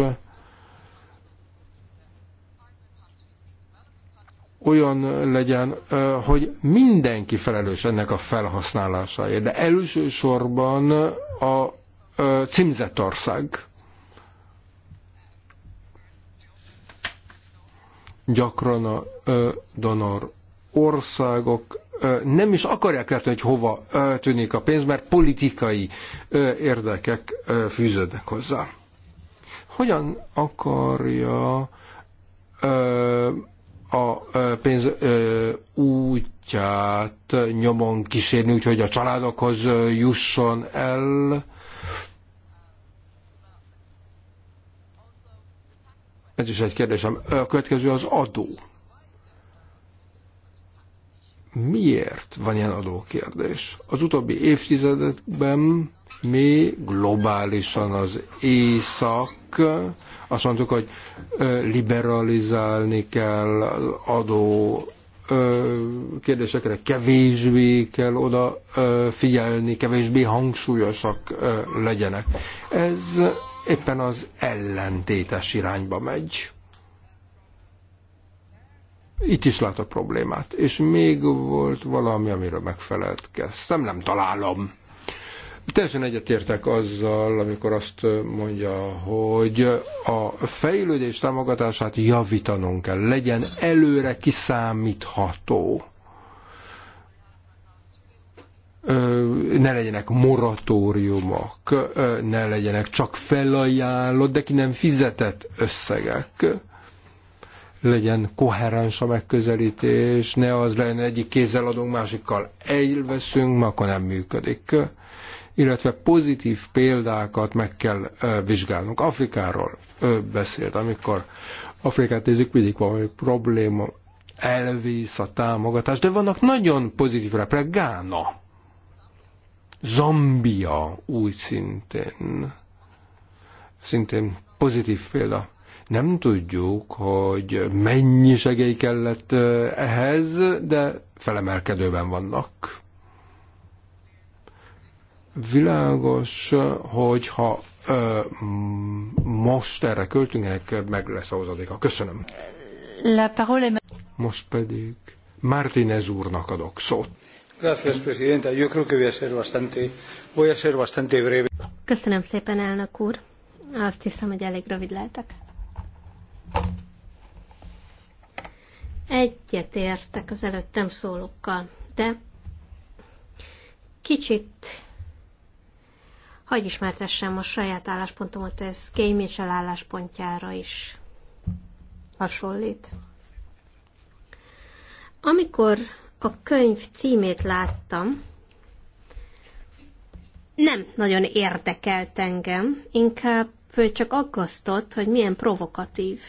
olyan legyen, hogy mindenki felelős ennek a felhasználásáért, de elsősorban a címzetország. Gyakran a donor országok nem is akarják látni, hogy hova tűnik a pénz, mert politikai érdekek fűződnek hozzá. Hogyan akarja a pénz útját nyomon kísérni, úgyhogy a családokhoz jusson el, Ez is egy kérdésem. A következő az adó. Miért van ilyen adókérdés? Az utóbbi évtizedekben mi globálisan az észak azt mondtuk, hogy liberalizálni kell az adó kérdésekre kevésbé kell oda figyelni, kevésbé hangsúlyosak legyenek. Ez éppen az ellentétes irányba megy. Itt is látok problémát. És még volt valami, amiről megfeledkeztem, nem találom. Teljesen egyetértek azzal, amikor azt mondja, hogy a fejlődés támogatását javítanunk kell, legyen előre kiszámítható ne legyenek moratóriumok, ne legyenek csak felajánlott, de ki nem fizetett összegek. Legyen koherens a megközelítés, ne az legyen egyik kézzel adunk, másikkal elveszünk, mert akkor nem működik. Illetve pozitív példákat meg kell vizsgálnunk. Afrikáról beszélt, amikor Afrikát nézzük, mindig valami probléma, elvész a támogatás, de vannak nagyon pozitív repre, Gána Zambia úgy szintén, szintén pozitív példa. Nem tudjuk, hogy mennyi segély kellett ehhez, de felemelkedőben vannak. Világos, hogyha ö, most erre költünk, ennek meg lesz a hozadéka. Köszönöm. La parole... Most pedig Martinez úrnak adok szót. Gracias, Presidenta. Yo creo que voy a ser bastante, voy a ser bastante breve. Köszönöm szépen, elnök úr. Azt hiszem, hogy elég rövid lehetek. Egyet értek az előttem szólókkal, de kicsit hagy ismertessem a saját álláspontomat, ez Gay Mitchell álláspontjára is hasonlít. Amikor a könyv címét láttam, nem nagyon érdekelt engem, inkább csak aggasztott, hogy milyen provokatív.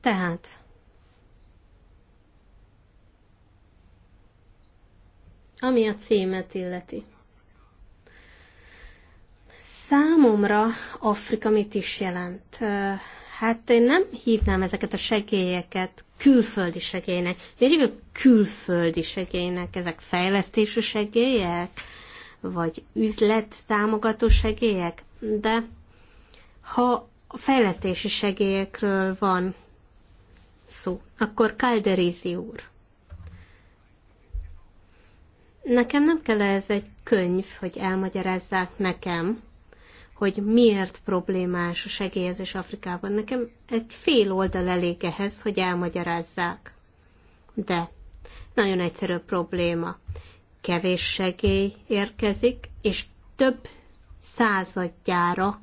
Tehát, ami a címet illeti. Számomra Afrika mit is jelent? Hát én nem hívnám ezeket a segélyeket külföldi segélynek. Miért hívjuk külföldi segélynek? Ezek fejlesztési segélyek? Vagy üzlettámogató segélyek? De ha a fejlesztési segélyekről van szó, akkor Kalderizi úr. Nekem nem kell ez egy könyv, hogy elmagyarázzák nekem, hogy miért problémás a segélyezés Afrikában. Nekem egy fél oldal elég ehhez, hogy elmagyarázzák. De nagyon egyszerű probléma. Kevés segély érkezik, és több századjára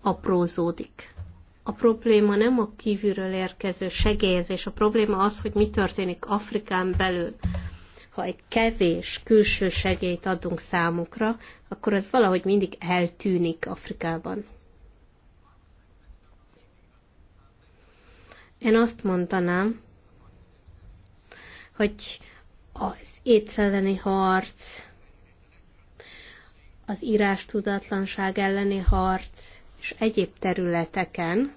aprózódik. A probléma nem a kívülről érkező segélyezés, a probléma az, hogy mi történik Afrikán belül ha egy kevés külső segélyt adunk számukra, akkor az valahogy mindig eltűnik Afrikában. Én azt mondanám, hogy az étszelleni harc, az írás tudatlanság elleni harc, és egyéb területeken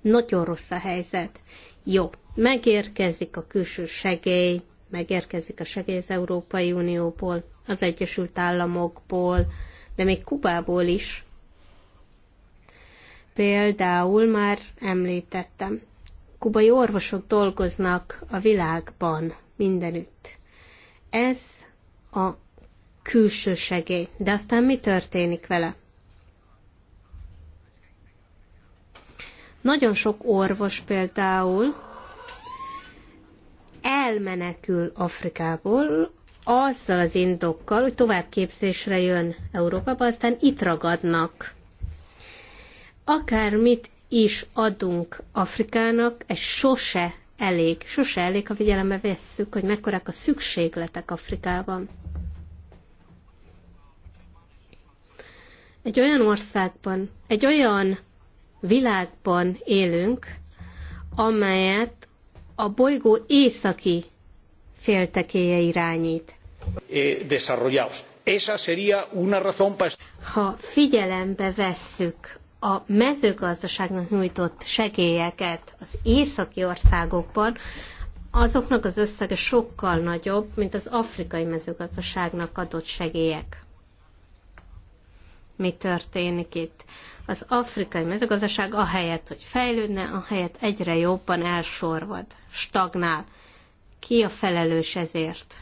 nagyon rossz a helyzet. Jó, megérkezik a külső segély, megérkezik a segély az Európai Unióból, az Egyesült Államokból, de még Kubából is. Például már említettem, kubai orvosok dolgoznak a világban, mindenütt. Ez a külső segély. De aztán mi történik vele? Nagyon sok orvos például elmenekül Afrikából, azzal az indokkal, hogy továbbképzésre jön Európába, aztán itt ragadnak. Akármit is adunk Afrikának, ez sose elég. Sose elég, ha figyelembe vesszük, hogy mekkorák a szükségletek Afrikában. Egy olyan országban, egy olyan világban élünk, amelyet a bolygó északi féltekéje irányít. Eh, Desarrollados. Esa sería una razón para... Ha figyelembe vesszük a mezőgazdaságnak nyújtott segélyeket az északi országokban, azoknak az összege sokkal nagyobb, mint az afrikai mezőgazdaságnak adott segélyek. Mi történik itt? az afrikai mezőgazdaság ahelyett, hogy fejlődne, ahelyett egyre jobban elsorvad, stagnál. Ki a felelős ezért?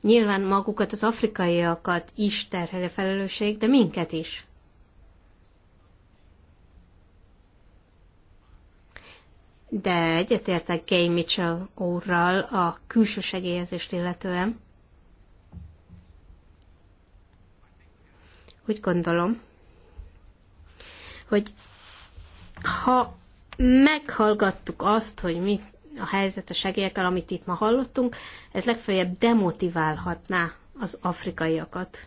Nyilván magukat, az afrikaiakat is terhel a felelősség, de minket is. De egyetértek Gay Mitchell úrral a külső segélyezést illetően. Úgy gondolom, hogy ha meghallgattuk azt, hogy mi a helyzet a segélyekkel, amit itt ma hallottunk, ez legfeljebb demotiválhatná az afrikaiakat.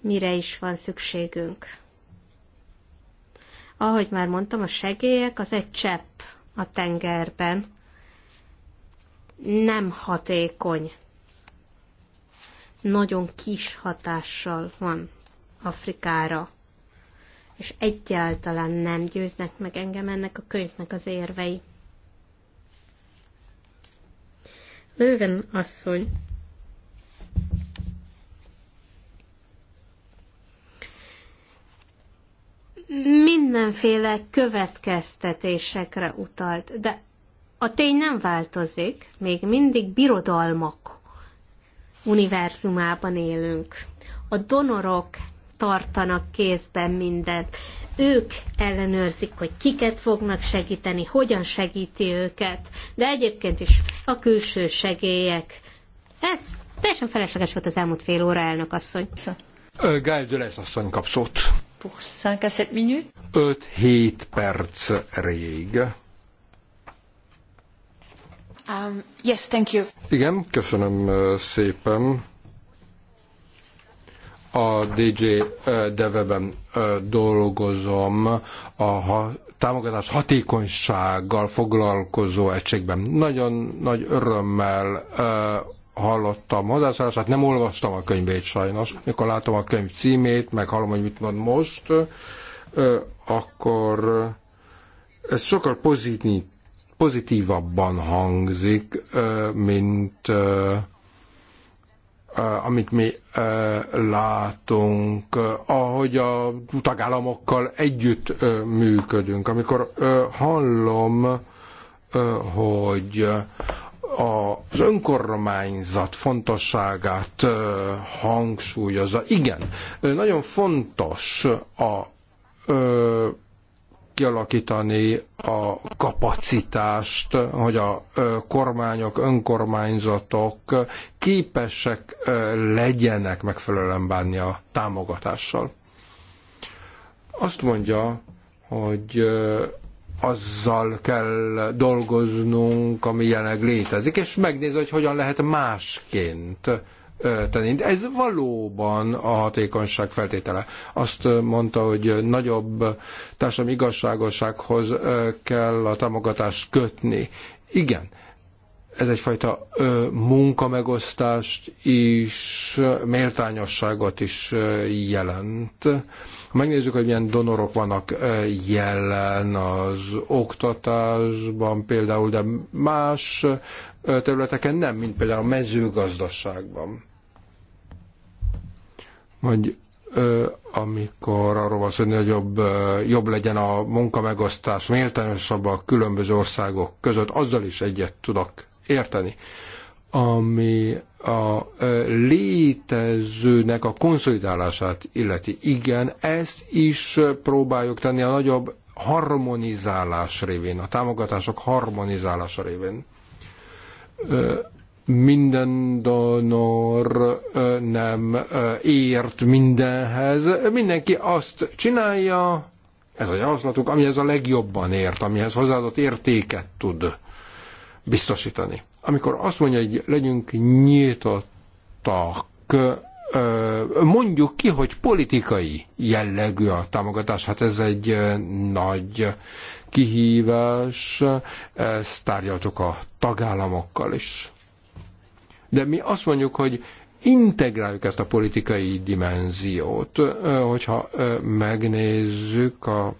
Mire is van szükségünk? Ahogy már mondtam, a segélyek az egy csepp a tengerben. Nem hatékony nagyon kis hatással van Afrikára, és egyáltalán nem győznek meg engem ennek a könyvnek az érvei. Lőven asszony. Mindenféle következtetésekre utalt, de a tény nem változik, még mindig birodalmak univerzumában élünk. A donorok tartanak kézben mindent. Ők ellenőrzik, hogy kiket fognak segíteni, hogyan segíti őket, de egyébként is a külső segélyek. Ez teljesen felesleges volt az elmúlt fél óra, elnök asszony. Gáj Dölesz asszony kap szót. 5-7 perc rég. Um, yes, thank you. Igen, köszönöm szépen. A DJ Deveben dolgozom a támogatás hatékonysággal foglalkozó egységben. Nagyon nagy örömmel hallottam hozzászólását, nem olvastam a könyvét sajnos. Mikor látom a könyv címét, meg hallom, hogy mit mond most, akkor ez sokkal pozitív, pozitívabban hangzik, mint amit mi látunk, ahogy a tagállamokkal együtt működünk. Amikor hallom, hogy az önkormányzat fontosságát hangsúlyozza. Igen, nagyon fontos a kialakítani a kapacitást, hogy a kormányok, önkormányzatok képesek legyenek megfelelően bánni a támogatással. Azt mondja, hogy azzal kell dolgoznunk, ami jelenleg létezik, és megnézni, hogy hogyan lehet másként tenni. Ez valóban a hatékonyság feltétele. Azt mondta, hogy nagyobb társadalmi igazságossághoz kell a támogatást kötni. Igen, ez egyfajta ö, munkamegosztást is, méltányosságot is ö, jelent. Ha megnézzük, hogy milyen donorok vannak ö, jelen az oktatásban például, de más ö, területeken nem, mint például a mezőgazdaságban. Mondj, amikor arról van szó, hogy nagyobb, jobb legyen a munkamegosztás, méltányosabb a különböző országok között, azzal is egyet tudok érteni. Ami a létezőnek a konszolidálását illeti. Igen, ezt is próbáljuk tenni a nagyobb harmonizálás révén, a támogatások harmonizálása révén minden donor nem ért mindenhez. Mindenki azt csinálja, ez a javaslatuk, amihez a legjobban ért, amihez hozzáadott értéket tud biztosítani. Amikor azt mondja, hogy legyünk nyitottak, mondjuk ki, hogy politikai jellegű a támogatás, hát ez egy nagy kihívás, ezt tárgyaltuk a tagállamokkal is. De mi azt mondjuk, hogy integráljuk ezt a politikai dimenziót, hogyha megnézzük a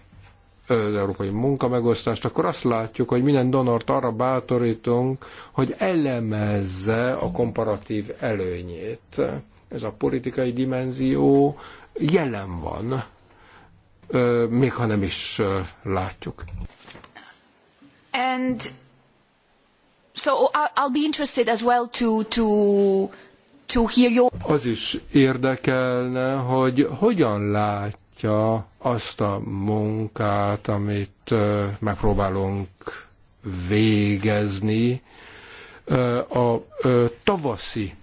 az európai munkamegosztást, akkor azt látjuk, hogy minden donort arra bátorítunk, hogy elemezze a komparatív előnyét. Ez a politikai dimenzió jelen van, még ha nem is látjuk. And so I'll be interested as well to, to, to hear your... Az is érdekelne, hogy hogyan látja azt a munkát, amit megpróbálunk végezni a tavaszi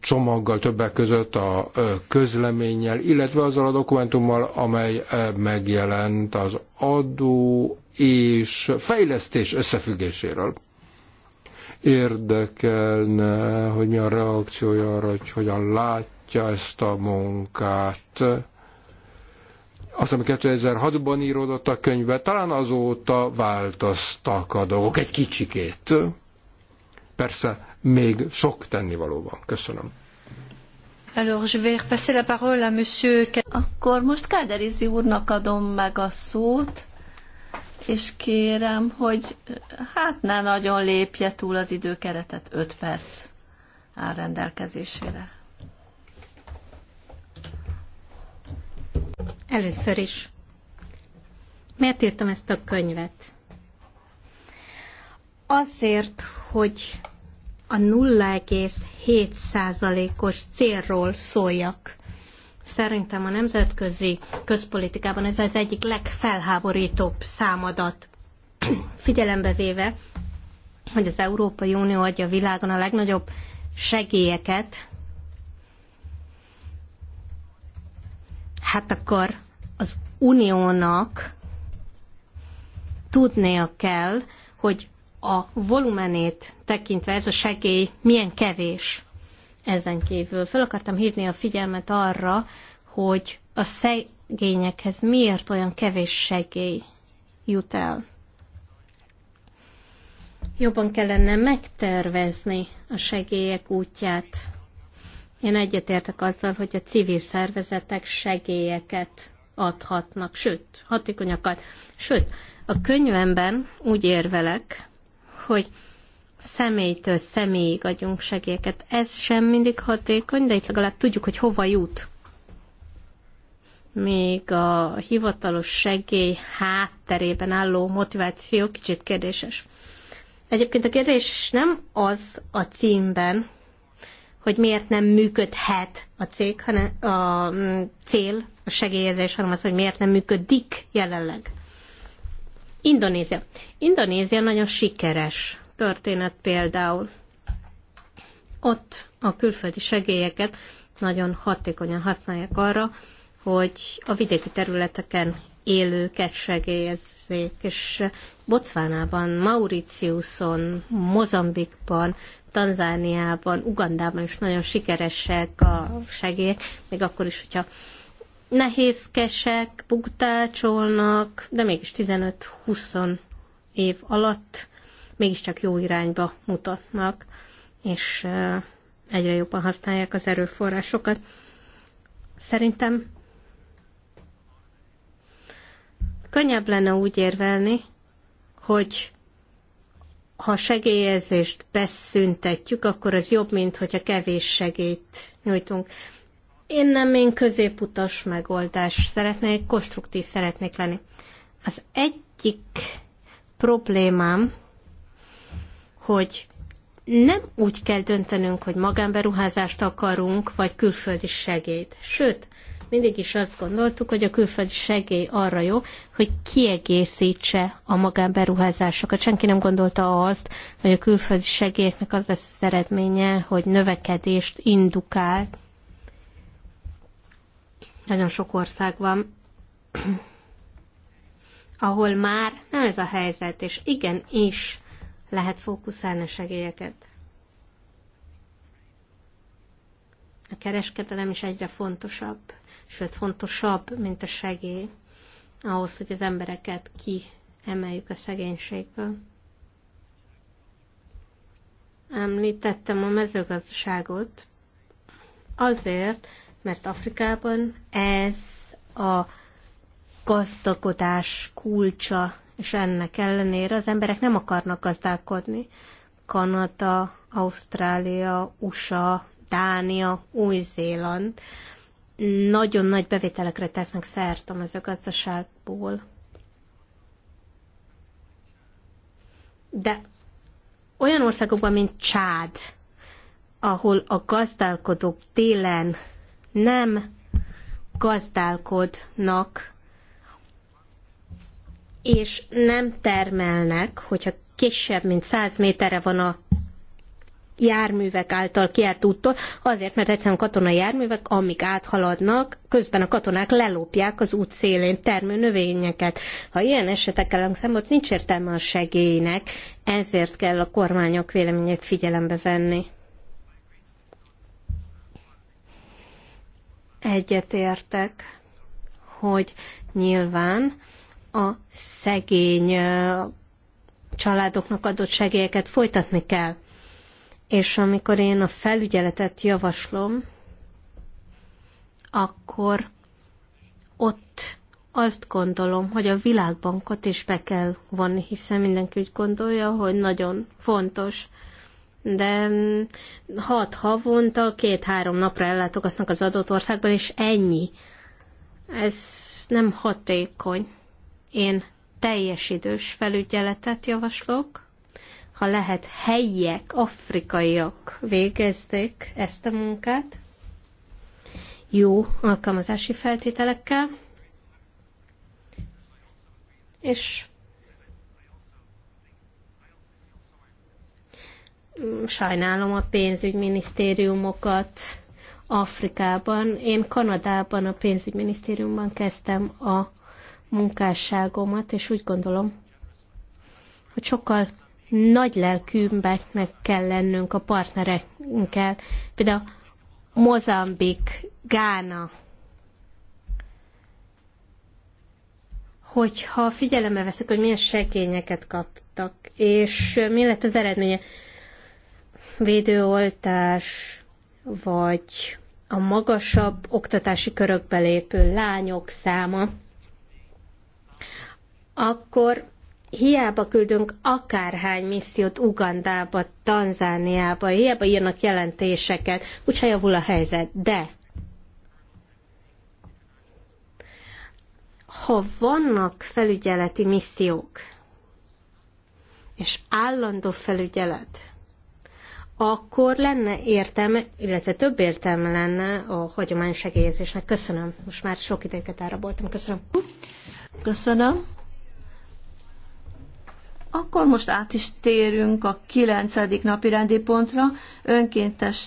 csomaggal többek között a közleménnyel, illetve azzal a dokumentummal, amely megjelent az adó és fejlesztés összefüggéséről. Érdekelne, hogy mi a reakciója arra, hogy hogyan látja ezt a munkát. Azt ami 2006-ban íródott a könyve, talán azóta változtak a dolgok egy kicsikét. Persze még sok tennivaló van. Köszönöm. Alors, je vais repasser la parole à monsieur... Akkor most Káderizi úrnak adom meg a szót és kérem, hogy hát ne nagyon lépje túl az időkeretet, 5 perc áll rendelkezésére. Először is. Miért írtam ezt a könyvet? Azért, hogy a 0,7%-os célról szóljak. Szerintem a nemzetközi közpolitikában ez az egyik legfelháborítóbb számadat figyelembe véve, hogy az Európai Unió adja a világon a legnagyobb segélyeket, hát akkor az uniónak tudnia kell, hogy a volumenét tekintve ez a segély milyen kevés. Ezen kívül fel akartam hívni a figyelmet arra, hogy a szegényekhez miért olyan kevés segély jut el. Jobban kellene megtervezni a segélyek útját. Én egyetértek azzal, hogy a civil szervezetek segélyeket adhatnak, sőt, hatékonyakat. Sőt, a könyvemben úgy érvelek, hogy személytől személyig adjunk segélyeket. Ez sem mindig hatékony, de itt legalább tudjuk, hogy hova jut. Még a hivatalos segély hátterében álló motiváció kicsit kérdéses. Egyébként a kérdés nem az a címben, hogy miért nem működhet a cég, hanem a mm, cél, a segélyezés, hanem az, hogy miért nem működik jelenleg. Indonézia. Indonézia nagyon sikeres történet például. Ott a külföldi segélyeket nagyon hatékonyan használják arra, hogy a vidéki területeken élőket segélyezzék, és Bocvánában, Mauritiuson, Mozambikban, Tanzániában, Ugandában is nagyon sikeresek a segélyek, még akkor is, hogyha nehézkesek, buktácsolnak, de mégis 15-20 év alatt mégiscsak jó irányba mutatnak, és egyre jobban használják az erőforrásokat. Szerintem könnyebb lenne úgy érvelni, hogy ha segélyezést beszüntetjük, akkor az jobb, mint hogyha kevés segélyt nyújtunk. Én nem, én középutas megoldás szeretnék, konstruktív szeretnék lenni. Az egyik problémám hogy nem úgy kell döntenünk, hogy magánberuházást akarunk, vagy külföldi segélyt. Sőt, mindig is azt gondoltuk, hogy a külföldi segély arra jó, hogy kiegészítse a magánberuházásokat. Senki nem gondolta azt, hogy a külföldi segélyeknek az lesz az eredménye, hogy növekedést indukál. Nagyon sok ország van, ahol már nem ez a helyzet, és igenis lehet fókuszálni a segélyeket. A kereskedelem is egyre fontosabb, sőt fontosabb, mint a segély, ahhoz, hogy az embereket kiemeljük a szegénységből. Említettem a mezőgazdaságot azért, mert Afrikában ez a gazdagodás kulcsa és ennek ellenére az emberek nem akarnak gazdálkodni. Kanada, Ausztrália, USA, Dánia, Új-Zéland nagyon nagy bevételekre tesznek szert a mezőgazdaságból. De olyan országokban, mint Csád, ahol a gazdálkodók télen nem gazdálkodnak, és nem termelnek, hogyha kisebb, mint 100 méterre van a járművek által kiárt úttól, azért, mert egyszerűen katonai járművek, amik áthaladnak, közben a katonák lelopják az út szélén termő növényeket. Ha ilyen esetekkel szemben, ott nincs értelme a segélynek, ezért kell a kormányok véleményét figyelembe venni. Egyetértek, hogy nyilván a szegény családoknak adott segélyeket folytatni kell. És amikor én a felügyeletet javaslom, akkor ott azt gondolom, hogy a világbankot is be kell vonni, hiszen mindenki úgy gondolja, hogy nagyon fontos. De mm, hat havonta, két-három napra ellátogatnak az adott országban, és ennyi. Ez nem hatékony. Én teljes idős felügyeletet javaslok, ha lehet helyiek, afrikaiak végezték ezt a munkát, jó alkalmazási feltételekkel, és sajnálom a pénzügyminisztériumokat Afrikában. Én Kanadában a pénzügyminisztériumban kezdtem a munkásságomat, és úgy gondolom, hogy sokkal nagy lelkűbbeknek kell lennünk a partnerekkel. Például Mozambik, Gána. Hogyha figyelembe veszek, hogy milyen segényeket kaptak, és mi lett az eredménye, védőoltás, vagy a magasabb oktatási körökbe lépő lányok száma, akkor hiába küldünk akárhány missziót Ugandába, Tanzániába, hiába írnak jelentéseket, úgyse javul a helyzet. De ha vannak felügyeleti missziók, és állandó felügyelet, akkor lenne értelme, illetve több értelme lenne a hagyományos segélyezésnek. Köszönöm. Most már sok idéket áraboltam. Köszönöm. Köszönöm. Akkor most át is térünk a kilencedik napi rendi pontra, önkéntes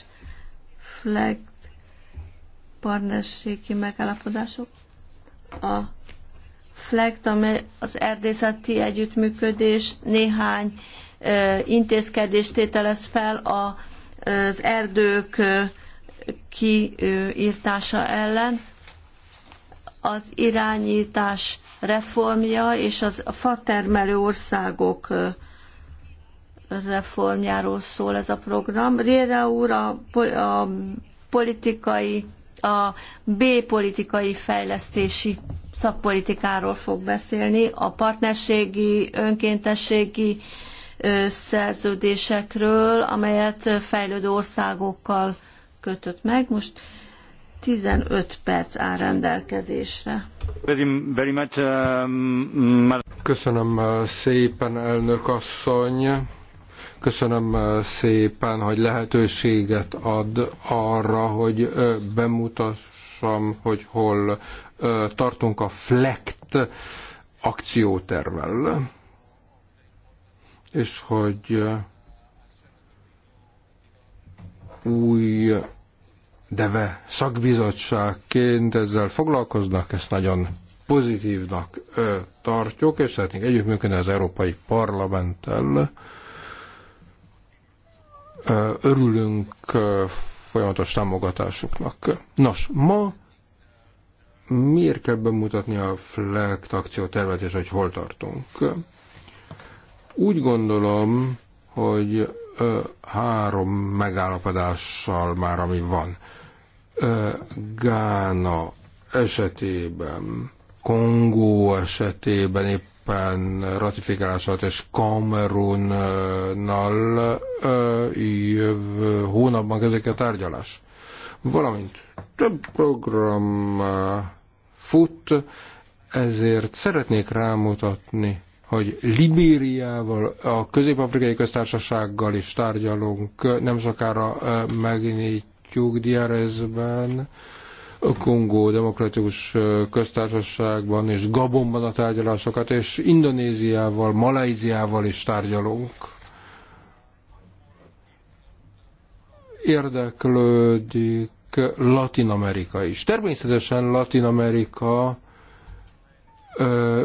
flag partnerségi megállapodások. A flag, amely az erdészeti együttműködés néhány ö, intézkedést tételez fel a, az erdők ö, kiírtása ellen. Az irányítás reformja és az, a fatermelő országok reformjáról szól ez a program. Réra úr a, a politikai, a B-politikai fejlesztési szakpolitikáról fog beszélni, a partnerségi, önkéntességi szerződésekről, amelyet fejlődő országokkal kötött meg. Most 15 perc áll rendelkezésre. Uh, mm, Köszönöm uh, szépen, elnök asszony. Köszönöm uh, szépen, hogy lehetőséget ad arra, hogy bemutassam, hogy hol tartunk a FLECT akciótervel, és hogy új deve szakbizottságként ezzel foglalkoznak, ezt nagyon pozitívnak ö, tartjuk, és szeretnénk együttműködni az Európai Parlamenttel. örülünk ö, folyamatos támogatásuknak. Nos, ma miért kell bemutatni a FLECT tervet, és hogy hol tartunk? Úgy gondolom, hogy ö, három megállapodással már, ami van. Gána esetében, Kongó esetében éppen ratifikálás alatt, és Kamerunnal jövő hónapban kezdődik a tárgyalás. Valamint több program fut, ezért szeretnék rámutatni, hogy Libériával, a Közép-Afrikai Köztársasággal is tárgyalunk, nem sokára megnyit látjuk Diarezben, a Kongó Demokratikus Köztársaságban és Gabonban a tárgyalásokat, és Indonéziával, Malajziával is tárgyalunk. Érdeklődik Latin Amerika is. Természetesen Latin Amerika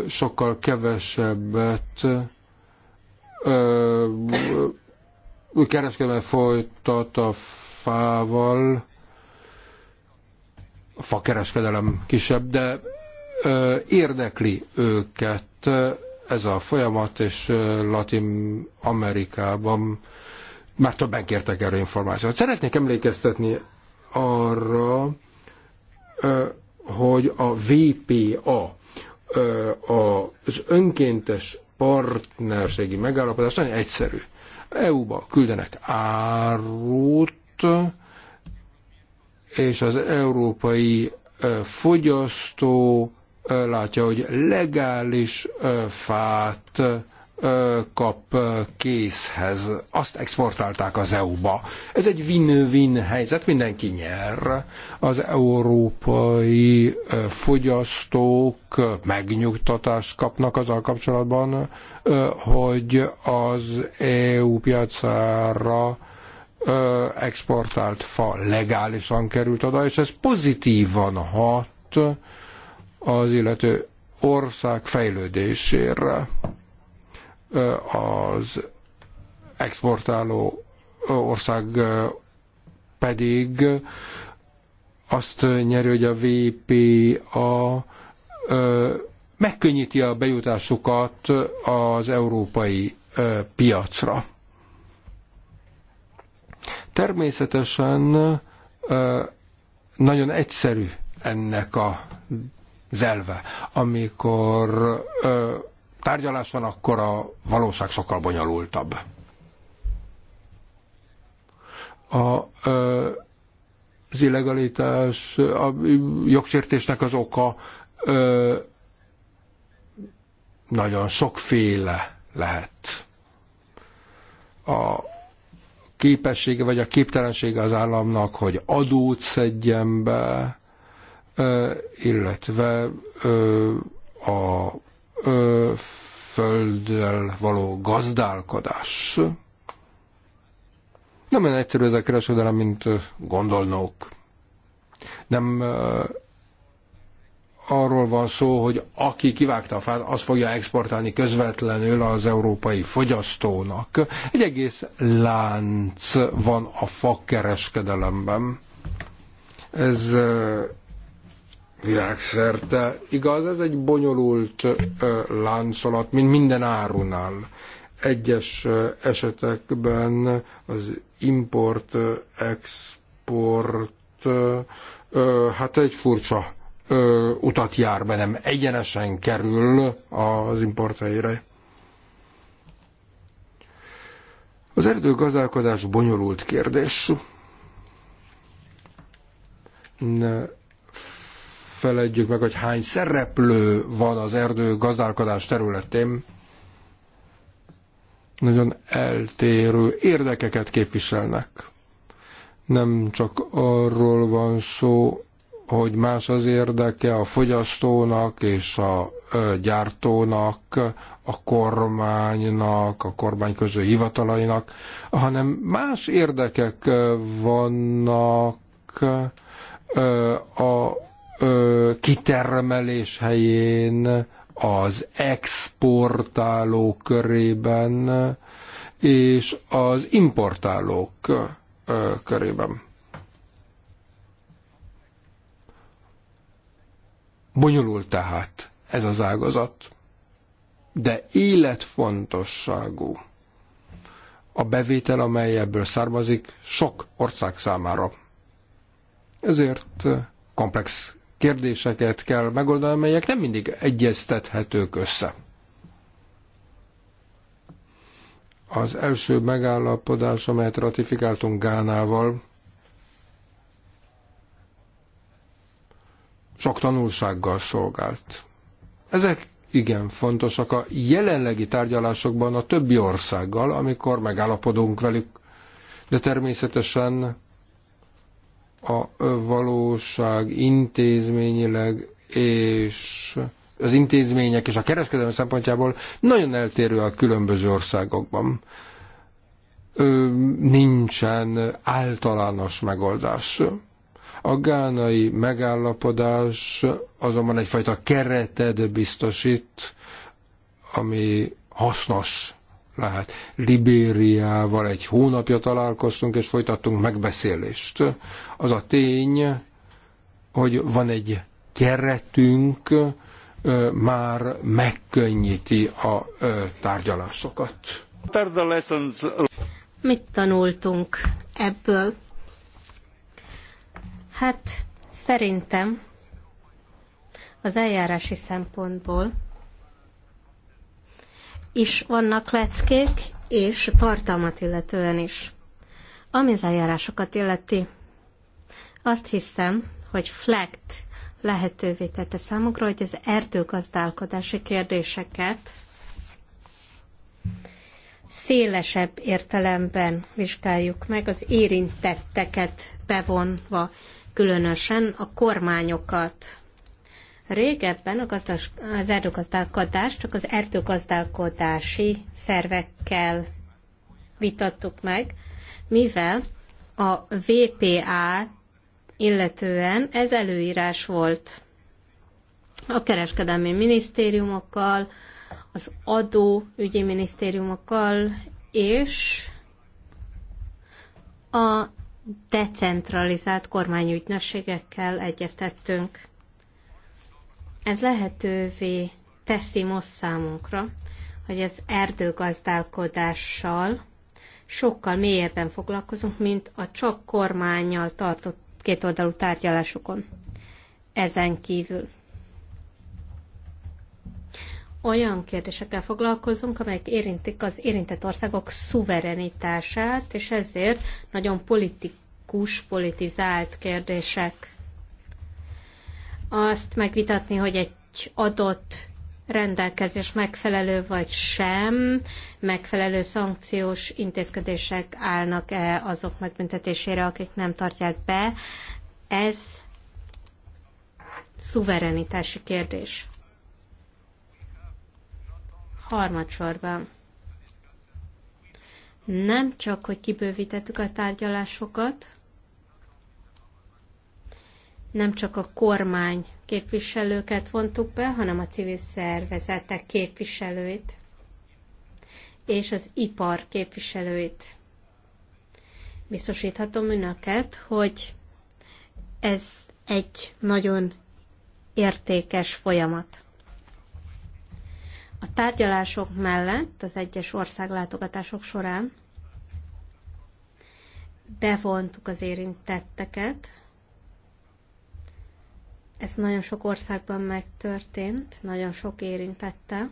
sokkal kevesebbet kereskedelmet folytat a fával. A fakereskedelem kisebb, de érdekli őket ez a folyamat, és Latin Amerikában már többen kértek erre információt. Szeretnék emlékeztetni arra, hogy a VPA, az önkéntes partnerségi megállapodás nagyon egyszerű. EU-ba küldenek árut, és az európai fogyasztó látja, hogy legális fát kap készhez. Azt exportálták az EU-ba. Ez egy win-win helyzet, mindenki nyer. Az európai fogyasztók megnyugtatást kapnak azzal kapcsolatban, hogy az EU piacára exportált fa legálisan került oda, és ez pozitívan hat az illető ország fejlődésére. Az exportáló ország pedig azt nyeri, hogy a VPA megkönnyíti a bejutásukat az európai piacra. Természetesen nagyon egyszerű ennek a zelve. Amikor ö, tárgyalás van, akkor a valóság sokkal bonyolultabb. A, ö, az illegalitás, a jogsértésnek az oka ö, nagyon sokféle lehet. A képessége vagy a képtelensége az államnak, hogy adót szedjen be, illetve a földdel való gazdálkodás. Nem olyan egyszerű ez a kereskedelem, mint gondolnók. Nem arról van szó, hogy aki kivágta a fát, az fogja exportálni közvetlenül az európai fogyasztónak. Egy egész lánc van a fakereskedelemben. Ez világszerte igaz, ez egy bonyolult láncolat, mint minden árunál. Egyes esetekben az import, export, hát egy furcsa ö, utat jár be, nem egyenesen kerül az importjaira. Az erdőgazdálkodás bonyolult kérdés. Ne feledjük meg, hogy hány szereplő van az erdőgazdálkodás területén. Nagyon eltérő érdekeket képviselnek. Nem csak arról van szó, hogy más az érdeke a fogyasztónak és a gyártónak, a kormánynak, a kormány közül hivatalainak, hanem más érdekek vannak a kitermelés helyén, az exportáló körében és az importálók körében. Bonyolult tehát ez az ágazat, de életfontosságú. A bevétel, amely ebből származik, sok ország számára. Ezért eh, komplex kérdéseket kell megoldani, amelyek nem mindig egyeztethetők össze. Az első megállapodás, amelyet ratifikáltunk Gánával, sok tanulsággal szolgált. Ezek igen fontosak a jelenlegi tárgyalásokban a többi országgal, amikor megállapodunk velük, de természetesen a valóság intézményileg és az intézmények és a kereskedelmi szempontjából nagyon eltérő a különböző országokban. Ö, nincsen általános megoldás. A gánai megállapodás azonban egyfajta keretet biztosít, ami hasznos lehet. Libériával egy hónapja találkoztunk, és folytattunk megbeszélést. Az a tény, hogy van egy keretünk, már megkönnyíti a tárgyalásokat. Mit tanultunk ebből? Hát szerintem az eljárási szempontból is vannak leckék, és tartalmat illetően is. Ami az eljárásokat illeti, azt hiszem, hogy flekt lehetővé tette számukra, hogy az erdőgazdálkodási kérdéseket szélesebb értelemben vizsgáljuk meg, az érintetteket bevonva különösen a kormányokat. Régebben a gazdas, az erdőgazdálkodás csak az erdőgazdálkodási szervekkel vitattuk meg, mivel a VPA illetően ez előírás volt a kereskedelmi minisztériumokkal, az adóügyi minisztériumokkal és a decentralizált kormányügynösségekkel egyeztettünk. Ez lehetővé teszi most számunkra, hogy az erdőgazdálkodással sokkal mélyebben foglalkozunk, mint a csak kormányjal tartott kétoldalú tárgyalásokon. Ezen kívül olyan kérdésekkel foglalkozunk, amelyek érintik az érintett országok szuverenitását, és ezért nagyon politikus, politizált kérdések. Azt megvitatni, hogy egy adott rendelkezés megfelelő vagy sem, megfelelő szankciós intézkedések állnak-e azok megbüntetésére, akik nem tartják be, ez szuverenitási kérdés. Harmadsorban nem csak, hogy kibővítettük a tárgyalásokat, nem csak a kormány képviselőket vontuk be, hanem a civil szervezetek képviselőit és az ipar képviselőit. Biztosíthatom önöket, hogy ez egy nagyon értékes folyamat. A tárgyalások mellett az egyes országlátogatások során bevontuk az érintetteket. Ez nagyon sok országban megtörtént, nagyon sok érintette.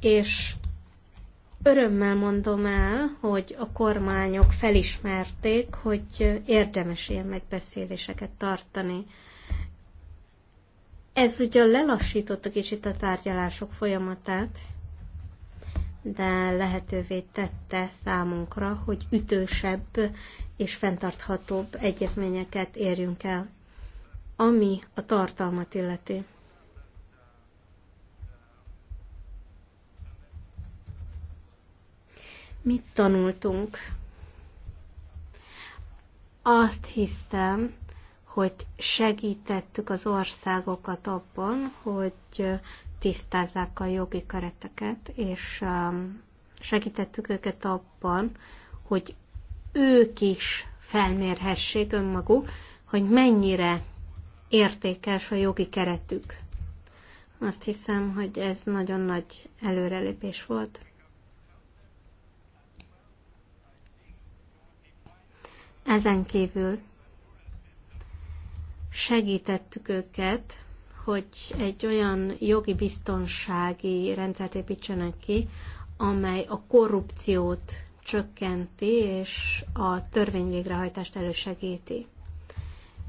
És örömmel mondom el, hogy a kormányok felismerték, hogy érdemes ilyen megbeszéléseket tartani ez ugye lelassította kicsit a tárgyalások folyamatát, de lehetővé tette számunkra, hogy ütősebb és fenntarthatóbb egyezményeket érjünk el, ami a tartalmat illeti. Mit tanultunk? Azt hiszem, hogy segítettük az országokat abban, hogy tisztázzák a jogi kereteket, és um, segítettük őket abban, hogy ők is felmérhessék önmaguk, hogy mennyire értékes a jogi keretük. Azt hiszem, hogy ez nagyon nagy előrelépés volt. Ezen kívül segítettük őket, hogy egy olyan jogi biztonsági rendszert építsenek ki, amely a korrupciót csökkenti és a törvényvégrehajtást elősegíti.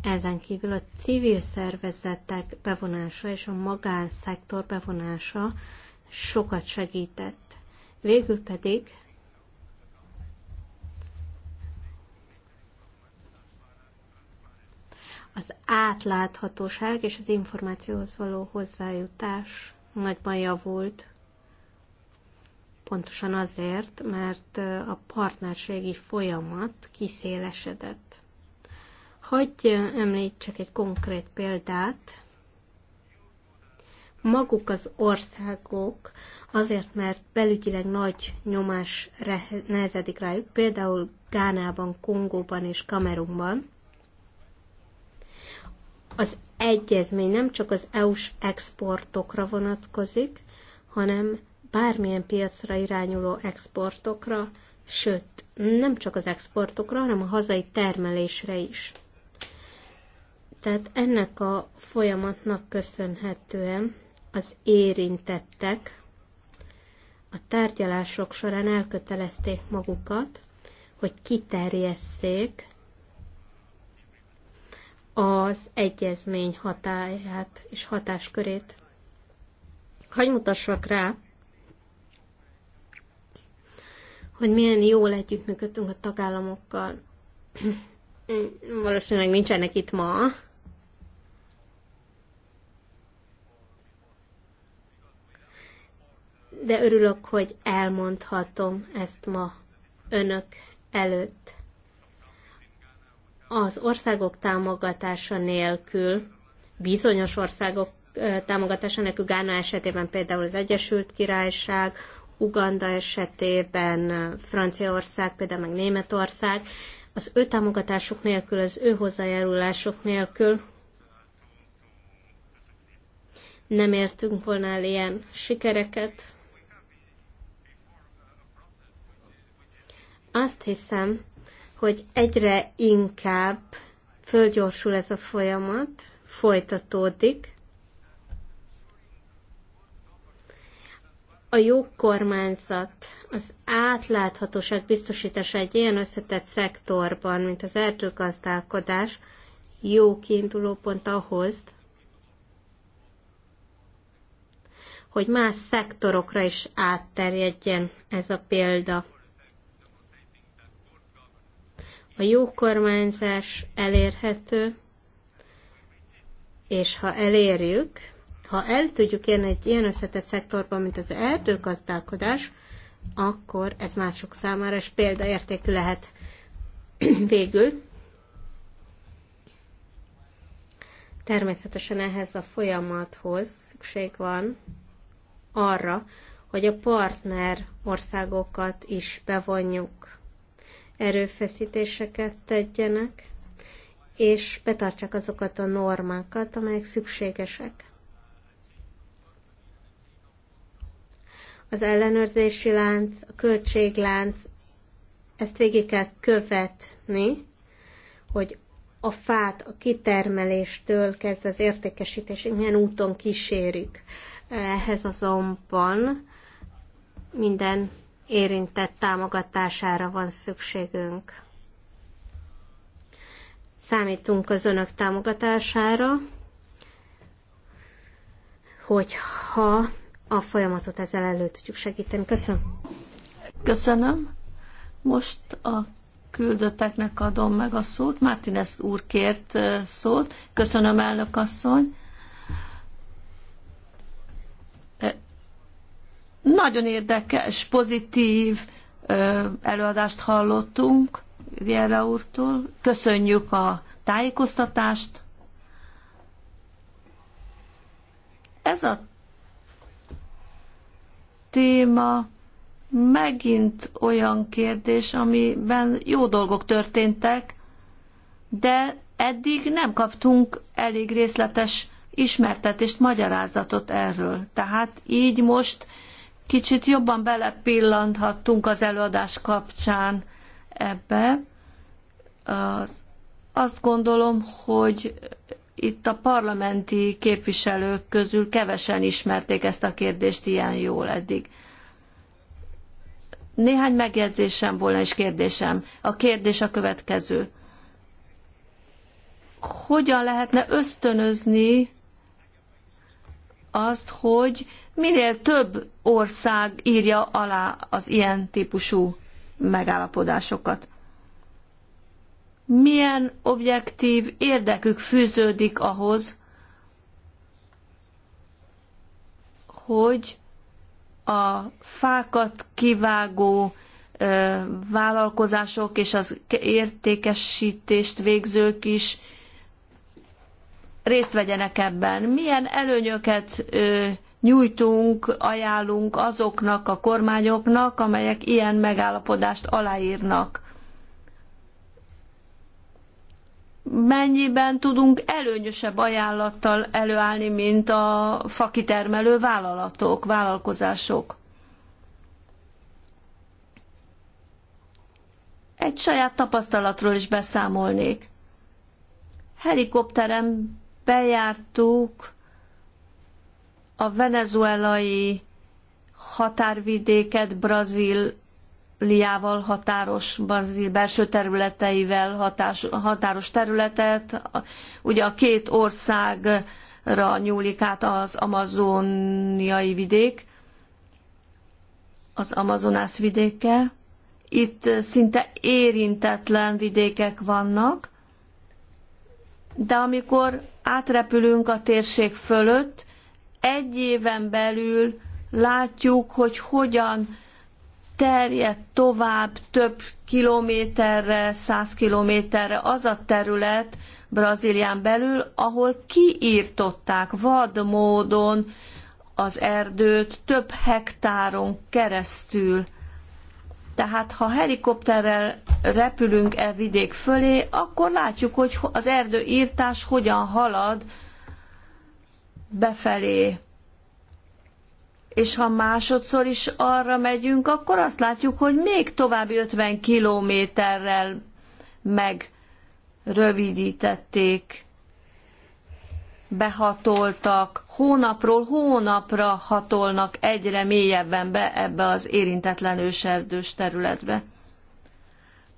Ezen kívül a civil szervezetek bevonása és a magánszektor bevonása sokat segített. Végül pedig az átláthatóság és az információhoz való hozzájutás nagyban javult. Pontosan azért, mert a partnerségi folyamat kiszélesedett. Hogy említsek egy konkrét példát, maguk az országok azért, mert belügyileg nagy nyomás nehezedik rájuk, például Gánában, Kongóban és Kamerunban, az egyezmény nem csak az EU-s exportokra vonatkozik, hanem bármilyen piacra irányuló exportokra, sőt, nem csak az exportokra, hanem a hazai termelésre is. Tehát ennek a folyamatnak köszönhetően az érintettek a tárgyalások során elkötelezték magukat, hogy kiterjesszék az egyezmény hatáját és hatáskörét. Hagy mutassak rá, hogy milyen jól együttműködtünk a tagállamokkal. Valószínűleg nincsenek itt ma. De örülök, hogy elmondhatom ezt ma önök előtt az országok támogatása nélkül, bizonyos országok támogatása nélkül, Gána esetében például az Egyesült Királyság, Uganda esetében, Franciaország, például meg Németország, az ő támogatásuk nélkül, az ő hozzájárulások nélkül nem értünk volna el ilyen sikereket. Azt hiszem, hogy egyre inkább fölgyorsul ez a folyamat, folytatódik. A jó kormányzat, az átláthatóság biztosítása egy ilyen összetett szektorban, mint az erdőgazdálkodás, jó kiinduló pont ahhoz, hogy más szektorokra is átterjedjen ez a példa a jó kormányzás elérhető, és ha elérjük, ha el tudjuk érni egy ilyen összetett szektorban, mint az erdőgazdálkodás, akkor ez mások számára is példaértékű lehet végül. Természetesen ehhez a folyamathoz szükség van arra, hogy a partner országokat is bevonjuk erőfeszítéseket tegyenek, és betartsák azokat a normákat, amelyek szükségesek. Az ellenőrzési lánc, a költséglánc, ezt végig kell követni, hogy a fát a kitermeléstől kezd az értékesítésig, milyen úton kísérjük. Ehhez azonban minden érintett támogatására van szükségünk. Számítunk az önök támogatására, hogyha a folyamatot ezzel elő tudjuk segíteni. Köszönöm. Köszönöm. Most a küldötteknek adom meg a szót. Mártinez úr kért eh, szót. Köszönöm, elnök asszony. Nagyon érdekes, pozitív előadást hallottunk Viera úrtól. Köszönjük a tájékoztatást. Ez a téma megint olyan kérdés, amiben jó dolgok történtek, de eddig nem kaptunk elég részletes ismertetést, magyarázatot erről. Tehát így most kicsit jobban belepillanthattunk az előadás kapcsán ebbe. Azt gondolom, hogy itt a parlamenti képviselők közül kevesen ismerték ezt a kérdést ilyen jól eddig. Néhány megjegyzésem volna és kérdésem. A kérdés a következő. Hogyan lehetne ösztönözni azt, hogy minél több ország írja alá az ilyen típusú megállapodásokat. Milyen objektív érdekük fűződik ahhoz, hogy a fákat kivágó vállalkozások és az értékesítést végzők is részt vegyenek ebben. Milyen előnyöket nyújtunk, ajánlunk azoknak a kormányoknak, amelyek ilyen megállapodást aláírnak. Mennyiben tudunk előnyösebb ajánlattal előállni, mint a fakitermelő vállalatok, vállalkozások? Egy saját tapasztalatról is beszámolnék. Helikopterem bejártuk a venezuelai határvidéket Brazíliával határos, Brazíl belső területeivel hatás, határos területet. Ugye a két országra nyúlik át az amazoniai vidék, az Amazonász vidéke. Itt szinte érintetlen vidékek vannak, de amikor átrepülünk a térség fölött, egy éven belül látjuk, hogy hogyan terjed tovább több kilométerre, száz kilométerre az a terület Brazílián belül, ahol kiírtották vad módon az erdőt több hektáron keresztül tehát ha helikopterrel repülünk e vidék fölé, akkor látjuk, hogy az írtás hogyan halad befelé. És ha másodszor is arra megyünk, akkor azt látjuk, hogy még további 50 kilométerrel megrövidítették behatoltak, hónapról hónapra hatolnak egyre mélyebben be ebbe az érintetlen őserdős területbe.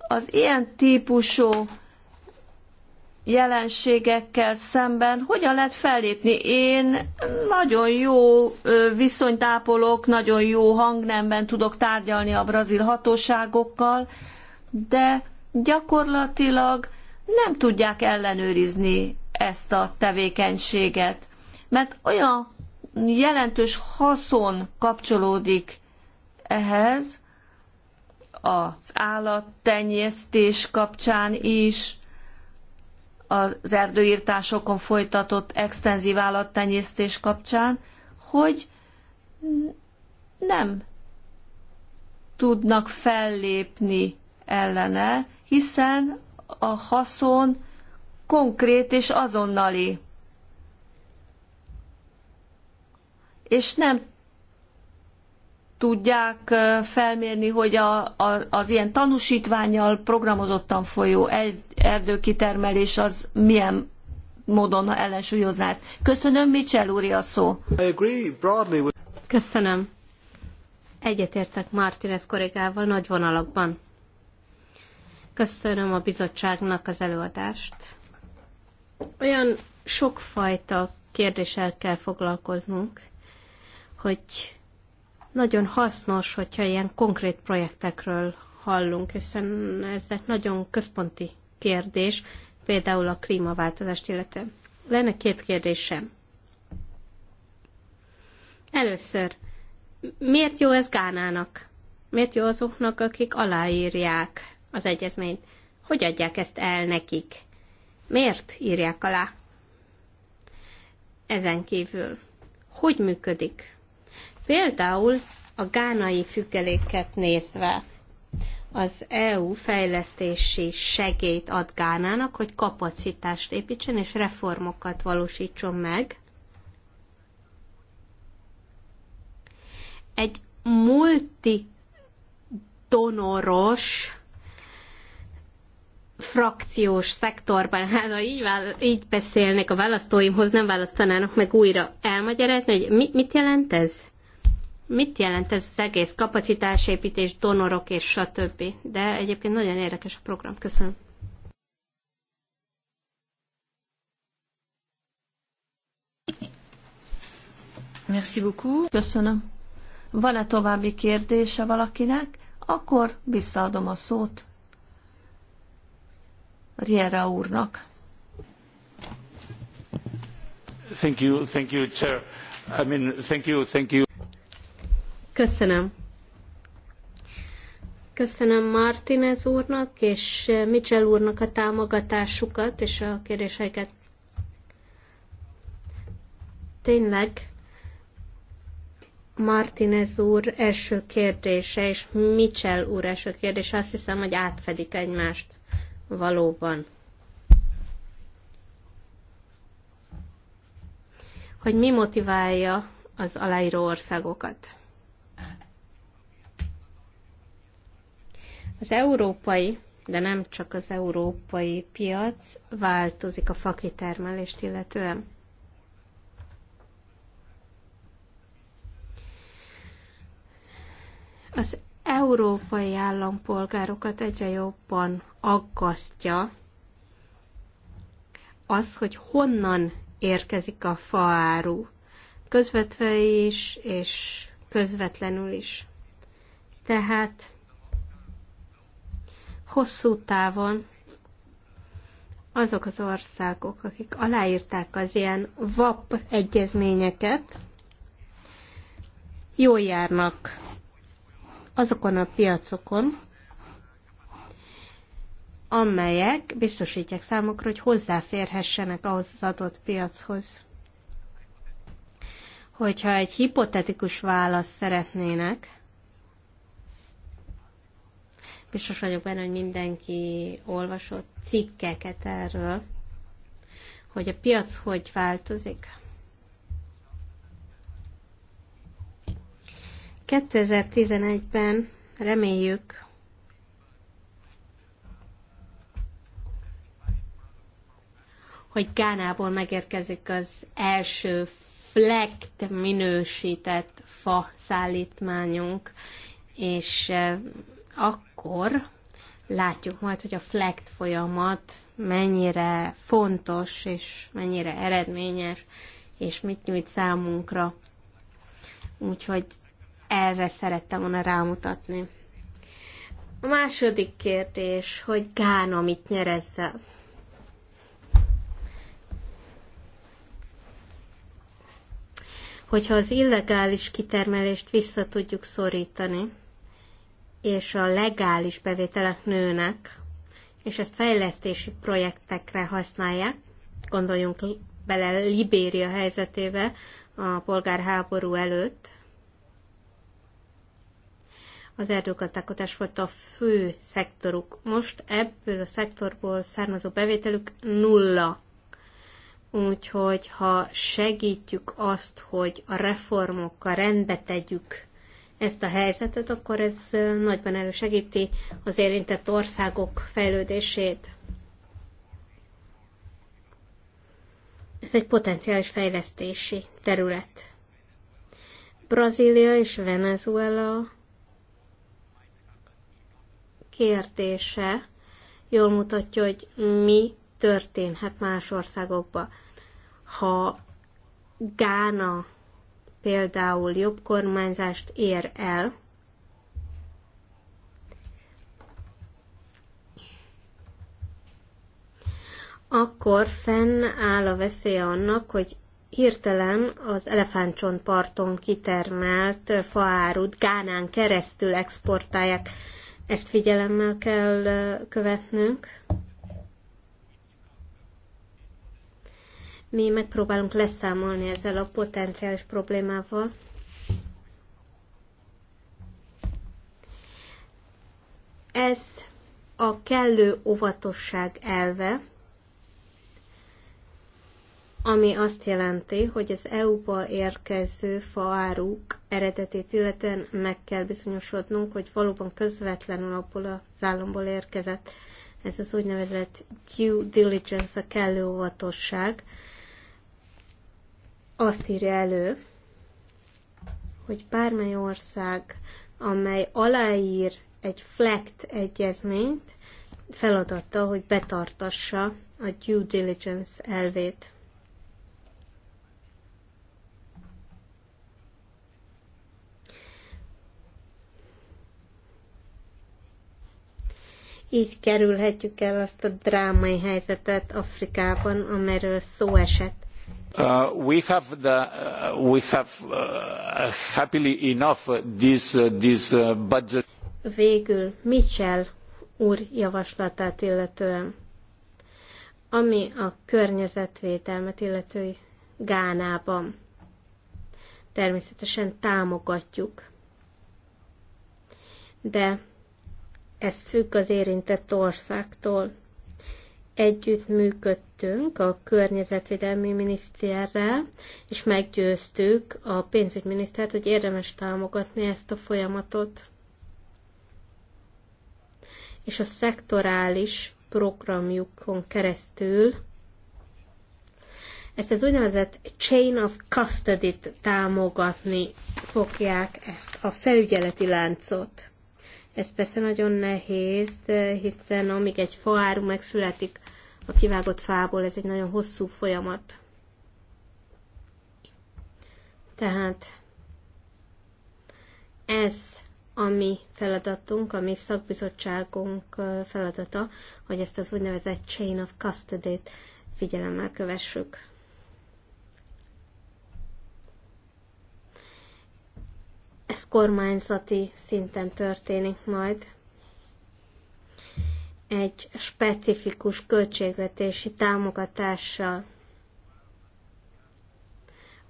Az ilyen típusú jelenségekkel szemben hogyan lehet fellépni? Én nagyon jó viszonyt ápolok, nagyon jó hangnemben tudok tárgyalni a brazil hatóságokkal, de gyakorlatilag nem tudják ellenőrizni ezt a tevékenységet. Mert olyan jelentős haszon kapcsolódik ehhez, az állattenyésztés kapcsán is, az erdőírtásokon folytatott extenzív állattenyésztés kapcsán, hogy nem tudnak fellépni ellene, hiszen a haszon konkrét és azonnali. És nem tudják felmérni, hogy a, a, az ilyen tanúsítványjal programozottan folyó erdőkitermelés az milyen módon ellensúlyozná ezt. Köszönöm, Mitchell úr, a szó. Köszönöm. Egyetértek Martínez kollégával nagy vonalakban. Köszönöm a bizottságnak az előadást olyan sokfajta kérdéssel kell foglalkoznunk, hogy nagyon hasznos, hogyha ilyen konkrét projektekről hallunk, hiszen ez egy nagyon központi kérdés, például a klímaváltozást illetve. Lenne két kérdésem. Először, miért jó ez Gánának? Miért jó azoknak, akik aláírják az egyezményt? Hogy adják ezt el nekik? Miért írják alá? Ezen kívül, hogy működik? Például a gánai függeléket nézve, az EU fejlesztési segélyt ad Gánának, hogy kapacitást építsen és reformokat valósítson meg. Egy multi donoros frakciós szektorban, hát ha így, vála, így beszélnek a választóimhoz, nem választanának meg újra elmagyarázni, hogy mi, mit jelent ez? Mit jelent ez az egész kapacitásépítés, donorok és stb. De egyébként nagyon érdekes a program. Köszönöm. Merci beaucoup. Köszönöm. Van-e további kérdése valakinek? Akkor visszaadom a szót Riera úrnak. Thank you, thank you, chair. I mean, thank you, thank you. Köszönöm. Köszönöm Martinez úrnak és Mitchell úrnak a támogatásukat és a kérdéseiket. Tényleg Martinez úr első kérdése és Mitchell úr első kérdése azt hiszem, hogy átfedik egymást valóban. Hogy mi motiválja az aláíró országokat. Az európai, de nem csak az európai piac változik a fakitermelést illetően. Az európai állampolgárokat egyre jobban aggasztja az, hogy honnan érkezik a faáru, közvetve is, és közvetlenül is. Tehát hosszú távon azok az országok, akik aláírták az ilyen VAP egyezményeket, jól járnak azokon a piacokon, amelyek biztosítják számukra, hogy hozzáférhessenek ahhoz az adott piachoz. Hogyha egy hipotetikus választ szeretnének, biztos vagyok benne, hogy mindenki olvasott cikkeket erről, hogy a piac hogy változik. 2011-ben reméljük, hogy Gánából megérkezik az első flekt minősített fa szállítmányunk, és akkor látjuk majd, hogy a flekt folyamat mennyire fontos, és mennyire eredményes, és mit nyújt számunkra. Úgyhogy erre szerettem volna rámutatni. A második kérdés, hogy Gána mit nyerezzel? hogyha az illegális kitermelést vissza tudjuk szorítani, és a legális bevételek nőnek, és ezt fejlesztési projektekre használják, gondoljunk bele Libéria helyzetébe a polgárháború előtt, az erdőgazdálkodás volt a fő szektoruk. Most ebből a szektorból származó bevételük nulla. Úgyhogy ha segítjük azt, hogy a reformokkal rendbe tegyük ezt a helyzetet, akkor ez nagyban elősegíti az érintett országok fejlődését. Ez egy potenciális fejlesztési terület. Brazília és Venezuela kérdése jól mutatja, hogy mi történhet más országokban ha Gána például jobb kormányzást ér el, akkor fennáll a veszély annak, hogy hirtelen az elefántcsontparton kitermelt faárut Gánán keresztül exportálják. Ezt figyelemmel kell követnünk. Mi megpróbálunk leszámolni ezzel a potenciális problémával. Ez a kellő óvatosság elve, ami azt jelenti, hogy az EU-ba érkező faáruk eredetét illetően meg kell bizonyosodnunk, hogy valóban közvetlenül abból az államból érkezett. Ez az úgynevezett due diligence, a kellő óvatosság, azt írja elő, hogy bármely ország, amely aláír egy FLECT egyezményt, feladatta, hogy betartassa a due diligence elvét. Így kerülhetjük el azt a drámai helyzetet Afrikában, amiről szó esett. Uh, we have, the, uh, we have uh, happily enough this, uh, this uh, budget. Végül Mitchell úr javaslatát illetően, ami a környezetvédelmet illetői Gánában. Természetesen támogatjuk, de ez függ az érintett országtól együttműködtünk a környezetvédelmi minisztérrel, és meggyőztük a pénzügyminisztert, hogy érdemes támogatni ezt a folyamatot. És a szektorális programjukon keresztül ezt az úgynevezett Chain of Custody-t támogatni fogják ezt a felügyeleti láncot. Ez persze nagyon nehéz, hiszen amíg egy faáru megszületik, a kivágott fából, ez egy nagyon hosszú folyamat. Tehát ez a mi feladatunk, a mi szakbizottságunk feladata, hogy ezt az úgynevezett chain of custody-t figyelemmel kövessük. Ez kormányzati szinten történik majd, egy specifikus költségvetési támogatással,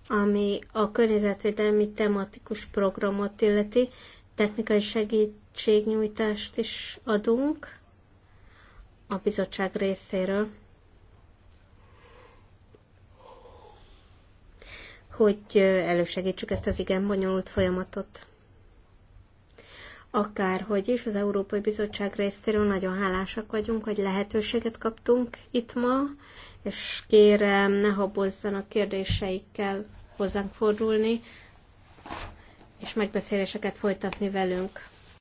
ami a környezetvédelmi tematikus programot illeti, technikai segítségnyújtást is adunk a bizottság részéről, hogy elősegítsük ezt az igen bonyolult folyamatot. Akárhogy is, az Európai Bizottság részéről nagyon hálásak vagyunk, hogy lehetőséget kaptunk itt ma, és kérem, ne habozzanak kérdéseikkel hozzánk fordulni, és megbeszéléseket folytatni velünk.